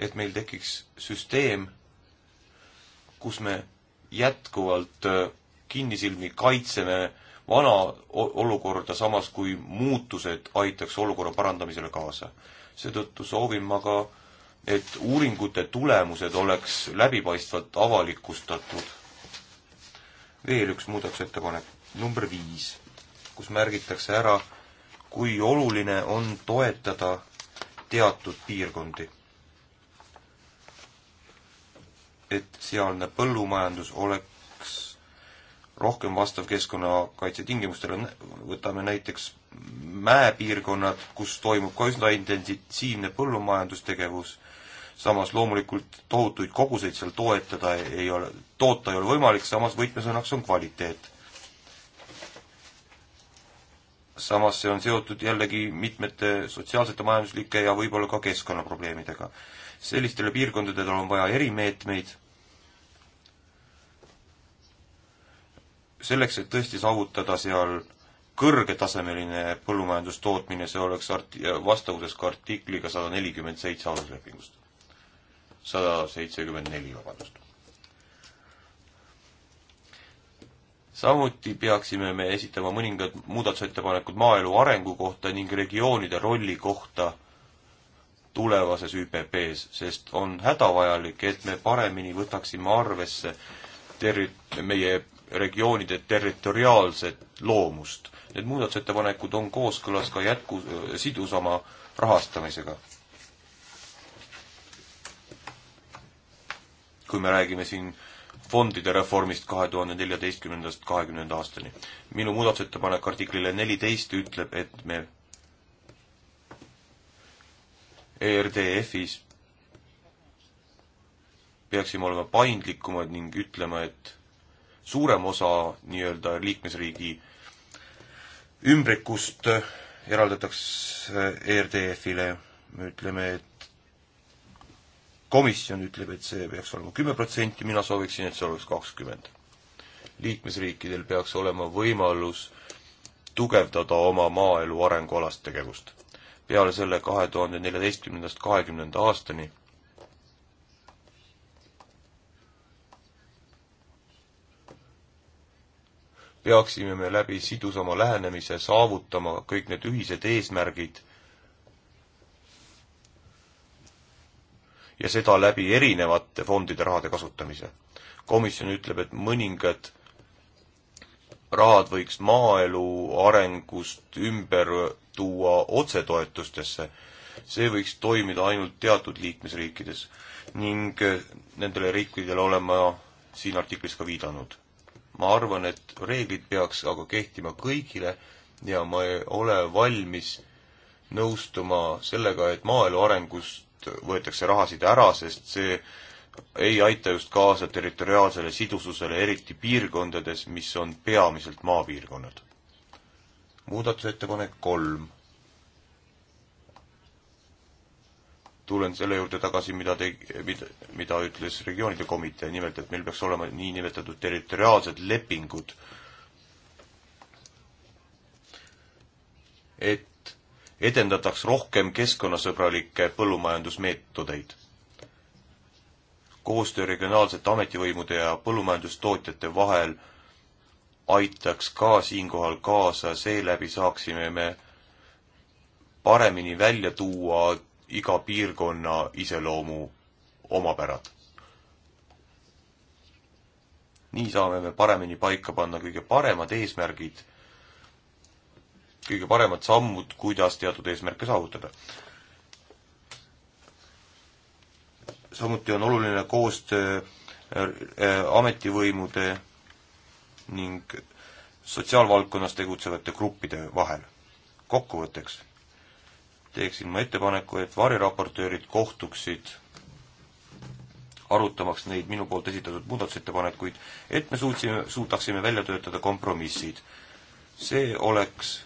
Speaker 3: et meil tekiks süsteem, kus me jätkuvalt äh, kinnisilmi kaitseme vana olukorda, samas kui muutused aitaks olukorra parandamisele kaasa. seetõttu soovin ma ka, et uuringute tulemused oleks läbipaistvalt avalikustatud. veel üks muudatusettepanek, number viis, kus märgitakse ära, kui oluline on toetada teatud piirkondi et sealne põllumajandus oleks rohkem vastav keskkonnakaitse tingimustele, võtame näiteks mäepiirkonnad, kus toimub ka üsna intensiivne põllumajandustegevus, samas loomulikult tohutuid koguseid seal toetada ei ole, toota ei ole võimalik, samas võtmesõnaks on kvaliteet. samas see on seotud jällegi mitmete sotsiaalsete, majanduslike ja võib-olla ka keskkonnaprobleemidega sellistele piirkondadele on vaja erimeetmeid, selleks, et tõesti saavutada seal kõrgetasemeline põllumajandustootmine, see oleks art-, vastavuses ka artikliga sada nelikümmend seitse aluslepingust. sada seitsekümmend neli, vabandust. samuti peaksime me esitama mõningad muudatusettepanekud maaelu arengu kohta ning regioonide rolli kohta tulevases ÜPP-s, sest on hädavajalik, et me paremini võtaksime arvesse terri-, meie regioonide territoriaalset loomust. Need muudatusettepanekud on kooskõlas ka jätku, sidusama rahastamisega. kui me räägime siin fondide reformist kahe tuhande neljateistkümnendast kahekümnenda aastani. minu muudatusettepanek artiklile neliteist ütleb, et me ERDF-is peaksime olema paindlikumad ning ütlema, et suurem osa nii-öelda liikmesriigi ümbrikust eraldatakse ERDF-ile, me ütleme, et komisjon ütleb, et see peaks olema kümme protsenti, mina sooviksin, et see oleks kakskümmend. liikmesriikidel peaks olema võimalus tugevdada oma maaelu arengualast tegevust. peale selle kahe tuhande neljateistkümnendast kahekümnenda aastani peaksime me läbi sidusama lähenemise saavutama kõik need ühised eesmärgid ja seda läbi erinevate fondide rahade kasutamise. komisjon ütleb, et mõningad rahad võiks maaelu arengust ümber tuua otsetoetustesse. see võiks toimida ainult teatud liikmesriikides ning nendele riikidele olen ma siin artiklis ka viidanud ma arvan, et reeglid peaks aga kehtima kõigile ja ma ei ole valmis nõustuma sellega, et maaelu arengust võetakse rahasid ära, sest see ei aita just kaasa territoriaalsele sidususele, eriti piirkondades, mis on peamiselt maapiirkonnad. muudatusettepanek kolm tulen selle juurde tagasi, mida te, mida, mida ütles regioonide komitee, nimelt et meil peaks olema niinimetatud territoriaalsed lepingud, et edendataks rohkem keskkonnasõbralikke põllumajandusmeetodeid. koostöö regionaalsete ametivõimude ja põllumajandustootjate vahel aitaks ka siinkohal kaasa, seeläbi saaksime me paremini välja tuua iga piirkonna iseloomu omapärad. nii saame me paremini paika panna kõige paremad eesmärgid, kõige paremad sammud, kuidas teatud eesmärke saavutada. samuti on oluline koostöö äh, äh, ametivõimude ning sotsiaalvaldkonnas tegutsevate gruppide vahel. kokkuvõtteks teeksin ma ettepaneku, et variraportöörid kohtuksid arutamaks neid minu poolt esitatud muudatusettepanekuid, et me suutsime, suudaksime välja töötada kompromissid. see oleks,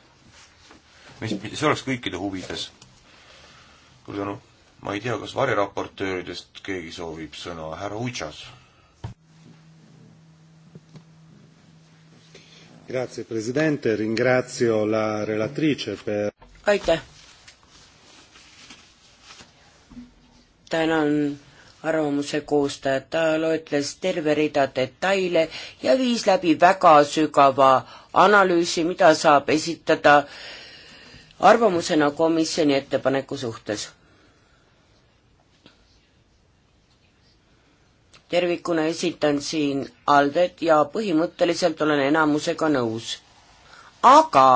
Speaker 3: mis, see oleks kõikide huvides. kuule Tõnu, ma ei tea, kas variraportööridest keegi soovib sõna, härra Utšas. Grazie Presidente, ringrazio la relatrice per
Speaker 1: aitäh! tänan arvamuse koostajat, ta loetles terve rida detaile ja viis läbi väga sügava analüüsi, mida saab esitada arvamusena komisjoni ettepaneku suhtes. tervikuna esitan siin Aldet ja põhimõtteliselt olen enamusega nõus. aga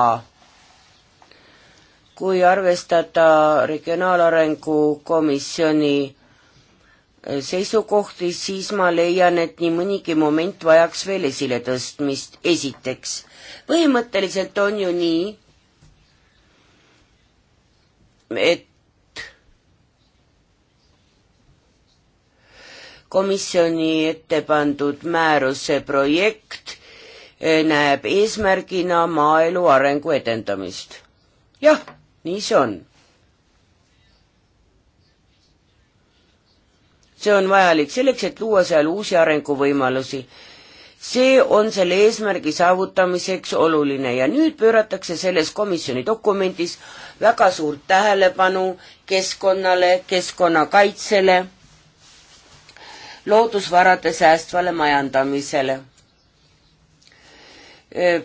Speaker 1: kui arvestada Regionaalarengu Komisjoni seisukohti, siis ma leian, et nii mõnigi moment vajaks veel esiletõstmist, esiteks. põhimõtteliselt on ju nii, et komisjoni ette pandud määruse projekt näeb eesmärgina maaelu arengu edendamist. jah nii see on. see on vajalik selleks, et luua seal uusi arenguvõimalusi. see on selle eesmärgi saavutamiseks oluline ja nüüd pööratakse selles komisjoni dokumendis väga suurt tähelepanu keskkonnale, keskkonnakaitsele, loodusvarade säästvale majandamisele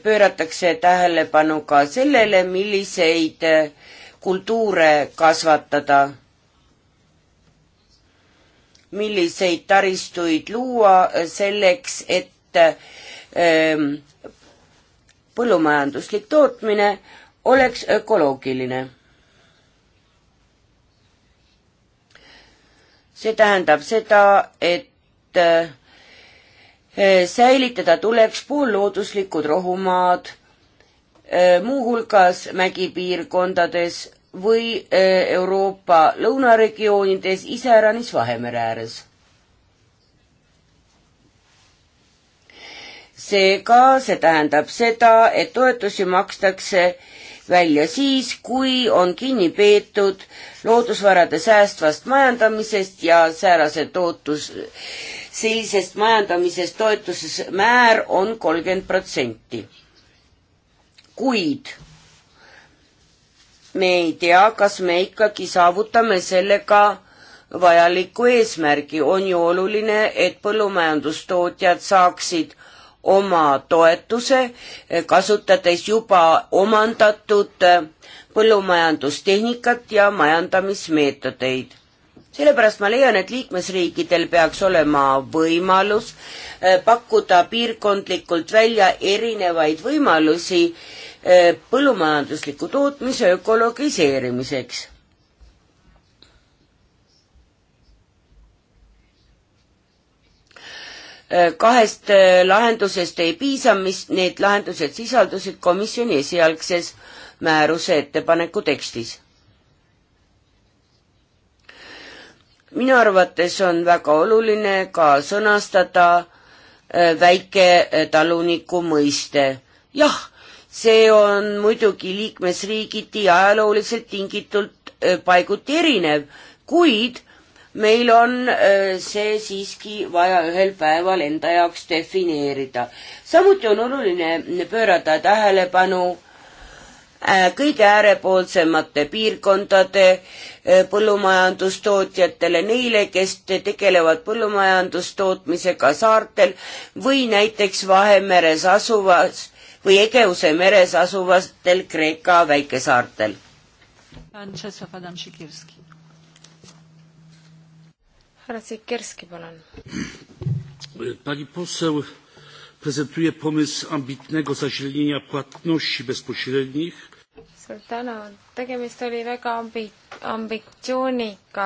Speaker 1: pööratakse tähelepanu ka sellele, milliseid eh, kultuure kasvatada, milliseid taristuid luua eh, selleks, et eh, põllumajanduslik tootmine oleks ökoloogiline. see tähendab seda, et Äh, säilitada tuleks poollooduslikud rohumaad, äh, muuhulgas mägipiirkondades või äh, Euroopa lõunaregioonides, iseäranis Vahemere ääres. seega see tähendab seda, et toetusi makstakse välja siis, kui on kinni peetud loodusvarade säästvast majandamisest ja säärase tootlus äh, sellisest majandamisest toetusmäär on kolmkümmend protsenti. kuid me ei tea, kas me ikkagi saavutame sellega vajaliku eesmärgi, on ju oluline, et põllumajandustootjad saaksid oma toetuse, kasutades juba omandatud põllumajandustehnikat ja majandamismeetodeid sellepärast ma leian, et liikmesriikidel peaks olema võimalus äh, pakkuda piirkondlikult välja erinevaid võimalusi äh, põllumajandusliku tootmise ökologiseerimiseks. Äh, kahest lahendusest ei piisa, mis need lahendused sisaldusid komisjoni esialgses määruse ettepaneku tekstis minu arvates on väga oluline ka sõnastada äh, väiketaluniku äh, mõiste. jah, see on muidugi liikmesriigiti ajalooliselt tingitult äh, paiguti erinev, kuid meil on see siiski vaja ühel päeval enda jaoks defineerida. samuti on oluline pöörata tähelepanu äh, Äh, kõige äärepoolsemate piirkondade äh, põllumajandustootjatele, neile, kes tegelevad põllumajandustootmisega saartel või näiteks Vahemeres asuvas või Egeuse meres asuvatel Kreeka väikesaartel.
Speaker 2: härra Sikerski, palun.
Speaker 3: Pani poseł prezentuje pomysł ambitnego zazielenienia płatności bezpośrednich
Speaker 2: suur tänu, tegemist oli väga ambi-, ambitsioonika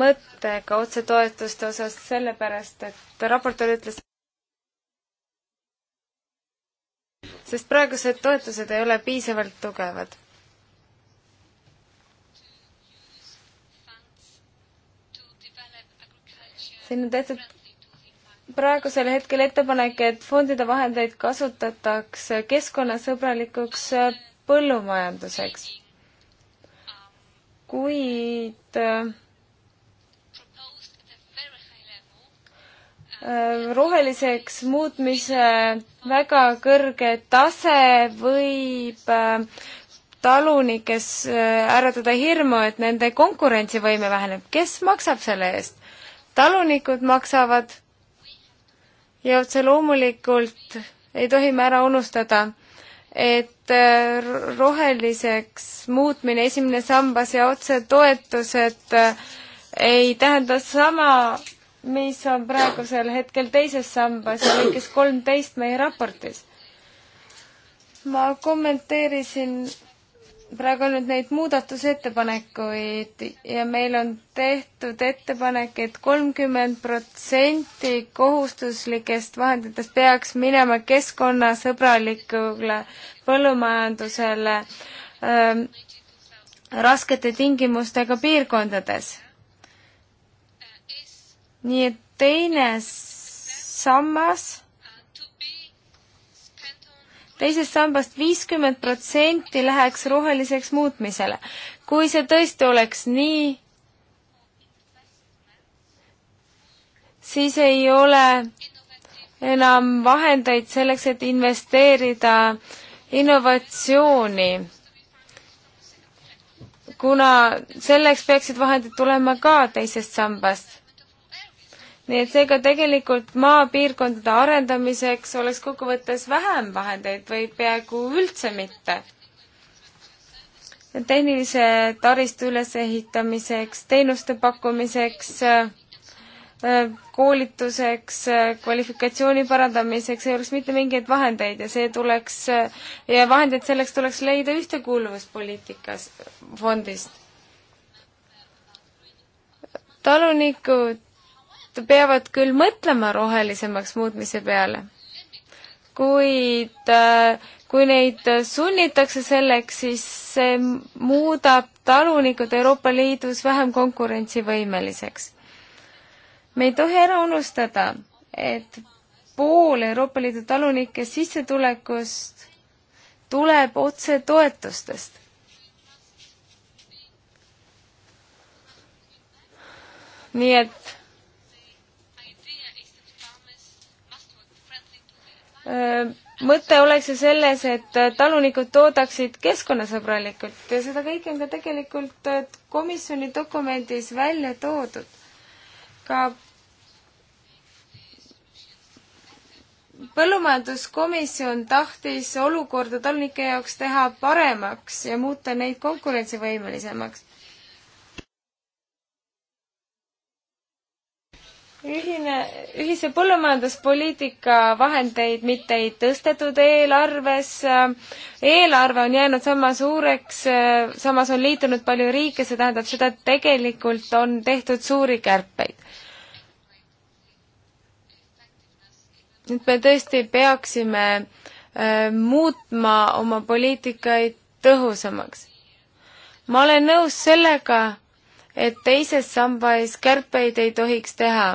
Speaker 2: mõttega otsetoetuste osas, sellepärast et raportöör ütles, sest praegused toetused ei ole piisavalt tugevad. siin on tehtud praegusel hetkel ettepanek, et fondide vahendeid kasutatakse keskkonnasõbralikuks põllumajanduseks. kuid äh, roheliseks muutmise väga kõrge tase võib äh, talunikes äh, äratada hirmu, et nende konkurentsivõime väheneb. kes maksab selle eest? talunikud maksavad ja otse loomulikult ei tohi me ära unustada, et äh, roheliseks muutmine, esimene sambas ja otsetoetused äh, ei tähenda sama, mis on praegusel hetkel teises sambas ja lõikes kolmteist meie raportis. ma kommenteerisin praegu olnud neid muudatusettepanekuid ja meil on tehtud ettepanek et, et kolmkümmend protsenti kohustuslikest vahenditest peaks minema keskkonnasõbralikule põllumajandusele ähm, raskete tingimustega piirkondades. nii et teine sammas teisest sambast viiskümmend protsenti läheks roheliseks muutmisele. kui see tõesti oleks nii, siis ei ole enam vahendeid selleks, et investeerida innovatsiooni kuna selleks peaksid vahendid tulema ka teisest sambast nii et seega tegelikult maapiirkondade arendamiseks oleks kokkuvõttes vähem vahendeid või peaaegu üldse mitte. tehnilise taristu ülesehitamiseks, teenuste pakkumiseks, äh, koolituseks, äh, kvalifikatsiooni parandamiseks ei oleks mitte mingeid vahendeid ja see tuleks, äh, ja vahendeid selleks tuleks leida ühtekuuluvuspoliitikas fondist. talunikud peavad küll mõtlema rohelisemaks muutmise peale, kuid äh, kui neid sunnitakse selleks, siis see muudab talunikud Euroopa Liidus vähem konkurentsivõimeliseks. me ei tohi ära unustada, et pool Euroopa Liidu talunike sissetulekust tuleb otse toetustest. nii et mõte oleks ju selles, et äh, talunikud toodaksid keskkonnasõbralikult ja seda kõike on ka tegelikult äh, komisjoni dokumendis välja toodud. ka põllumajanduskomisjon tahtis olukorda talunike jaoks teha paremaks ja muuta neid konkurentsivõimelisemaks. ühine, ühise põllumajanduspoliitika vahendeid mitte ei tõstetud eelarves, eelarve on jäänud sama suureks, samas on liitunud palju riike, see tähendab seda, et tegelikult on tehtud suuri kärpeid. nüüd me tõesti peaksime äh, muutma oma poliitikaid tõhusamaks. ma olen nõus sellega, et teises sambas kärpeid ei tohiks teha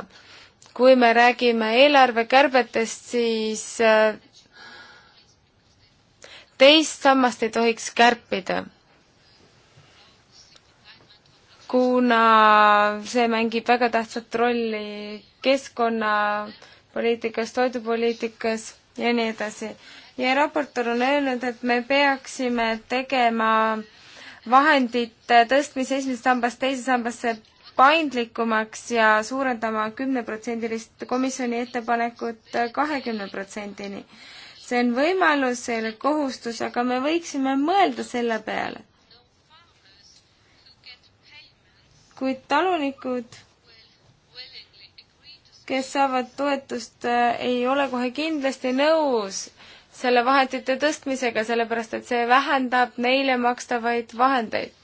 Speaker 2: kui me räägime eelarvekärbetest, siis äh, teist sammast ei tohiks kärpida, kuna see mängib väga tähtsat rolli keskkonnapoliitikas, toidupoliitikas ja nii edasi. ja raportor on öelnud, et me peaksime tegema vahendite tõstmise esimesest sambast teise sambasse paindlikumaks ja suurendama kümneprotsendilist komisjoni ettepanekut kahekümne protsendini. see on võimalus, see ei ole kohustus, aga me võiksime mõelda selle peale. kuid talunikud, kes saavad toetust, ei ole kohe kindlasti nõus selle vahendite tõstmisega, sellepärast et see vähendab neile makstavaid vahendeid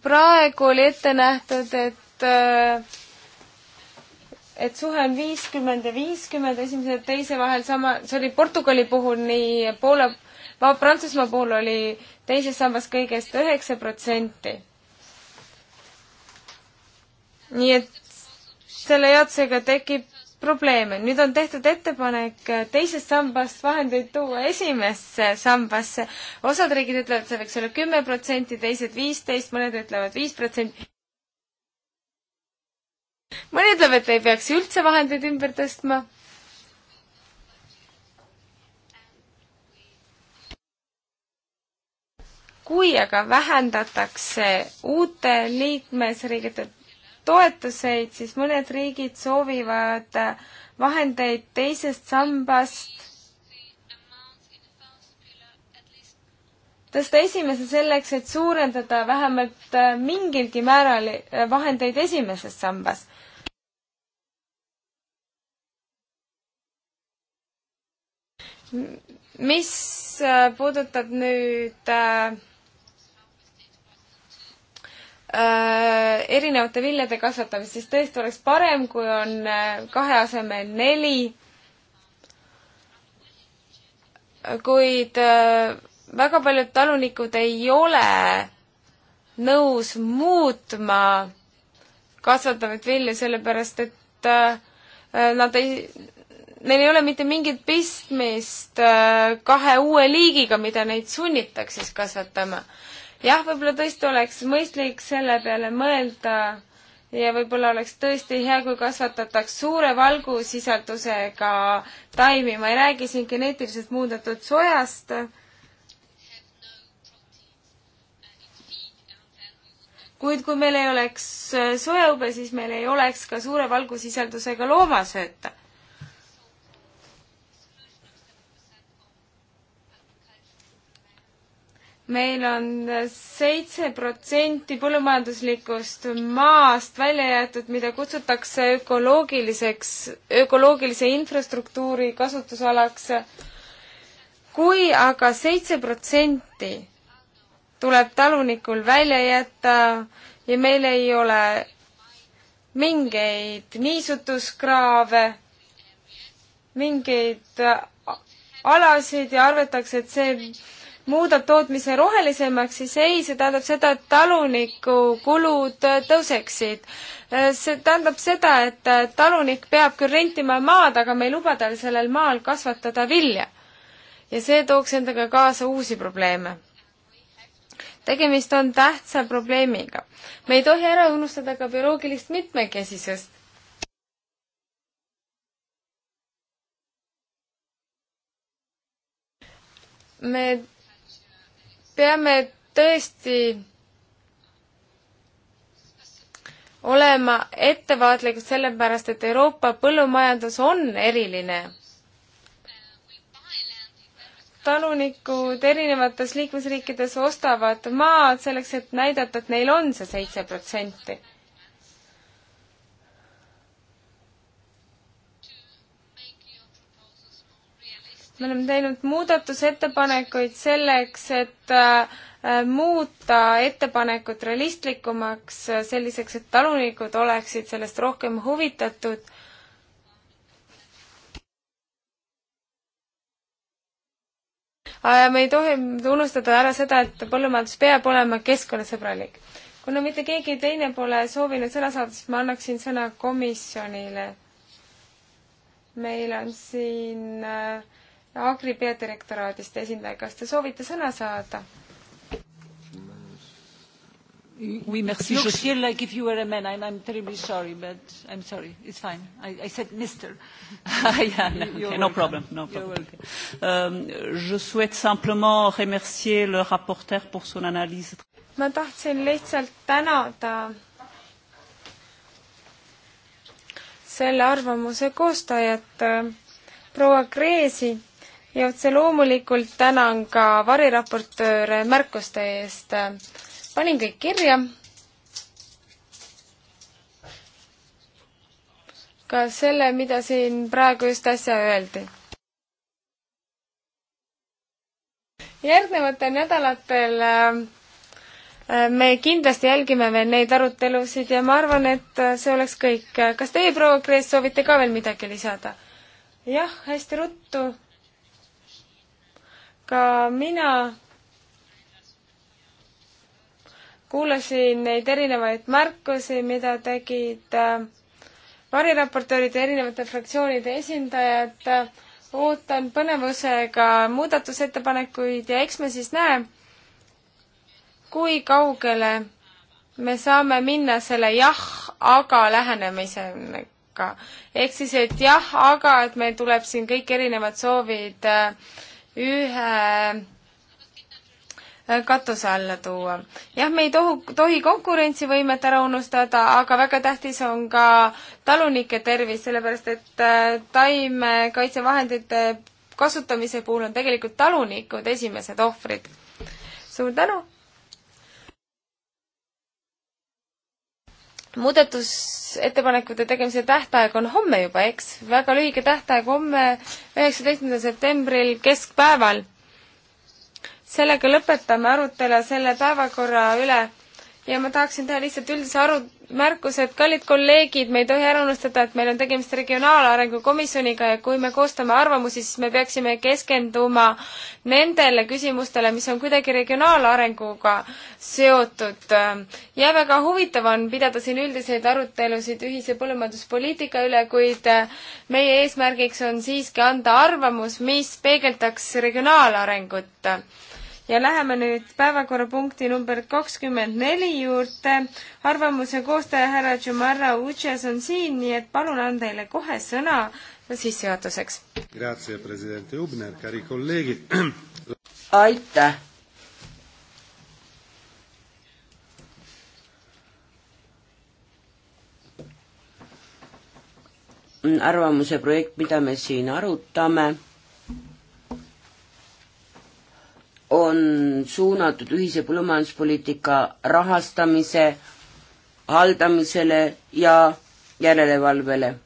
Speaker 2: praegu oli ette nähtud, et äh, et suhe on viiskümmend ja viiskümmend esimese ja teise vahel sama, see oli Portugali puhul nii, Poola, Prantsusmaa puhul oli teises sambas kõigest üheksa protsenti. nii et selle jaotusega tekib probleeme. nüüd on tehtud ettepanek äh, teisest sambast vahendeid tuua esimesse sambasse. osad riigid ütlevad, see võiks olla kümme protsenti, teised viisteist, mõned ütlevad viis protsenti. mõni ütleb, et ei peaks üldse vahendeid ümber tõstma. kui aga vähendatakse uute liikmesriigide toetuseid, siis mõned riigid soovivad vahendeid teisest sambast tõsta esimese selleks, et suurendada vähemalt mingilgi määral vahendeid esimeses sambas. mis puudutab nüüd äh, Äh, erinevate viljade kasvatamist, siis tõesti oleks parem, kui on äh, kahe asemel neli. kuid äh, väga paljud talunikud ei ole nõus muutma kasvatavaid vilju, sellepärast et nad ei, neil ei ole mitte mingit pistmist kahe uue liigiga, mida neid sunnitakse siis kasvatama jah, võib-olla tõesti oleks mõistlik selle peale mõelda ja võib-olla oleks tõesti hea, kui kasvatataks suure valgusisaldusega taimi, ma ei räägi siin geneetiliselt muundatud sojast, kuid kui meil ei oleks sojaube, siis meil ei oleks ka suure valgusisaldusega loomasööta. meil on seitse protsenti põllumajanduslikust maast välja jäetud, mida kutsutakse ökoloogiliseks, ökoloogilise infrastruktuuri kasutusalaks. kui aga seitse protsenti tuleb talunikul välja jätta ja meil ei ole mingeid niisutuskraave, mingeid alasid ja arvatakse, et see muudab tootmise rohelisemaks, siis ei, see tähendab seda, et taluniku kulud äh, tõuseksid. Äh, see tähendab seda, et äh, talunik peab küll rentima maad, aga me ei luba tal sellel maal kasvatada vilja. ja see tooks endaga kaasa uusi probleeme. tegemist on tähtsa probleemiga. me ei tohi ära unustada ka bioloogilist mitmekesisust. me peame tõesti olema ettevaatlikud sellepärast, et Euroopa põllumajandus on eriline. talunikud erinevates liikmesriikides ostavad maad selleks, et näidata, et neil on see seitse protsenti. me oleme teinud muudatusettepanekuid selleks, et äh, muuta ettepanekut realistlikumaks, äh, selliseks, et talunikud oleksid sellest rohkem huvitatud. Äh, me ei tohi unustada ära seda, et põllumajandus peab olema keskkonnasõbralik. kuna mitte keegi teine pole soovinud sõna saada, siis ma annaksin sõna komisjonile. meil on siin äh, Agri peadirektoraadist esindaja, kas te soovite
Speaker 1: sõna saada?
Speaker 2: Oui, merci. Looks
Speaker 1: here like if you were a man, and I'm terribly sorry, but I'm sorry. It's fine. I, I said Mr. Ah, yeah, no, okay, no problem. No problem. Euh, je souhaite simplement remercier le rapporteur pour son analyse.
Speaker 2: ma tahtsin lihtsalt tänada selle arvamuse koostajat, euh, proua Kreesi ja otse loomulikult tänan ka variraportööre märkuste eest. panin kõik kirja. ka selle, mida siin praegu just äsja öeldi. järgnevatel nädalatel äh, me kindlasti jälgime veel neid arutelusid ja ma arvan, et see oleks kõik. kas teie, proua Krees, soovite ka veel midagi lisada? jah, hästi ruttu ka mina kuulasin neid erinevaid märkusi, mida tegid äh, variraportöörid ja erinevate fraktsioonide esindajad. ootan põnevusega muudatusettepanekuid ja eks me siis näe, kui kaugele me saame minna selle jah, aga lähenemisega. ehk siis, et jah, aga et meil tuleb siin kõik erinevad soovid äh, ühe katuse alla tuua. jah, me ei tohu, tohi konkurentsivõimet ära unustada, aga väga tähtis on ka talunike tervis, sellepärast et äh, taimekaitsevahendite kasutamise puhul on tegelikult talunikud esimesed ohvrid. suur tänu muudatusettepanekute tegemise tähtaeg on homme juba, eks? väga lühike tähtaeg homme, üheksateistkümnendal septembril keskpäeval. sellega lõpetame arutelu selle päevakorra üle ja ma tahaksin teha lihtsalt üldise aru-, märkused, kallid kolleegid, me ei tohi ära unustada, et meil on tegemist Regionaalarengu Komisjoniga ja kui me koostame arvamusi, siis me peaksime keskenduma nendele küsimustele, mis on kuidagi regionaalarenguga seotud. ja väga huvitav on pidada siin üldiseid arutelusid ühise põllumajanduspoliitika üle, kuid meie eesmärgiks on siiski anda arvamus, mis peegeldaks regionaalarengut ja läheme nüüd päevakorrapunkti number kakskümmend neli juurde. arvamuse koostaja härra Jumarra Uches on siin, nii et palun annan teile kohe sõna sissejuhatuseks.
Speaker 3: aitäh.
Speaker 1: arvamuse projekt, mida me siin arutame on suunatud ühise põllumajanduspoliitika rahastamise, haldamisele ja järelevalvele.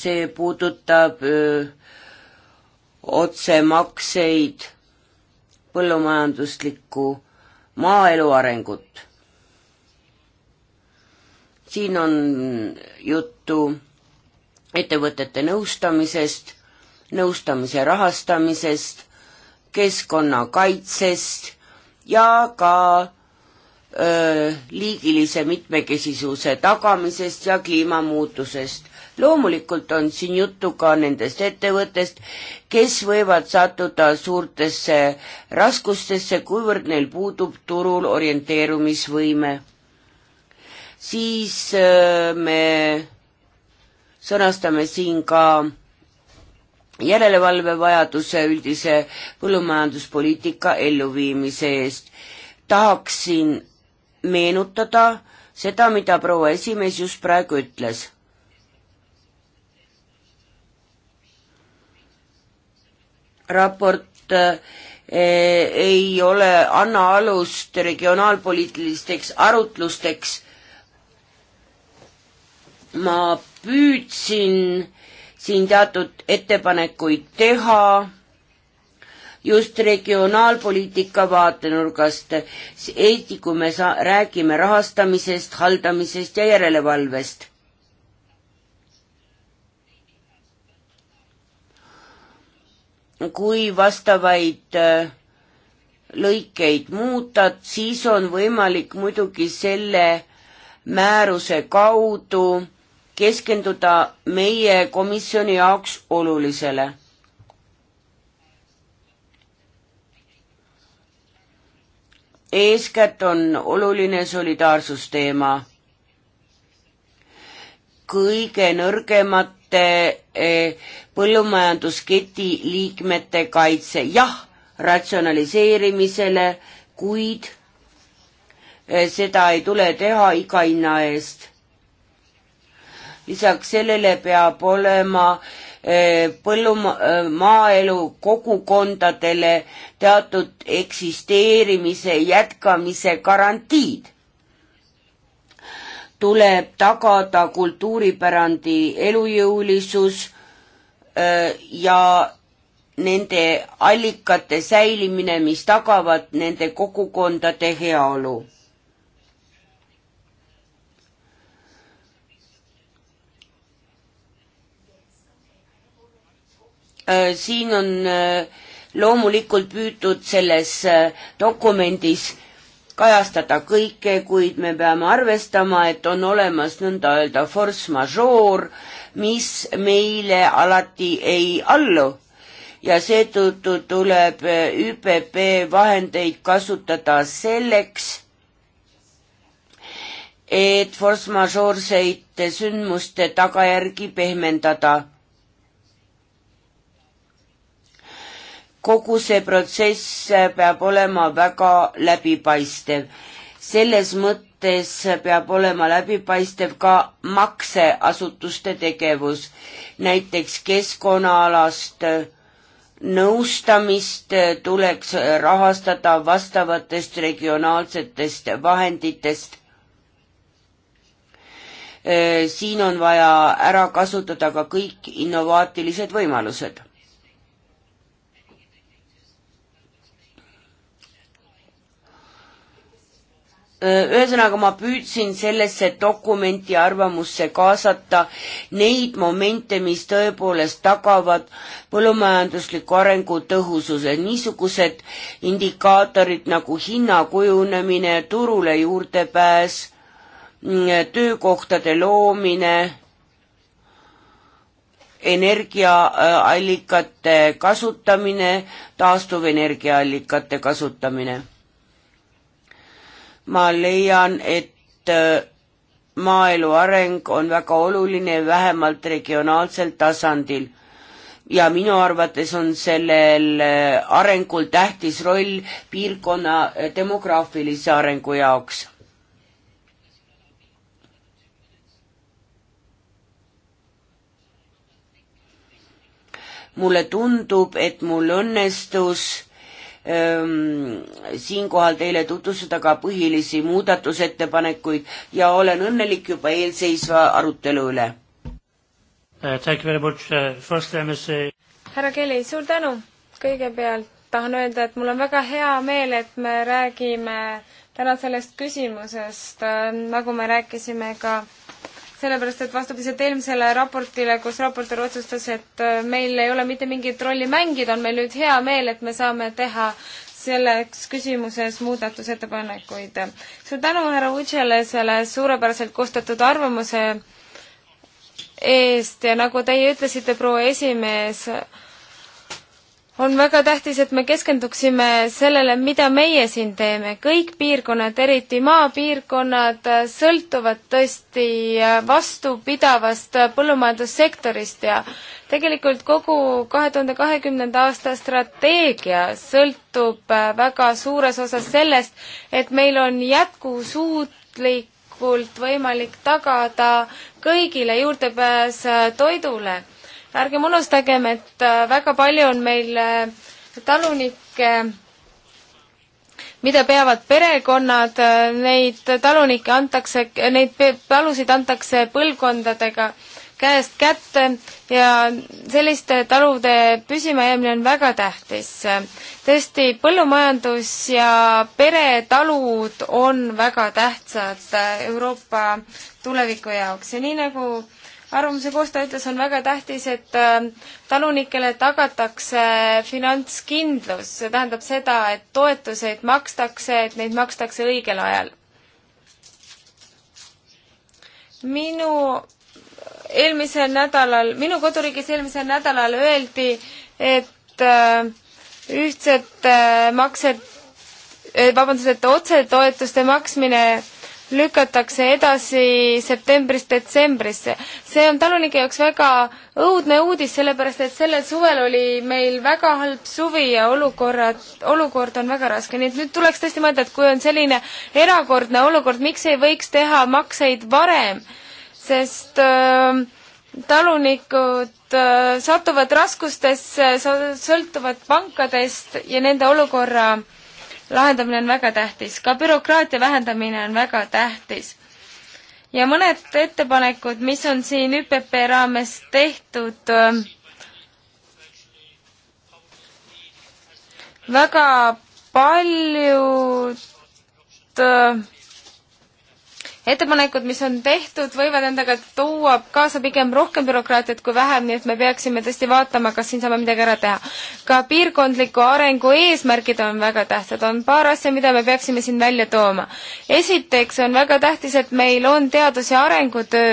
Speaker 1: see puudutab öö, otsemakseid, põllumajanduslikku maaelu arengut. siin on juttu ettevõtete nõustamisest, nõustamise rahastamisest, keskkonnakaitsest ja ka öö, liigilise mitmekesisuse tagamisest ja kliimamuutusest. loomulikult on siin juttu ka nendest ettevõttest, kes võivad sattuda suurtesse raskustesse, kuivõrd neil puudub turul orienteerumisvõime. siis öö, me sõnastame siin ka järelevalvevajaduse üldise põllumajanduspoliitika elluviimise eest. tahaksin meenutada seda, mida proua esimees just praegu ütles raport eh, ei ole, anna alust regionaalpoliitilisteks arutlusteks. ma püüdsin siin teatud ettepanekuid teha just regionaalpoliitika vaatenurgast, eriti kui me sa-, räägime rahastamisest, haldamisest ja järelevalvest. kui vastavaid äh, lõikeid muuta, siis on võimalik muidugi selle määruse kaudu äh, keskenduda meie komisjoni jaoks olulisele. eeskätt on oluline solidaarsusteema. kõige nõrgemate eh, põllumajandusketi liikmete kaitse, jah, ratsionaliseerimisele, kuid eh, seda ei tule teha iga hinna eest lisaks sellele peab olema eh, põllumaaelu eh, kogukondadele teatud eksisteerimise jätkamise garantiid. tuleb tagada kultuuripärandi elujõulisus eh, ja nende allikate säilimine, mis tagavad nende kogukondade heaolu Äh, siin on äh, loomulikult püütud selles äh, dokumendis kajastada kõike, kuid me peame arvestama, et on olemas nõnda öelda force majeure, mis meile alati ei allu. ja seetõttu tuleb ÜPP vahendeid kasutada selleks, et force majeure'seid sündmuste tagajärgi pehmendada kogu see protsess peab olema väga läbipaistev. selles mõttes peab olema läbipaistev ka makseasutuste tegevus, näiteks keskkonnaalast nõustamist tuleks rahastada vastavatest regionaalsetest vahenditest. siin on vaja ära kasutada ka kõik innovaatilised võimalused ühesõnaga ma püüdsin sellesse dokumenti arvamusse kaasata neid momente, mis tõepoolest tagavad põllumajandusliku arengu tõhususe. niisugused indikaatorid nagu hinna kujunemine, turule juurdepääs, töökohtade loomine, energiaallikate kasutamine, taastuvenergiaallikate kasutamine ma leian, et äh, maaelu areng on väga oluline vähemalt regionaalsel tasandil ja minu arvates on sellel äh, arengul tähtis roll piirkonna äh, demograafilise arengu jaoks. mulle tundub, et mul õnnestus Ehm, siinkohal teile tutvustada ka põhilisi muudatusettepanekuid ja olen õnnelik juba eelseisva arutelu üle. Uh, uh,
Speaker 2: härra Kelly, suur tänu! kõigepealt tahan öelda, et mul on väga hea meel, et me räägime täna sellest küsimusest, äh, nagu me rääkisime ka äh, sellepärast, et vastupidiselt eelmisele raportile, kus raportöör otsustas, et äh, meil ei ole mitte mingit rolli mängida, on meil nüüd hea meel, et me saame teha selles küsimuses muudatusettepanekuid. suur tänu härra Utšele selle suurepäraselt koostatud arvamuse eest ja nagu teie ütlesite, proua esimees, on väga tähtis, et me keskenduksime sellele, mida meie siin teeme. kõik piirkonnad, eriti maapiirkonnad, sõltuvad tõesti vastupidavast põllumajandussektorist ja tegelikult kogu kahe tuhande kahekümnenda aasta strateegia sõltub väga suures osas sellest, et meil on jätkusuutlikult võimalik tagada kõigile juurdepääs toidule ärgem unustagem, et äh, väga palju on meil äh, talunikke, mida peavad perekonnad, äh, neid talunikke antakse, neid talusid antakse põlvkondadega käest kätte ja selliste talude püsimajäämine on väga tähtis. tõesti, põllumajandus ja peretalud on väga tähtsad Euroopa tuleviku jaoks ja nii nagu arvamuse koostaja ütles, on väga tähtis, et äh, talunikele tagatakse finantskindlus, see tähendab seda, et toetuseid makstakse, et neid makstakse õigel ajal. minu eelmisel nädalal, minu koduriigis eelmisel nädalal öeldi, et äh, ühtsete maksed, äh, vabandust, et otsetoetuste maksmine lükatakse edasi septembrist detsembrisse. see on talunike jaoks väga õudne uudis, sellepärast et sellel suvel oli meil väga halb suvi ja olukorrad, olukord on väga raske, nii et nüüd tuleks tõesti mõelda, et kui on selline erakordne olukord, miks ei võiks teha makseid varem, sest äh, talunikud äh, satuvad raskustesse, sõltuvad pankadest ja nende olukorra äh, lahendamine on väga tähtis, ka bürokraatia vähendamine on väga tähtis. ja mõned ettepanekud, mis on siin ÜPP raames tehtud, ähm, väga paljud ähm, ettepanekud, mis on tehtud, võivad endaga tuua kaasa pigem rohkem bürokraatiat kui vähem, nii et me peaksime tõesti vaatama, kas siin saame midagi ära teha. ka piirkondliku arengu eesmärgid on väga tähtsad, on paar asja, mida me peaksime siin välja tooma. esiteks on väga tähtis, et meil on teadus- ja arengutöö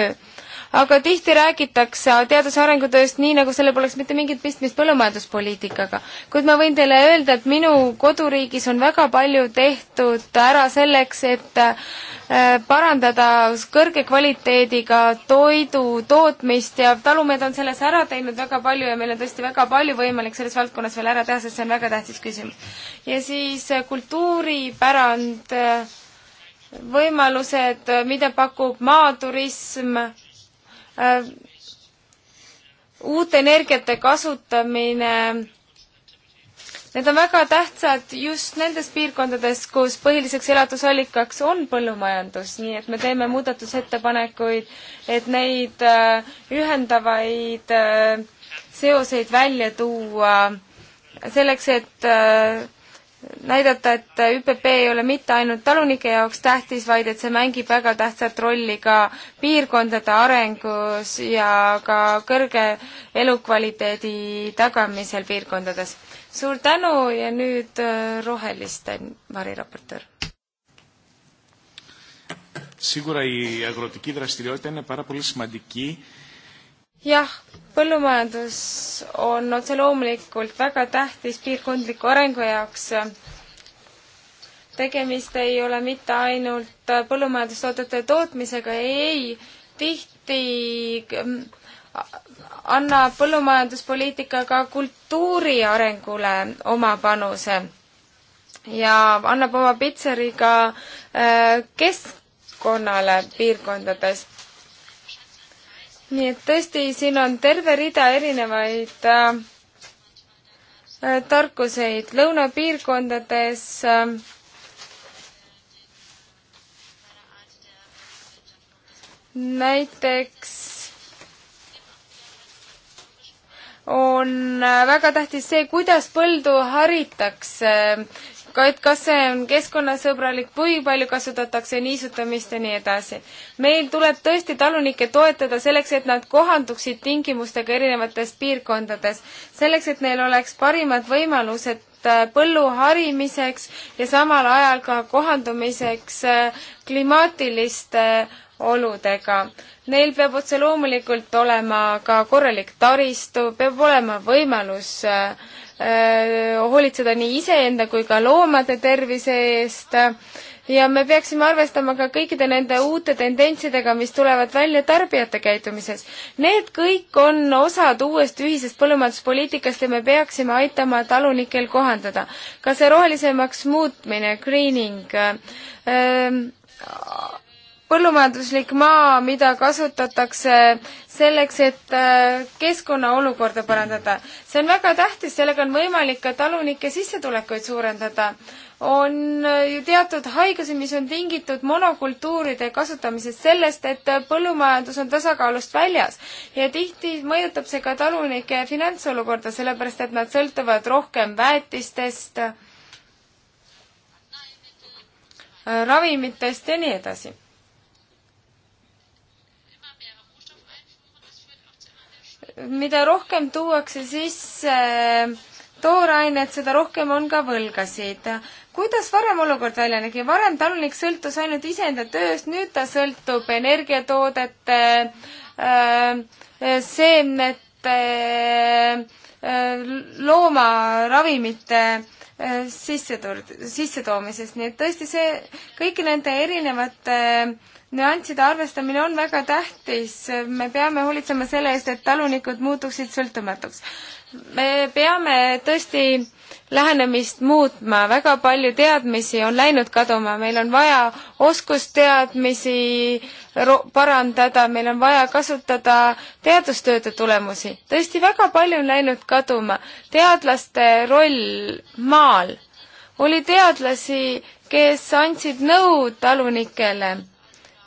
Speaker 2: aga tihti räägitakse teaduse arengutööst nii, nagu sellel poleks mitte mingit pistmist põllumajanduspoliitikaga. kuid ma võin teile öelda, et minu koduriigis on väga palju tehtud ära selleks, et äh, parandada kõrge kvaliteediga toidu tootmist ja talumehed on selles ära teinud väga palju ja meil on tõesti väga palju võimalik selles valdkonnas veel ära teha, sest see on väga tähtis küsimus. ja siis äh, kultuuripärand äh, võimalused, mida pakub maaturism, Äh, uute energiate kasutamine need on väga tähtsad just nendes piirkondades, kus põhiliseks elatusallikaks on põllumajandus, nii et me teeme muudatusettepanekuid, et neid äh, ühendavaid äh, seoseid välja tuua, selleks et näidata, et ÜPP ei ole mitte ainult talunike jaoks tähtis, vaid et see mängib väga tähtsat rolli ka piirkondade arengus ja ka kõrge elukvaliteedi tagamisel piirkondades. suur tänu ja nüüd äh, Roheliste variraportöör.
Speaker 3: Σίγουρα η αγροτική δραστηριότητα είναι πάρα πολύ σημαντική
Speaker 2: jah, põllumajandus on otse loomulikult väga tähtis piirkondliku arengu jaoks. tegemist ei ole mitte ainult põllumajandustoodete tootmisega, ei, tihti mm, annab põllumajanduspoliitika ka kultuuri arengule oma panuse ja annab oma pitseri ka äh, keskkonnale piirkondades nii et tõesti, siin on terve rida erinevaid äh, tarkuseid lõunapiirkondades äh, näiteks on äh, väga tähtis see, kuidas põldu haritakse ka, et kas see on keskkonnasõbralik, kui palju kasutatakse niisutamist ja nii edasi. meil tuleb tõesti talunikke toetada selleks, et nad kohanduksid tingimustega erinevates piirkondades, selleks, et neil oleks parimad võimalused äh, põllu harimiseks ja samal ajal ka kohandumiseks äh, klimaatiliste oludega. Neil peab otse loomulikult olema ka korralik taristu, peab olema võimalus äh, hoolitseda nii iseenda kui ka loomade tervise eest ja me peaksime arvestama ka kõikide nende uute tendentsidega, mis tulevad välja tarbijate käitumises. Need kõik on osad uuest ühisest põllumajanduspoliitikast ja me peaksime aitama talunikel kohandada. ka see rohelisemaks muutmine, greening ähm,, põllumajanduslik maa, mida kasutatakse selleks, et äh, keskkonna olukorda parandada. see on väga tähtis, sellega on võimalik ka talunike sissetulekuid suurendada. on äh, ju teatud haigusi, mis on tingitud monokultuuride kasutamisest, sellest, et äh, põllumajandus on tasakaalust väljas. ja tihti mõjutab see ka talunike finantsolukorda, sellepärast et nad sõltuvad rohkem väetistest, ravimitest ja nii edasi mida rohkem tuuakse sisse äh, toorainet, seda rohkem on ka võlgasid. kuidas varem olukord välja nägi? varem talunik sõltus ainult iseenda tööst, nüüd ta sõltub energiatoodete äh,, seemnete äh,, loomaravimite äh, sissetur-, sissetoomisest, nii et tõesti see, kõigi nende erinevate äh, nüansside arvestamine on väga tähtis, me peame hoolitsema selle eest, et talunikud muutuksid sõltumatuks. me peame tõesti lähenemist muutma, väga palju teadmisi on läinud kaduma, meil on vaja oskusteadmisi parandada, meil on vaja kasutada teadustööde tulemusi. tõesti, väga palju on läinud kaduma. teadlaste roll maal. oli teadlasi, kes andsid nõu talunikele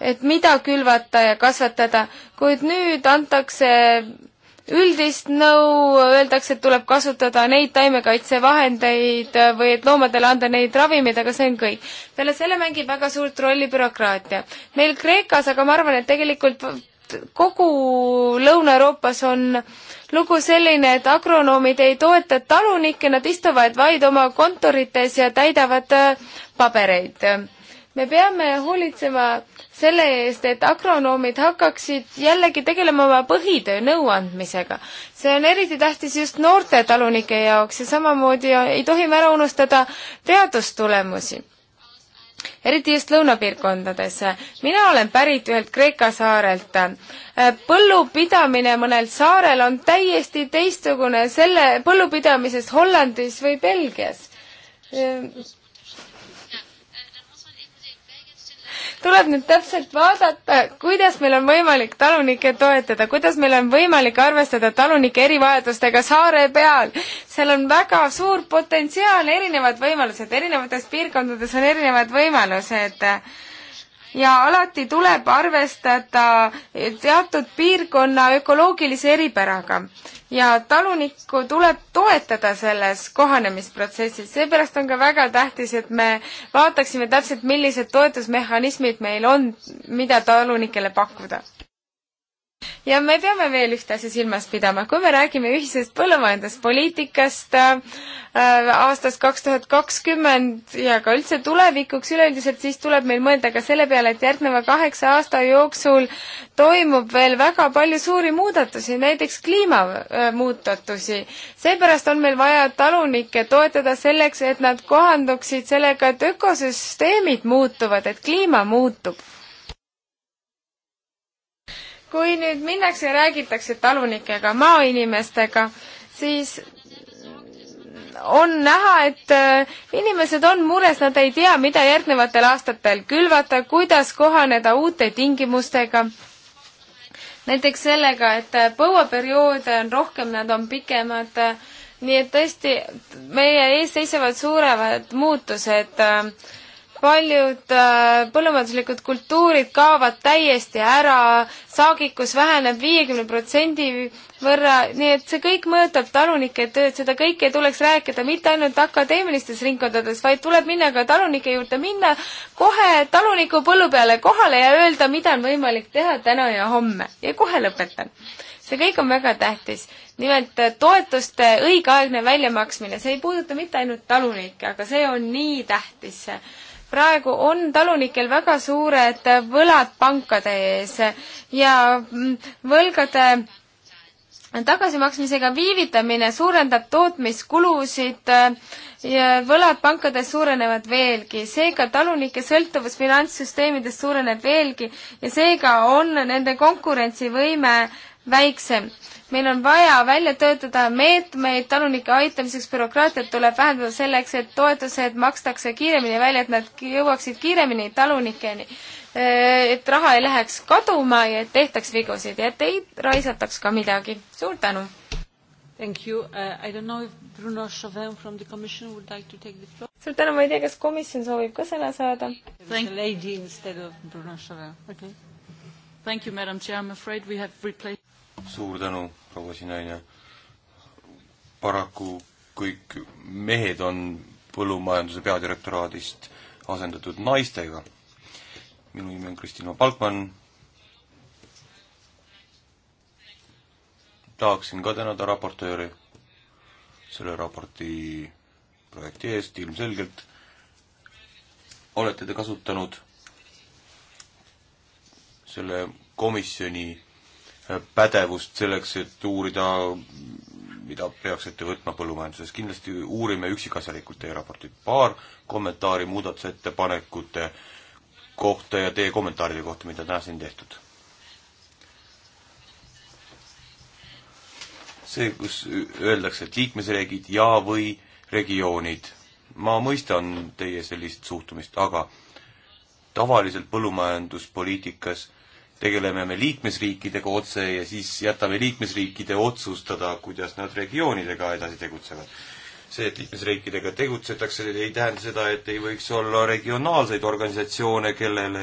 Speaker 2: et mida külvata ja kasvatada, kuid nüüd antakse üldist nõu, öeldakse, et tuleb kasutada neid taimekaitsevahendeid või et loomadele anda neid ravimeid, aga see on kõik. peale selle mängib väga suurt rolli bürokraatia. meil Kreekas, aga ma arvan, et tegelikult kogu Lõuna-Euroopas on lugu selline, et agronoomid ei toeta talunikke, nad istuvad vaid oma kontorites ja täidavad pabereid. me peame hoolitsema selle eest, et agronoomid hakkaksid jällegi tegelema oma põhitöö nõuandmisega. see on eriti tähtis just noorte talunike jaoks ja samamoodi ei tohi me ära unustada teadustulemusi eriti just lõunapiirkondades. mina olen pärit ühelt Kreeka saarelt. põllupidamine mõnel saarel on täiesti teistsugune selle põllupidamisest Hollandis või Belgias tuleb nüüd täpselt vaadata, kuidas meil on võimalik talunikke toetada, kuidas meil on võimalik arvestada talunike erivajadustega saare peal. seal on väga suur potentsiaal, erinevad võimalused, erinevates piirkondades on erinevad võimalused äh, ja alati tuleb arvestada teatud piirkonna ökoloogilise eripäraga. ja talunikku tuleb toetada selles kohanemisprotsessis, seepärast on ka väga tähtis, et me vaataksime täpselt, millised toetusmehhanismid meil on, mida talunikele pakkuda ja me peame veel ühte asja silmas pidama, kui me räägime ühisest põllumajanduspoliitikast äh, aastast kaks tuhat kakskümmend ja ka üldse tulevikuks üleüldiselt, siis tuleb meil mõelda ka selle peale, et järgneva kaheksa aasta jooksul toimub veel väga palju suuri muudatusi, näiteks kliimamuudatusi. seepärast on meil vaja talunikke toetada selleks, et nad kohanduksid sellega, et ökosüsteemid muutuvad, et kliima muutub kui nüüd minnakse ja räägitakse talunikega, maainimestega, siis on näha, et äh, inimesed on mures, nad ei tea, mida järgnevatel aastatel külvata, kuidas kohaneda uute tingimustega. näiteks sellega, et äh, põuaperioode on rohkem, nad on pikemad. Äh, nii et tõesti, meie ees seisavad suuremad muutused äh, paljud äh, põllumajanduslikud kultuurid kaovad täiesti ära, saagikus väheneb viiekümne protsendi võrra, nii et see kõik mõjutab talunike tööd, seda kõike ei tuleks rääkida mitte ainult akadeemilistes ringkondades, vaid tuleb minna ka talunike juurde, minna kohe taluniku põllu peale kohale ja öelda, mida on võimalik teha täna ja homme ja kohe lõpetan see kõik on väga tähtis. nimelt äh, toetuste õigeaegne väljamaksmine, see ei puuduta mitte ainult talunikke, aga see on nii tähtis praegu on talunikel väga suured võlad pankade ees ja mm, võlgade tagasimaksmisega viivitamine suurendab tootmiskulusid ja võlad pankades suurenevad veelgi, seega talunike sõltuvus finantssüsteemidest suureneb veelgi ja seega on nende konkurentsivõime väiksem. meil on vaja välja töötada meetmeid talunike aitamiseks, bürokraatiat tuleb vähendada selleks, et toetused makstakse kiiremini välja, et nad jõuaksid kiiremini talunikeni. Äh, et raha ei läheks kaduma ja et tehtaks vigusid ja et ei raisataks ka midagi. suur tänu!
Speaker 1: Thank you. Uh, I don't know if Bruno Chauvin from the Commission would like to take the floor.
Speaker 2: suur tänu, ma ei tea, kas komisjon soovib ka sõna saada?
Speaker 1: Lady instead of Bruno Chauvin, okei okay.. Thank you, madam chair, I am afraid we have replaced
Speaker 3: suur tänu, proua Sinaine. paraku kõik mehed on põllumajanduse peadirektoraadist asendatud naistega. minu nimi on Kristina Palkmann. tahaksin ka tänada raportööri selle raporti projekti eest, ilmselgelt olete te kasutanud selle komisjoni pädevust selleks, et uurida, mida peaks ette võtma põllumajanduses. kindlasti uurime üksikasjalikult teie raportit. paar kommentaari muudatusettepanekute kohta ja teie kommentaaride kohta, mida täna siin tehtud. see, kus öeldakse, et liikmesriigid ja või regioonid. ma mõistan teie sellist suhtumist, aga tavaliselt põllumajanduspoliitikas tegeleme me liikmesriikidega otse ja siis jätame liikmesriikide otsustada, kuidas nad regioonidega edasi tegutsevad. see, et liikmesriikidega tegutsetakse, ei tähenda seda, et ei võiks olla regionaalseid organisatsioone, kellele,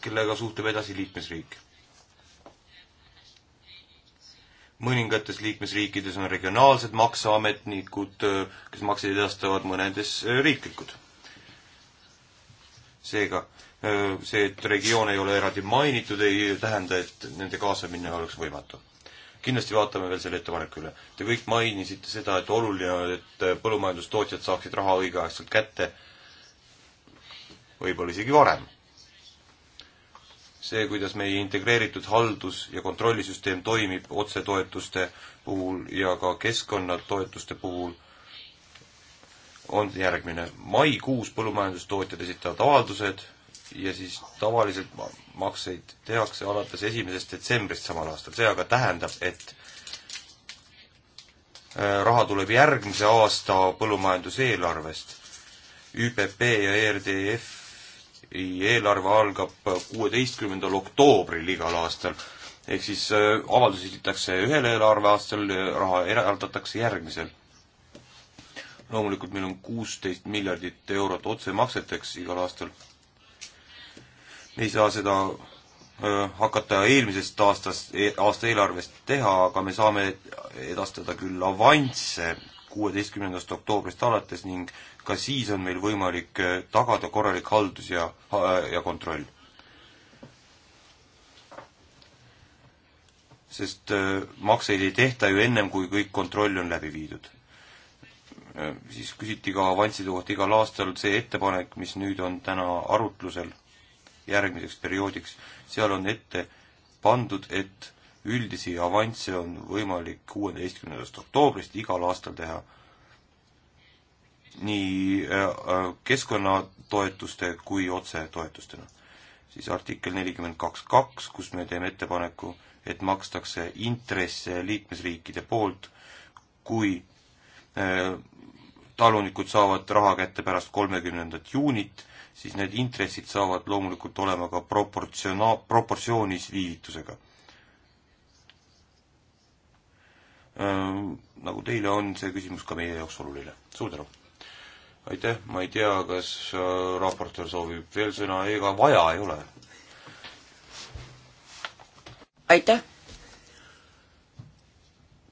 Speaker 3: kellega suhtleb edasi liikmesriik. mõningates liikmesriikides on regionaalsed makseametnikud, kes makseid edastavad, mõnedes riiklikud. seega Äh, see, et regioon ei ole eraldi mainitud, ei tähenda, et nende kaasamine oleks võimatu. kindlasti vaatame veel selle ettepaneku üle. Te kõik mainisite seda, et oluline on, et äh, põllumajandustootjad saaksid raha õigeaegselt kätte, võib-olla isegi varem. see, kuidas meie integreeritud haldus- ja kontrollisüsteem toimib otsetoetuste puhul ja ka keskkonnatoetuste puhul on järgmine. maikuus põllumajandustootjad esitavad avaldused ja siis tavaliselt makseid tehakse alates esimesest detsembrist samal aastal, see aga tähendab, et äh, raha tuleb järgmise aasta põllumajanduseelarvest. ÜPP ja ERDF eelarve algab kuueteistkümnendal oktoobril igal aastal. ehk siis äh, avaldus esitatakse ühel eelarveaastal, raha eraldatakse järgmisel. loomulikult meil on kuusteist miljardit eurot otsemakseteks igal aastal ei saa seda hakata eelmisest aastast, e-, aasta eelarvest teha, aga me saame edastada küll avansse kuueteistkümnendast oktoobrist alates ning ka siis on meil võimalik tagada korralik haldus ja, ja kontroll. sest makseid ei tehta ju ennem, kui kõik kontroll on läbi viidud. siis küsiti ka avansside kohta igal aastal see ettepanek, mis nüüd on täna arutlusel järgmiseks perioodiks. seal on ette pandud, et üldisi avansse on võimalik kuueteistkümnendast oktoobrist igal aastal teha nii äh, keskkonnatoetuste kui otsetoetustena. siis artikkel nelikümmend kaks kaks, kus me teeme ettepaneku, et makstakse intresse liikmesriikide poolt, kui äh, talunikud saavad raha kätte pärast kolmekümnendat juunit siis need intressid saavad loomulikult olema ka proportsiona-, proportsioonis viivitusega. Äh, nagu teile, on see küsimus ka meie jaoks oluline. suur tänu! aitäh, ma ei tea, kas äh, raportöör soovib veel sõna, ega vaja ei ole.
Speaker 1: aitäh!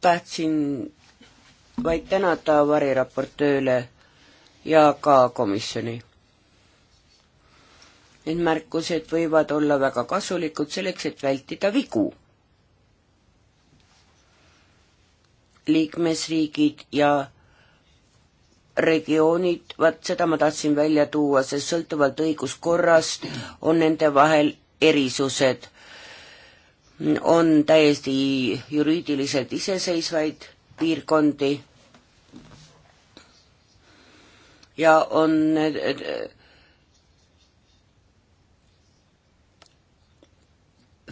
Speaker 1: tahtsin vaid tänada variraportööle ja ka komisjoni Need märkused võivad olla väga kasulikud selleks, et vältida vigu. liikmesriigid ja regioonid, vaat seda ma tahtsin välja tuua, sest sõltuvalt õiguskorrast on nende vahel erisused. on täiesti juriidiliselt iseseisvaid piirkondi ja on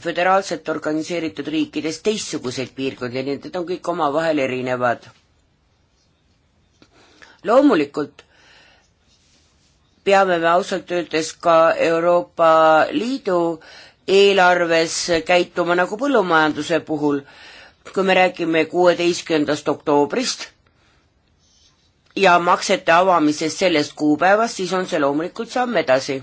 Speaker 1: föderaalselt organiseeritud riikides teistsuguseid piirkondi, nii et need on kõik omavahel erinevad. loomulikult peame me ausalt öeldes ka Euroopa Liidu eelarves käituma nagu põllumajanduse puhul, kui me räägime kuueteistkümnendast oktoobrist ja maksete avamisest sellest kuupäevast, siis on see loomulikult samm edasi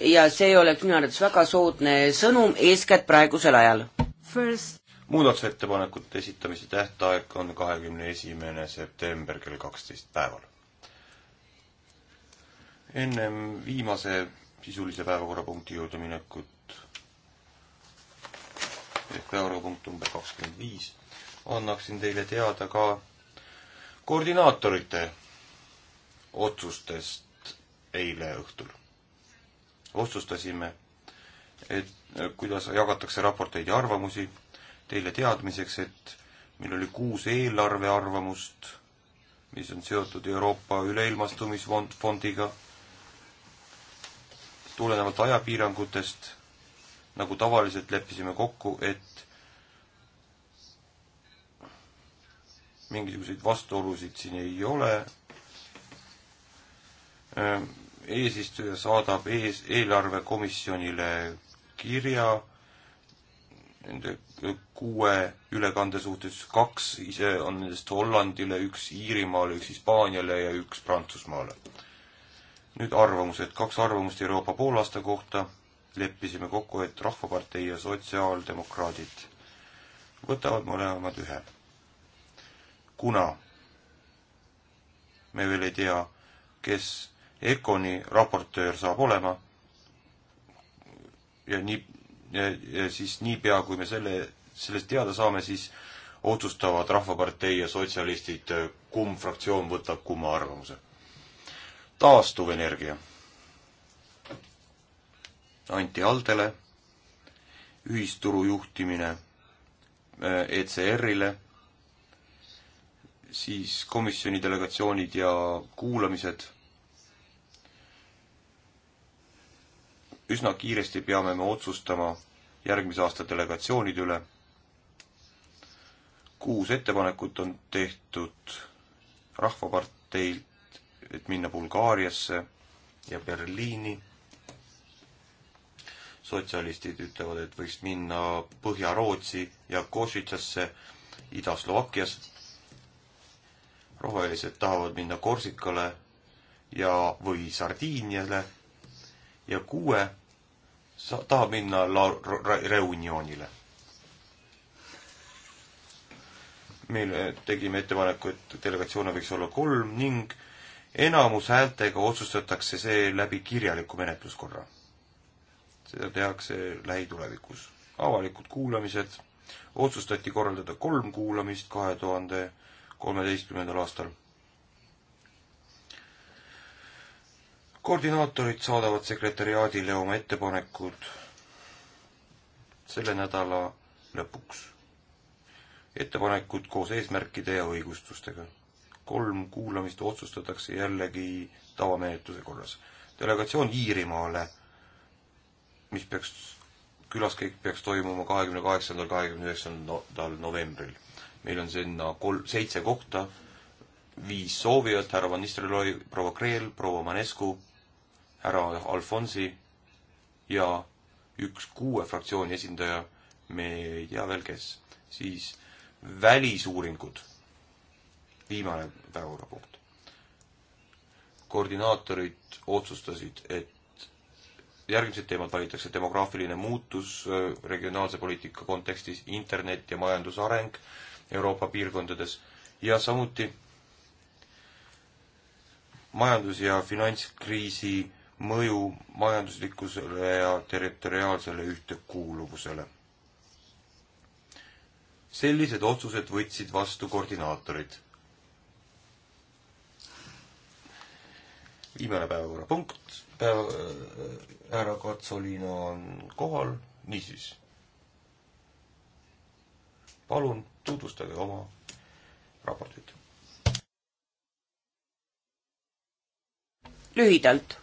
Speaker 1: ja see
Speaker 3: oleks minu arvates väga
Speaker 1: soodne sõnum, eeskätt praegusel ajal.
Speaker 3: muudatusettepanekute esitamise tähtaeg on kahekümne esimene september kell kaksteist päeval. ennem viimase sisulise päevakorrapunkti juurde minekut ehk päevakorrapunkt number kakskümmend viis, annaksin teile teada ka koordinaatorite otsustest eile õhtul otsustasime, et äh, kuidas jagatakse raporteid ja arvamusi, teile teadmiseks, et meil oli kuus eelarvearvamust, mis on seotud Euroopa üleilmastumisfondiga, tulenevalt ajapiirangutest, nagu tavaliselt leppisime kokku, et mingisuguseid vastuolusid siin ei ole. Äh, eesistuja saadab ees, eelarvekomisjonile kirja nende kuue ülekande suhtes, kaks ise on nendest Hollandile, üks Iirimaale, üks Hispaaniale ja üks Prantsusmaale. nüüd arvamused, kaks arvamust Euroopa poolaasta kohta, leppisime kokku, et Rahvapartei ja Sotsiaaldemokraadid võtavad mõlemad ühe. kuna me veel ei tea, kes ECONi raportöör saab olema ja nii, siis niipea, kui me selle, sellest teada saame, siis otsustavad Rahvapartei ja sotsialistid, kumb fraktsioon võtab kumma arvamuse. taastuvenergia anti Aldele, ühisturu juhtimine äh, ECR-ile, siis komisjoni delegatsioonid ja kuulamised üsna kiiresti peame me otsustama järgmise aasta delegatsioonide üle. kuus ettepanekut on tehtud Rahvaparteilt, et minna Bulgaariasse ja Berliini. sotsialistid ütlevad, et võiks minna Põhja-Rootsi ja Košitsasse Ida-Slovakkias. rohelised tahavad minna Korsikale ja, või Sardiiniale ja kuue tahab minna La Reunionile. meile eh, tegime ettepaneku, et delegatsioone võiks olla kolm ning enamushäältega otsustatakse see läbi kirjaliku menetluskorra. seda tehakse lähitulevikus. avalikud kuulamised otsustati korraldada kolm kuulamist kahe tuhande kolmeteistkümnendal aastal. koordinaatorid saadavad sekretäriaadile oma ettepanekud selle nädala lõpuks. ettepanekud koos eesmärkide ja õigustustega. kolm kuulamist otsustatakse jällegi tavamenetluse korras. delegatsioon Iirimaale, mis peaks, külaskäik peaks toimuma kahekümne kaheksandal, kahekümne üheksandal novembril. meil on sinna kolm, seitse kohta, viis soovijat, härra Van Nistelrooy, proua Kreel, proua Manescu, härra Alfonsi ja üks kuue fraktsiooni esindaja, me ei tea veel, kes, siis välisuuringud, viimane päevakorrapunkt. koordinaatorid otsustasid, et järgmised teemad valitakse demograafiline muutus regionaalse poliitika kontekstis, internet ja majandusareng Euroopa piirkondades ja samuti majandus- ja finantskriisi mõju majanduslikkusele ja territoriaalsele ühtekuuluvusele. sellised otsused võtsid vastu koordinaatorid. viimane päevakorrapunkt, päeva, äh, härra Katsolino on kohal, niisiis. palun tutvustage oma raportit. lühidalt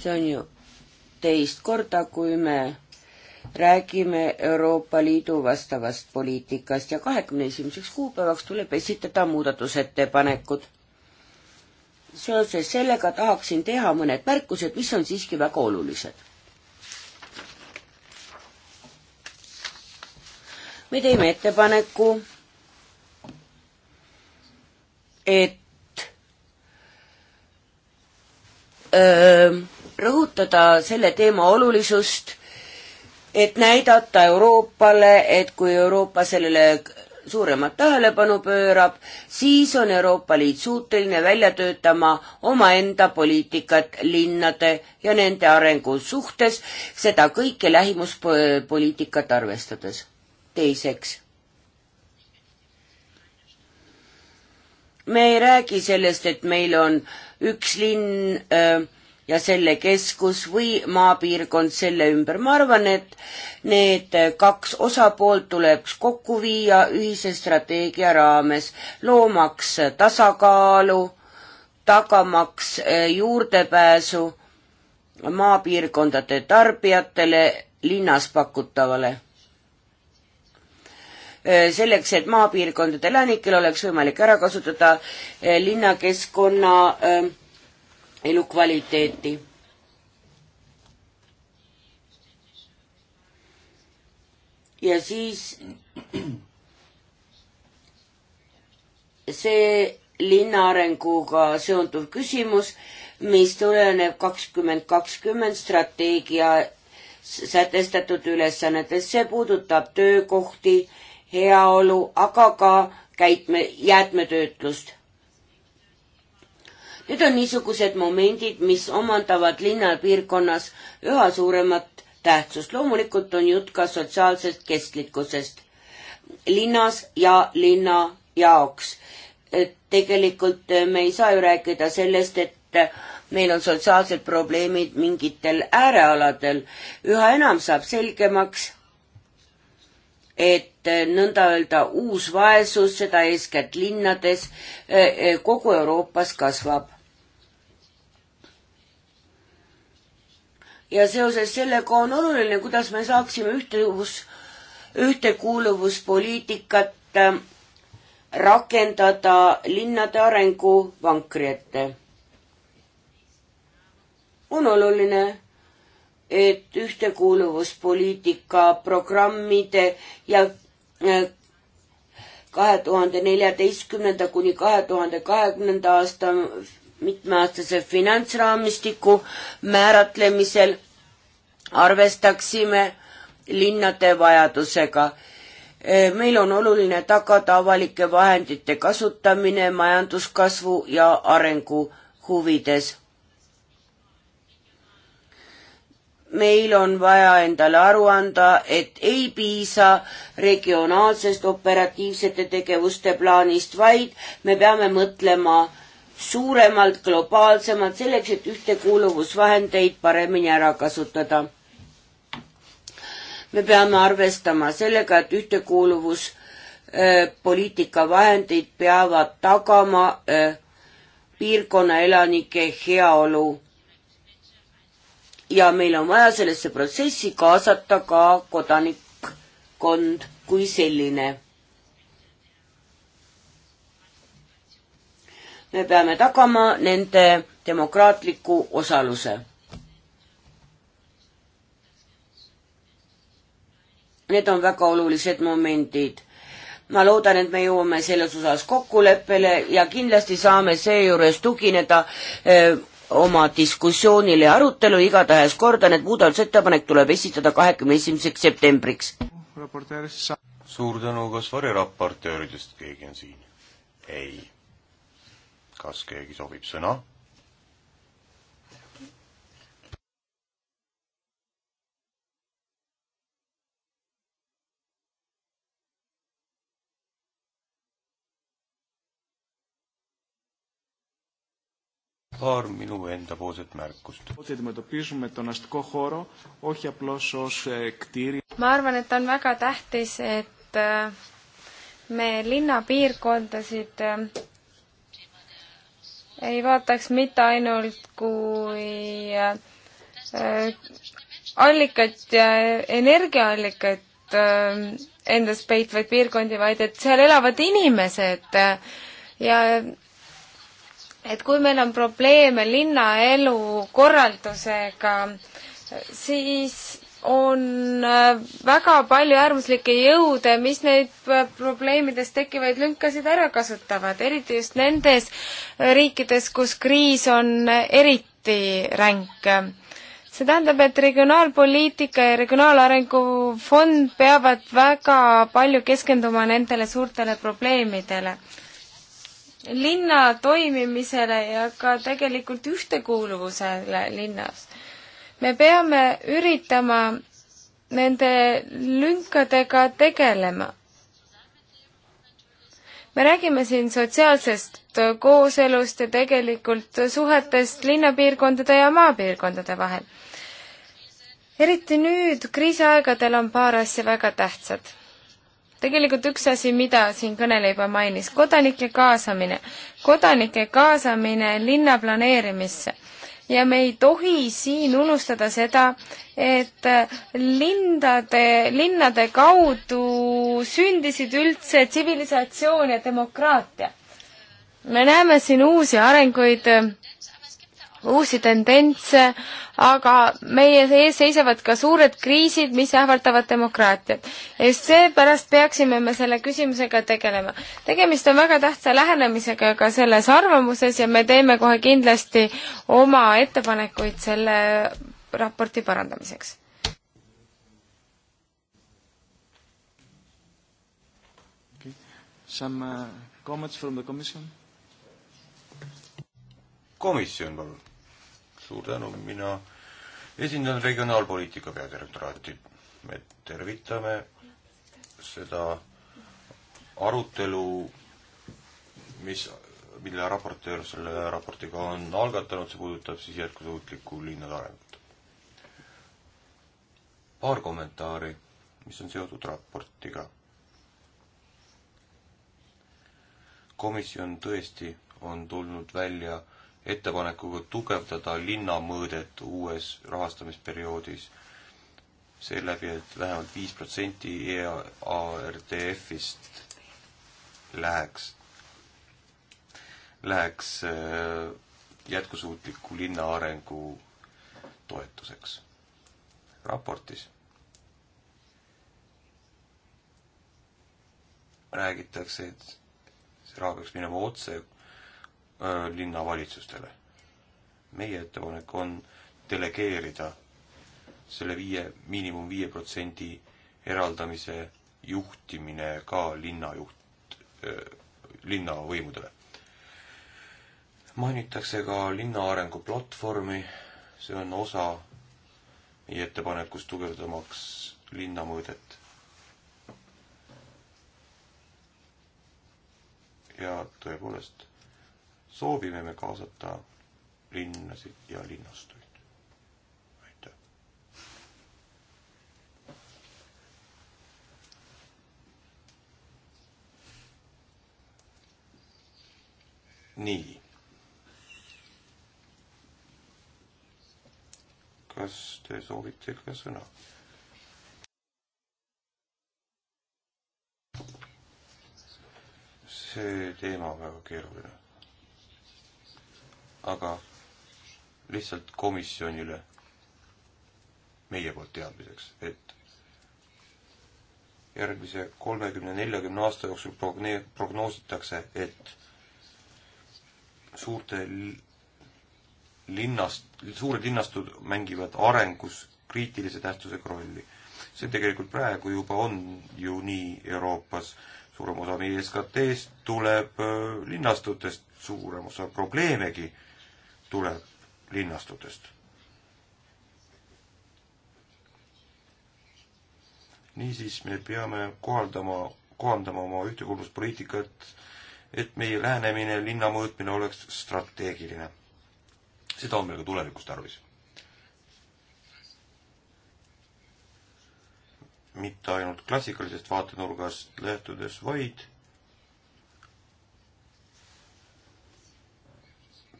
Speaker 1: see on ju teist korda, kui me räägime Euroopa Liidu vastavast poliitikast ja kahekümne esimeseks kuupäevaks tuleb esitada muudatusettepanekud. seoses sellega tahaksin teha mõned märkused, mis on siiski väga olulised. me teeme ettepaneku, et öö, rõhutada selle teema olulisust, et näidata Euroopale, et kui Euroopa sellele suuremat tähelepanu pöörab, siis on Euroopa Liit suuteline välja töötama omaenda poliitikat linnade ja nende arengu suhtes, seda kõike lähimuspoliitikat arvestades. teiseks me ei räägi sellest, et meil on üks linn, äh, ja selle keskus või maapiirkond selle ümber. ma arvan, et need kaks osapoolt tuleks kokku viia ühise strateegia raames, loomaks tasakaalu, tagamaks eh, juurdepääsu maapiirkondade tarbijatele linnas pakutavale eh, selleks, et maapiirkondade elanikel oleks võimalik ära kasutada eh, linnakeskkonna elukvaliteeti. ja siis see linnaarenguga seonduv küsimus, mis tuleneb kakskümmend kakskümmend strateegia sätestatud ülesannetest, see puudutab töökohti, heaolu, aga ka käitme, jäätmetöötlust Need on niisugused momendid, mis omandavad linnapiirkonnas üha suuremat tähtsust. loomulikult on jutt ka sotsiaalsest kestlikkusest linnas ja linna jaoks. et tegelikult eh, me ei saa ju rääkida sellest, et eh, meil on sotsiaalsed probleemid mingitel äärealadel. üha enam saab selgemaks, et eh, nõnda öelda uus vaesus, seda eeskätt linnades, kogu Euroopas kasvab. ja seoses sellega on oluline, kuidas me saaksime ühtekuuluvus, ühtekuuluvuspoliitikat äh, rakendada linnade arengu vankri ette. on oluline, et ühtekuuluvuspoliitika programmide ja äh, kahe tuhande neljateistkümnenda kuni kahe tuhande kahekümnenda aasta mitmeaastase finantsraamistiku määratlemisel arvestaksime linnade vajadusega. Eh, meil on oluline tagada avalike vahendite kasutamine majanduskasvu ja arengu huvides. meil on vaja endale aru anda, et ei piisa regionaalsest operatiivsete tegevuste plaanist, vaid me peame mõtlema suuremalt, globaalsemalt, selleks, et ühtekuuluvusvahendeid paremini ära kasutada. me peame arvestama sellega, et ühtekuuluvuspoliitika äh, vahendid peavad tagama öö, äh, piirkonna elanike heaolu. ja meil on vaja sellesse protsessi kaasata ka kodanikkond kui selline me peame tagama nende demokraatliku osaluse. Need on väga olulised momendid. ma loodan, et me jõuame selles osas kokkuleppele ja kindlasti saame seejuures tugineda öö, eh, oma diskussioonile ja arutelu, igatahes kordan, et muudatusettepanek tuleb esitada kahekümne esimeseks septembriks.
Speaker 3: suur tänu, kas variraportööridest keegi on siin? ei kas keegi soovib sõna? paar minu endapoolset märkust. Eh,
Speaker 2: ma arvan, et on väga tähtis, et eh, me linnapiirkondasid eh, ei vaataks mitte ainult kui äh, allikat ja energiaallikat äh, endas peitvaid piirkondi, vaid et seal elavad inimesed ja et kui meil on probleeme linnaelu korraldusega, siis on äh, väga palju äärmuslikke jõude, mis neid äh, probleemidest tekkivaid lünkasid ära kasutavad, eriti just nendes äh, riikides, kus kriis on eriti ränk. see tähendab, et regionaalpoliitika ja regionaalarengu fond peavad väga palju keskenduma nendele suurtele probleemidele linna toimimisele ja ka tegelikult ühtekuuluvusele linnas me peame üritama nende lünkadega tegelema. me räägime siin sotsiaalsest kooselust ja tegelikult suhetest linnapiirkondade ja maapiirkondade vahel. eriti nüüd kriisiaegadel on paar asja väga tähtsad. tegelikult üks asi, mida siin kõneleja juba mainis, kodanike kaasamine. kodanike kaasamine linna planeerimisse ja me ei tohi siin unustada seda, et lindade, linnade kaudu sündisid üldse tsivilisatsioon ja demokraatia. me näeme siin uusi arenguid uusi tendentse, aga meie ees seisavad ka suured kriisid, mis ähvardavad demokraatiat. ja just seepärast peaksime me selle küsimusega tegelema. tegemist on väga tähtsa lähenemisega ka selles arvamuses ja me teeme kohe kindlasti oma ettepanekuid selle raporti parandamiseks.
Speaker 1: Okay. Some uh, comments from the commission?
Speaker 3: komisjon, palun suur tänu, mina esindan regionaalpoliitika peadirektoraati. me tervitame seda arutelu, mis, mille raportöör selle raportiga on algatanud, see puudutab siis jätkusuutlikku linnade arengut. paar kommentaari, mis on seotud raportiga. komisjon tõesti on tulnud välja ettepanekuga tugevdada linnamõõdet uues rahastamisperioodis seeläbi, et vähemalt viis protsenti EARDF-ist läheks, läheks äh, jätkusuutliku linna arengu toetuseks raportis. räägitakse, et see raha peaks minema otse Äh, linnavalitsustele. meie ettepanek on delegeerida selle viie, miinimum viie protsendi eraldamise juhtimine ka linnajuht, äh, linnavõimudele. mainitakse ka linna arenguplatvormi, see on osa meie ettepanekust tugevdamaks linnamõõdet. ja tõepoolest soovime me kaasata linnasid ja linnastuid. aitäh. nii. kas te soovite ka sõna? see teema on väga keeruline aga lihtsalt komisjonile meie poolt teadmiseks, et järgmise kolmekümne, neljakümne aasta jooksul progne-, prognoositakse, et suurte linnast, suured linnastud mängivad arengus kriitilise tähtsusega rolli. see tegelikult praegu juba on ju nii Euroopas, suurem osa meie SKT-st tuleb äh, linnastutest, suurem osa probleemegi tuleb linnastutest. niisiis me peame kohaldama, kohandama oma ühtekuuluvuspoliitikat, et meie lähenemine, linna mõõtmine oleks strateegiline. seda on meil ka tulevikus tarvis mitte ainult klassikalisest vaatenurgast lähtudes, vaid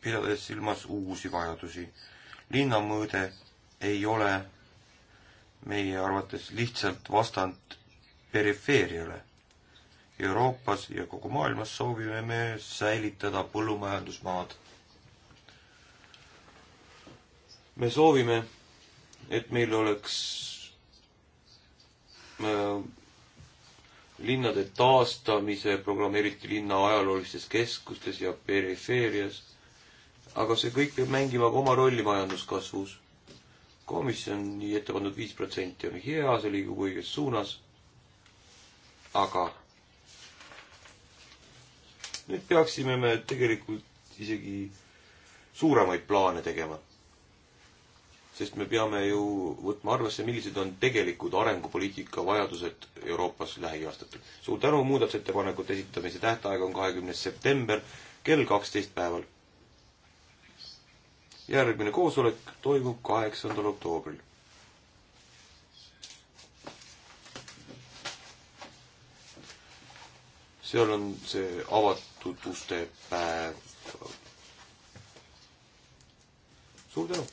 Speaker 3: pidades silmas uusi vajadusi. linnamõõde ei ole meie arvates lihtsalt vastand perifeeriale. Euroopas ja kogu maailmas soovime me säilitada põllumajandusmaad. me soovime, et meil oleks äh, linnade taastamise programm, eriti linna ajaloolistes keskustes ja perifeerias aga see kõik peab mängima ka oma rolli majanduskasvus. komisjoni ette pandud viis protsenti on hea, see liigub õiges suunas. aga nüüd peaksime me tegelikult isegi suuremaid plaane tegema. sest me peame ju võtma arvesse, millised on tegelikud arengupoliitika vajadused Euroopas lähiaastatel. suur tänu, muudatusettepanekute esitamise tähtaeg on kahekümnes september kell kaksteist päeval järgmine koosolek toimub kaheksandal oktoobril. seal on see avatud uste päev. suur tänu!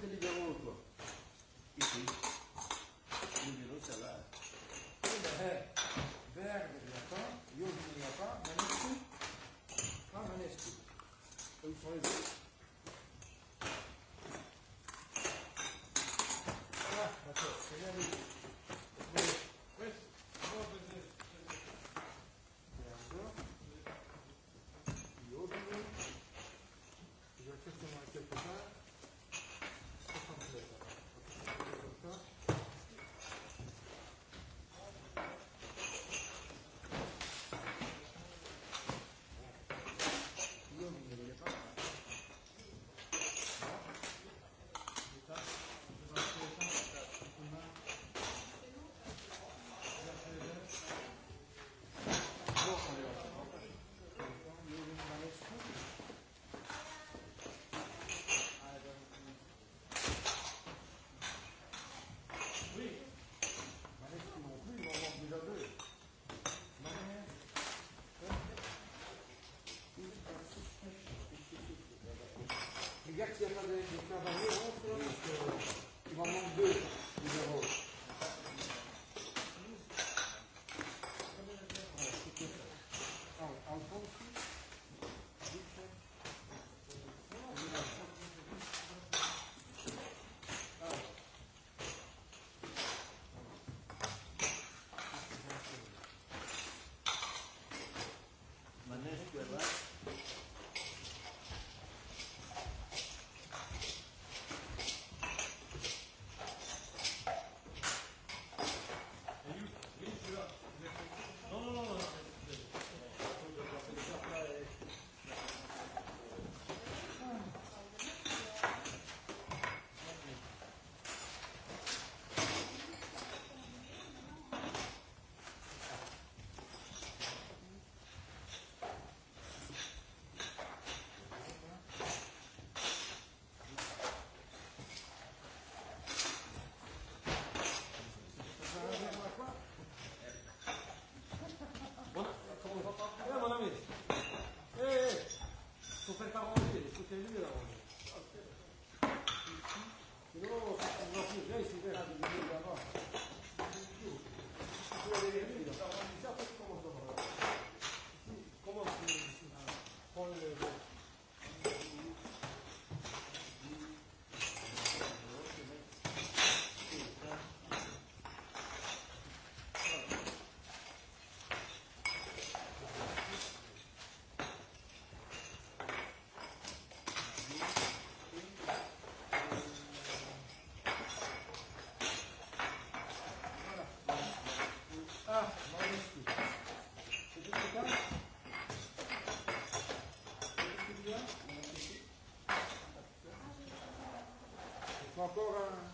Speaker 1: que ligamos o outro. E sim. Não virou, sei eh, lá.
Speaker 2: É. Verde, Yatan, Yodin Yatan, Manestu. Ah,
Speaker 3: Manestu. Eu falei.
Speaker 1: Hier, il y a pas de, de cavalier, on se il en manque deux, les avons.
Speaker 3: Uma cobra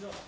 Speaker 2: の。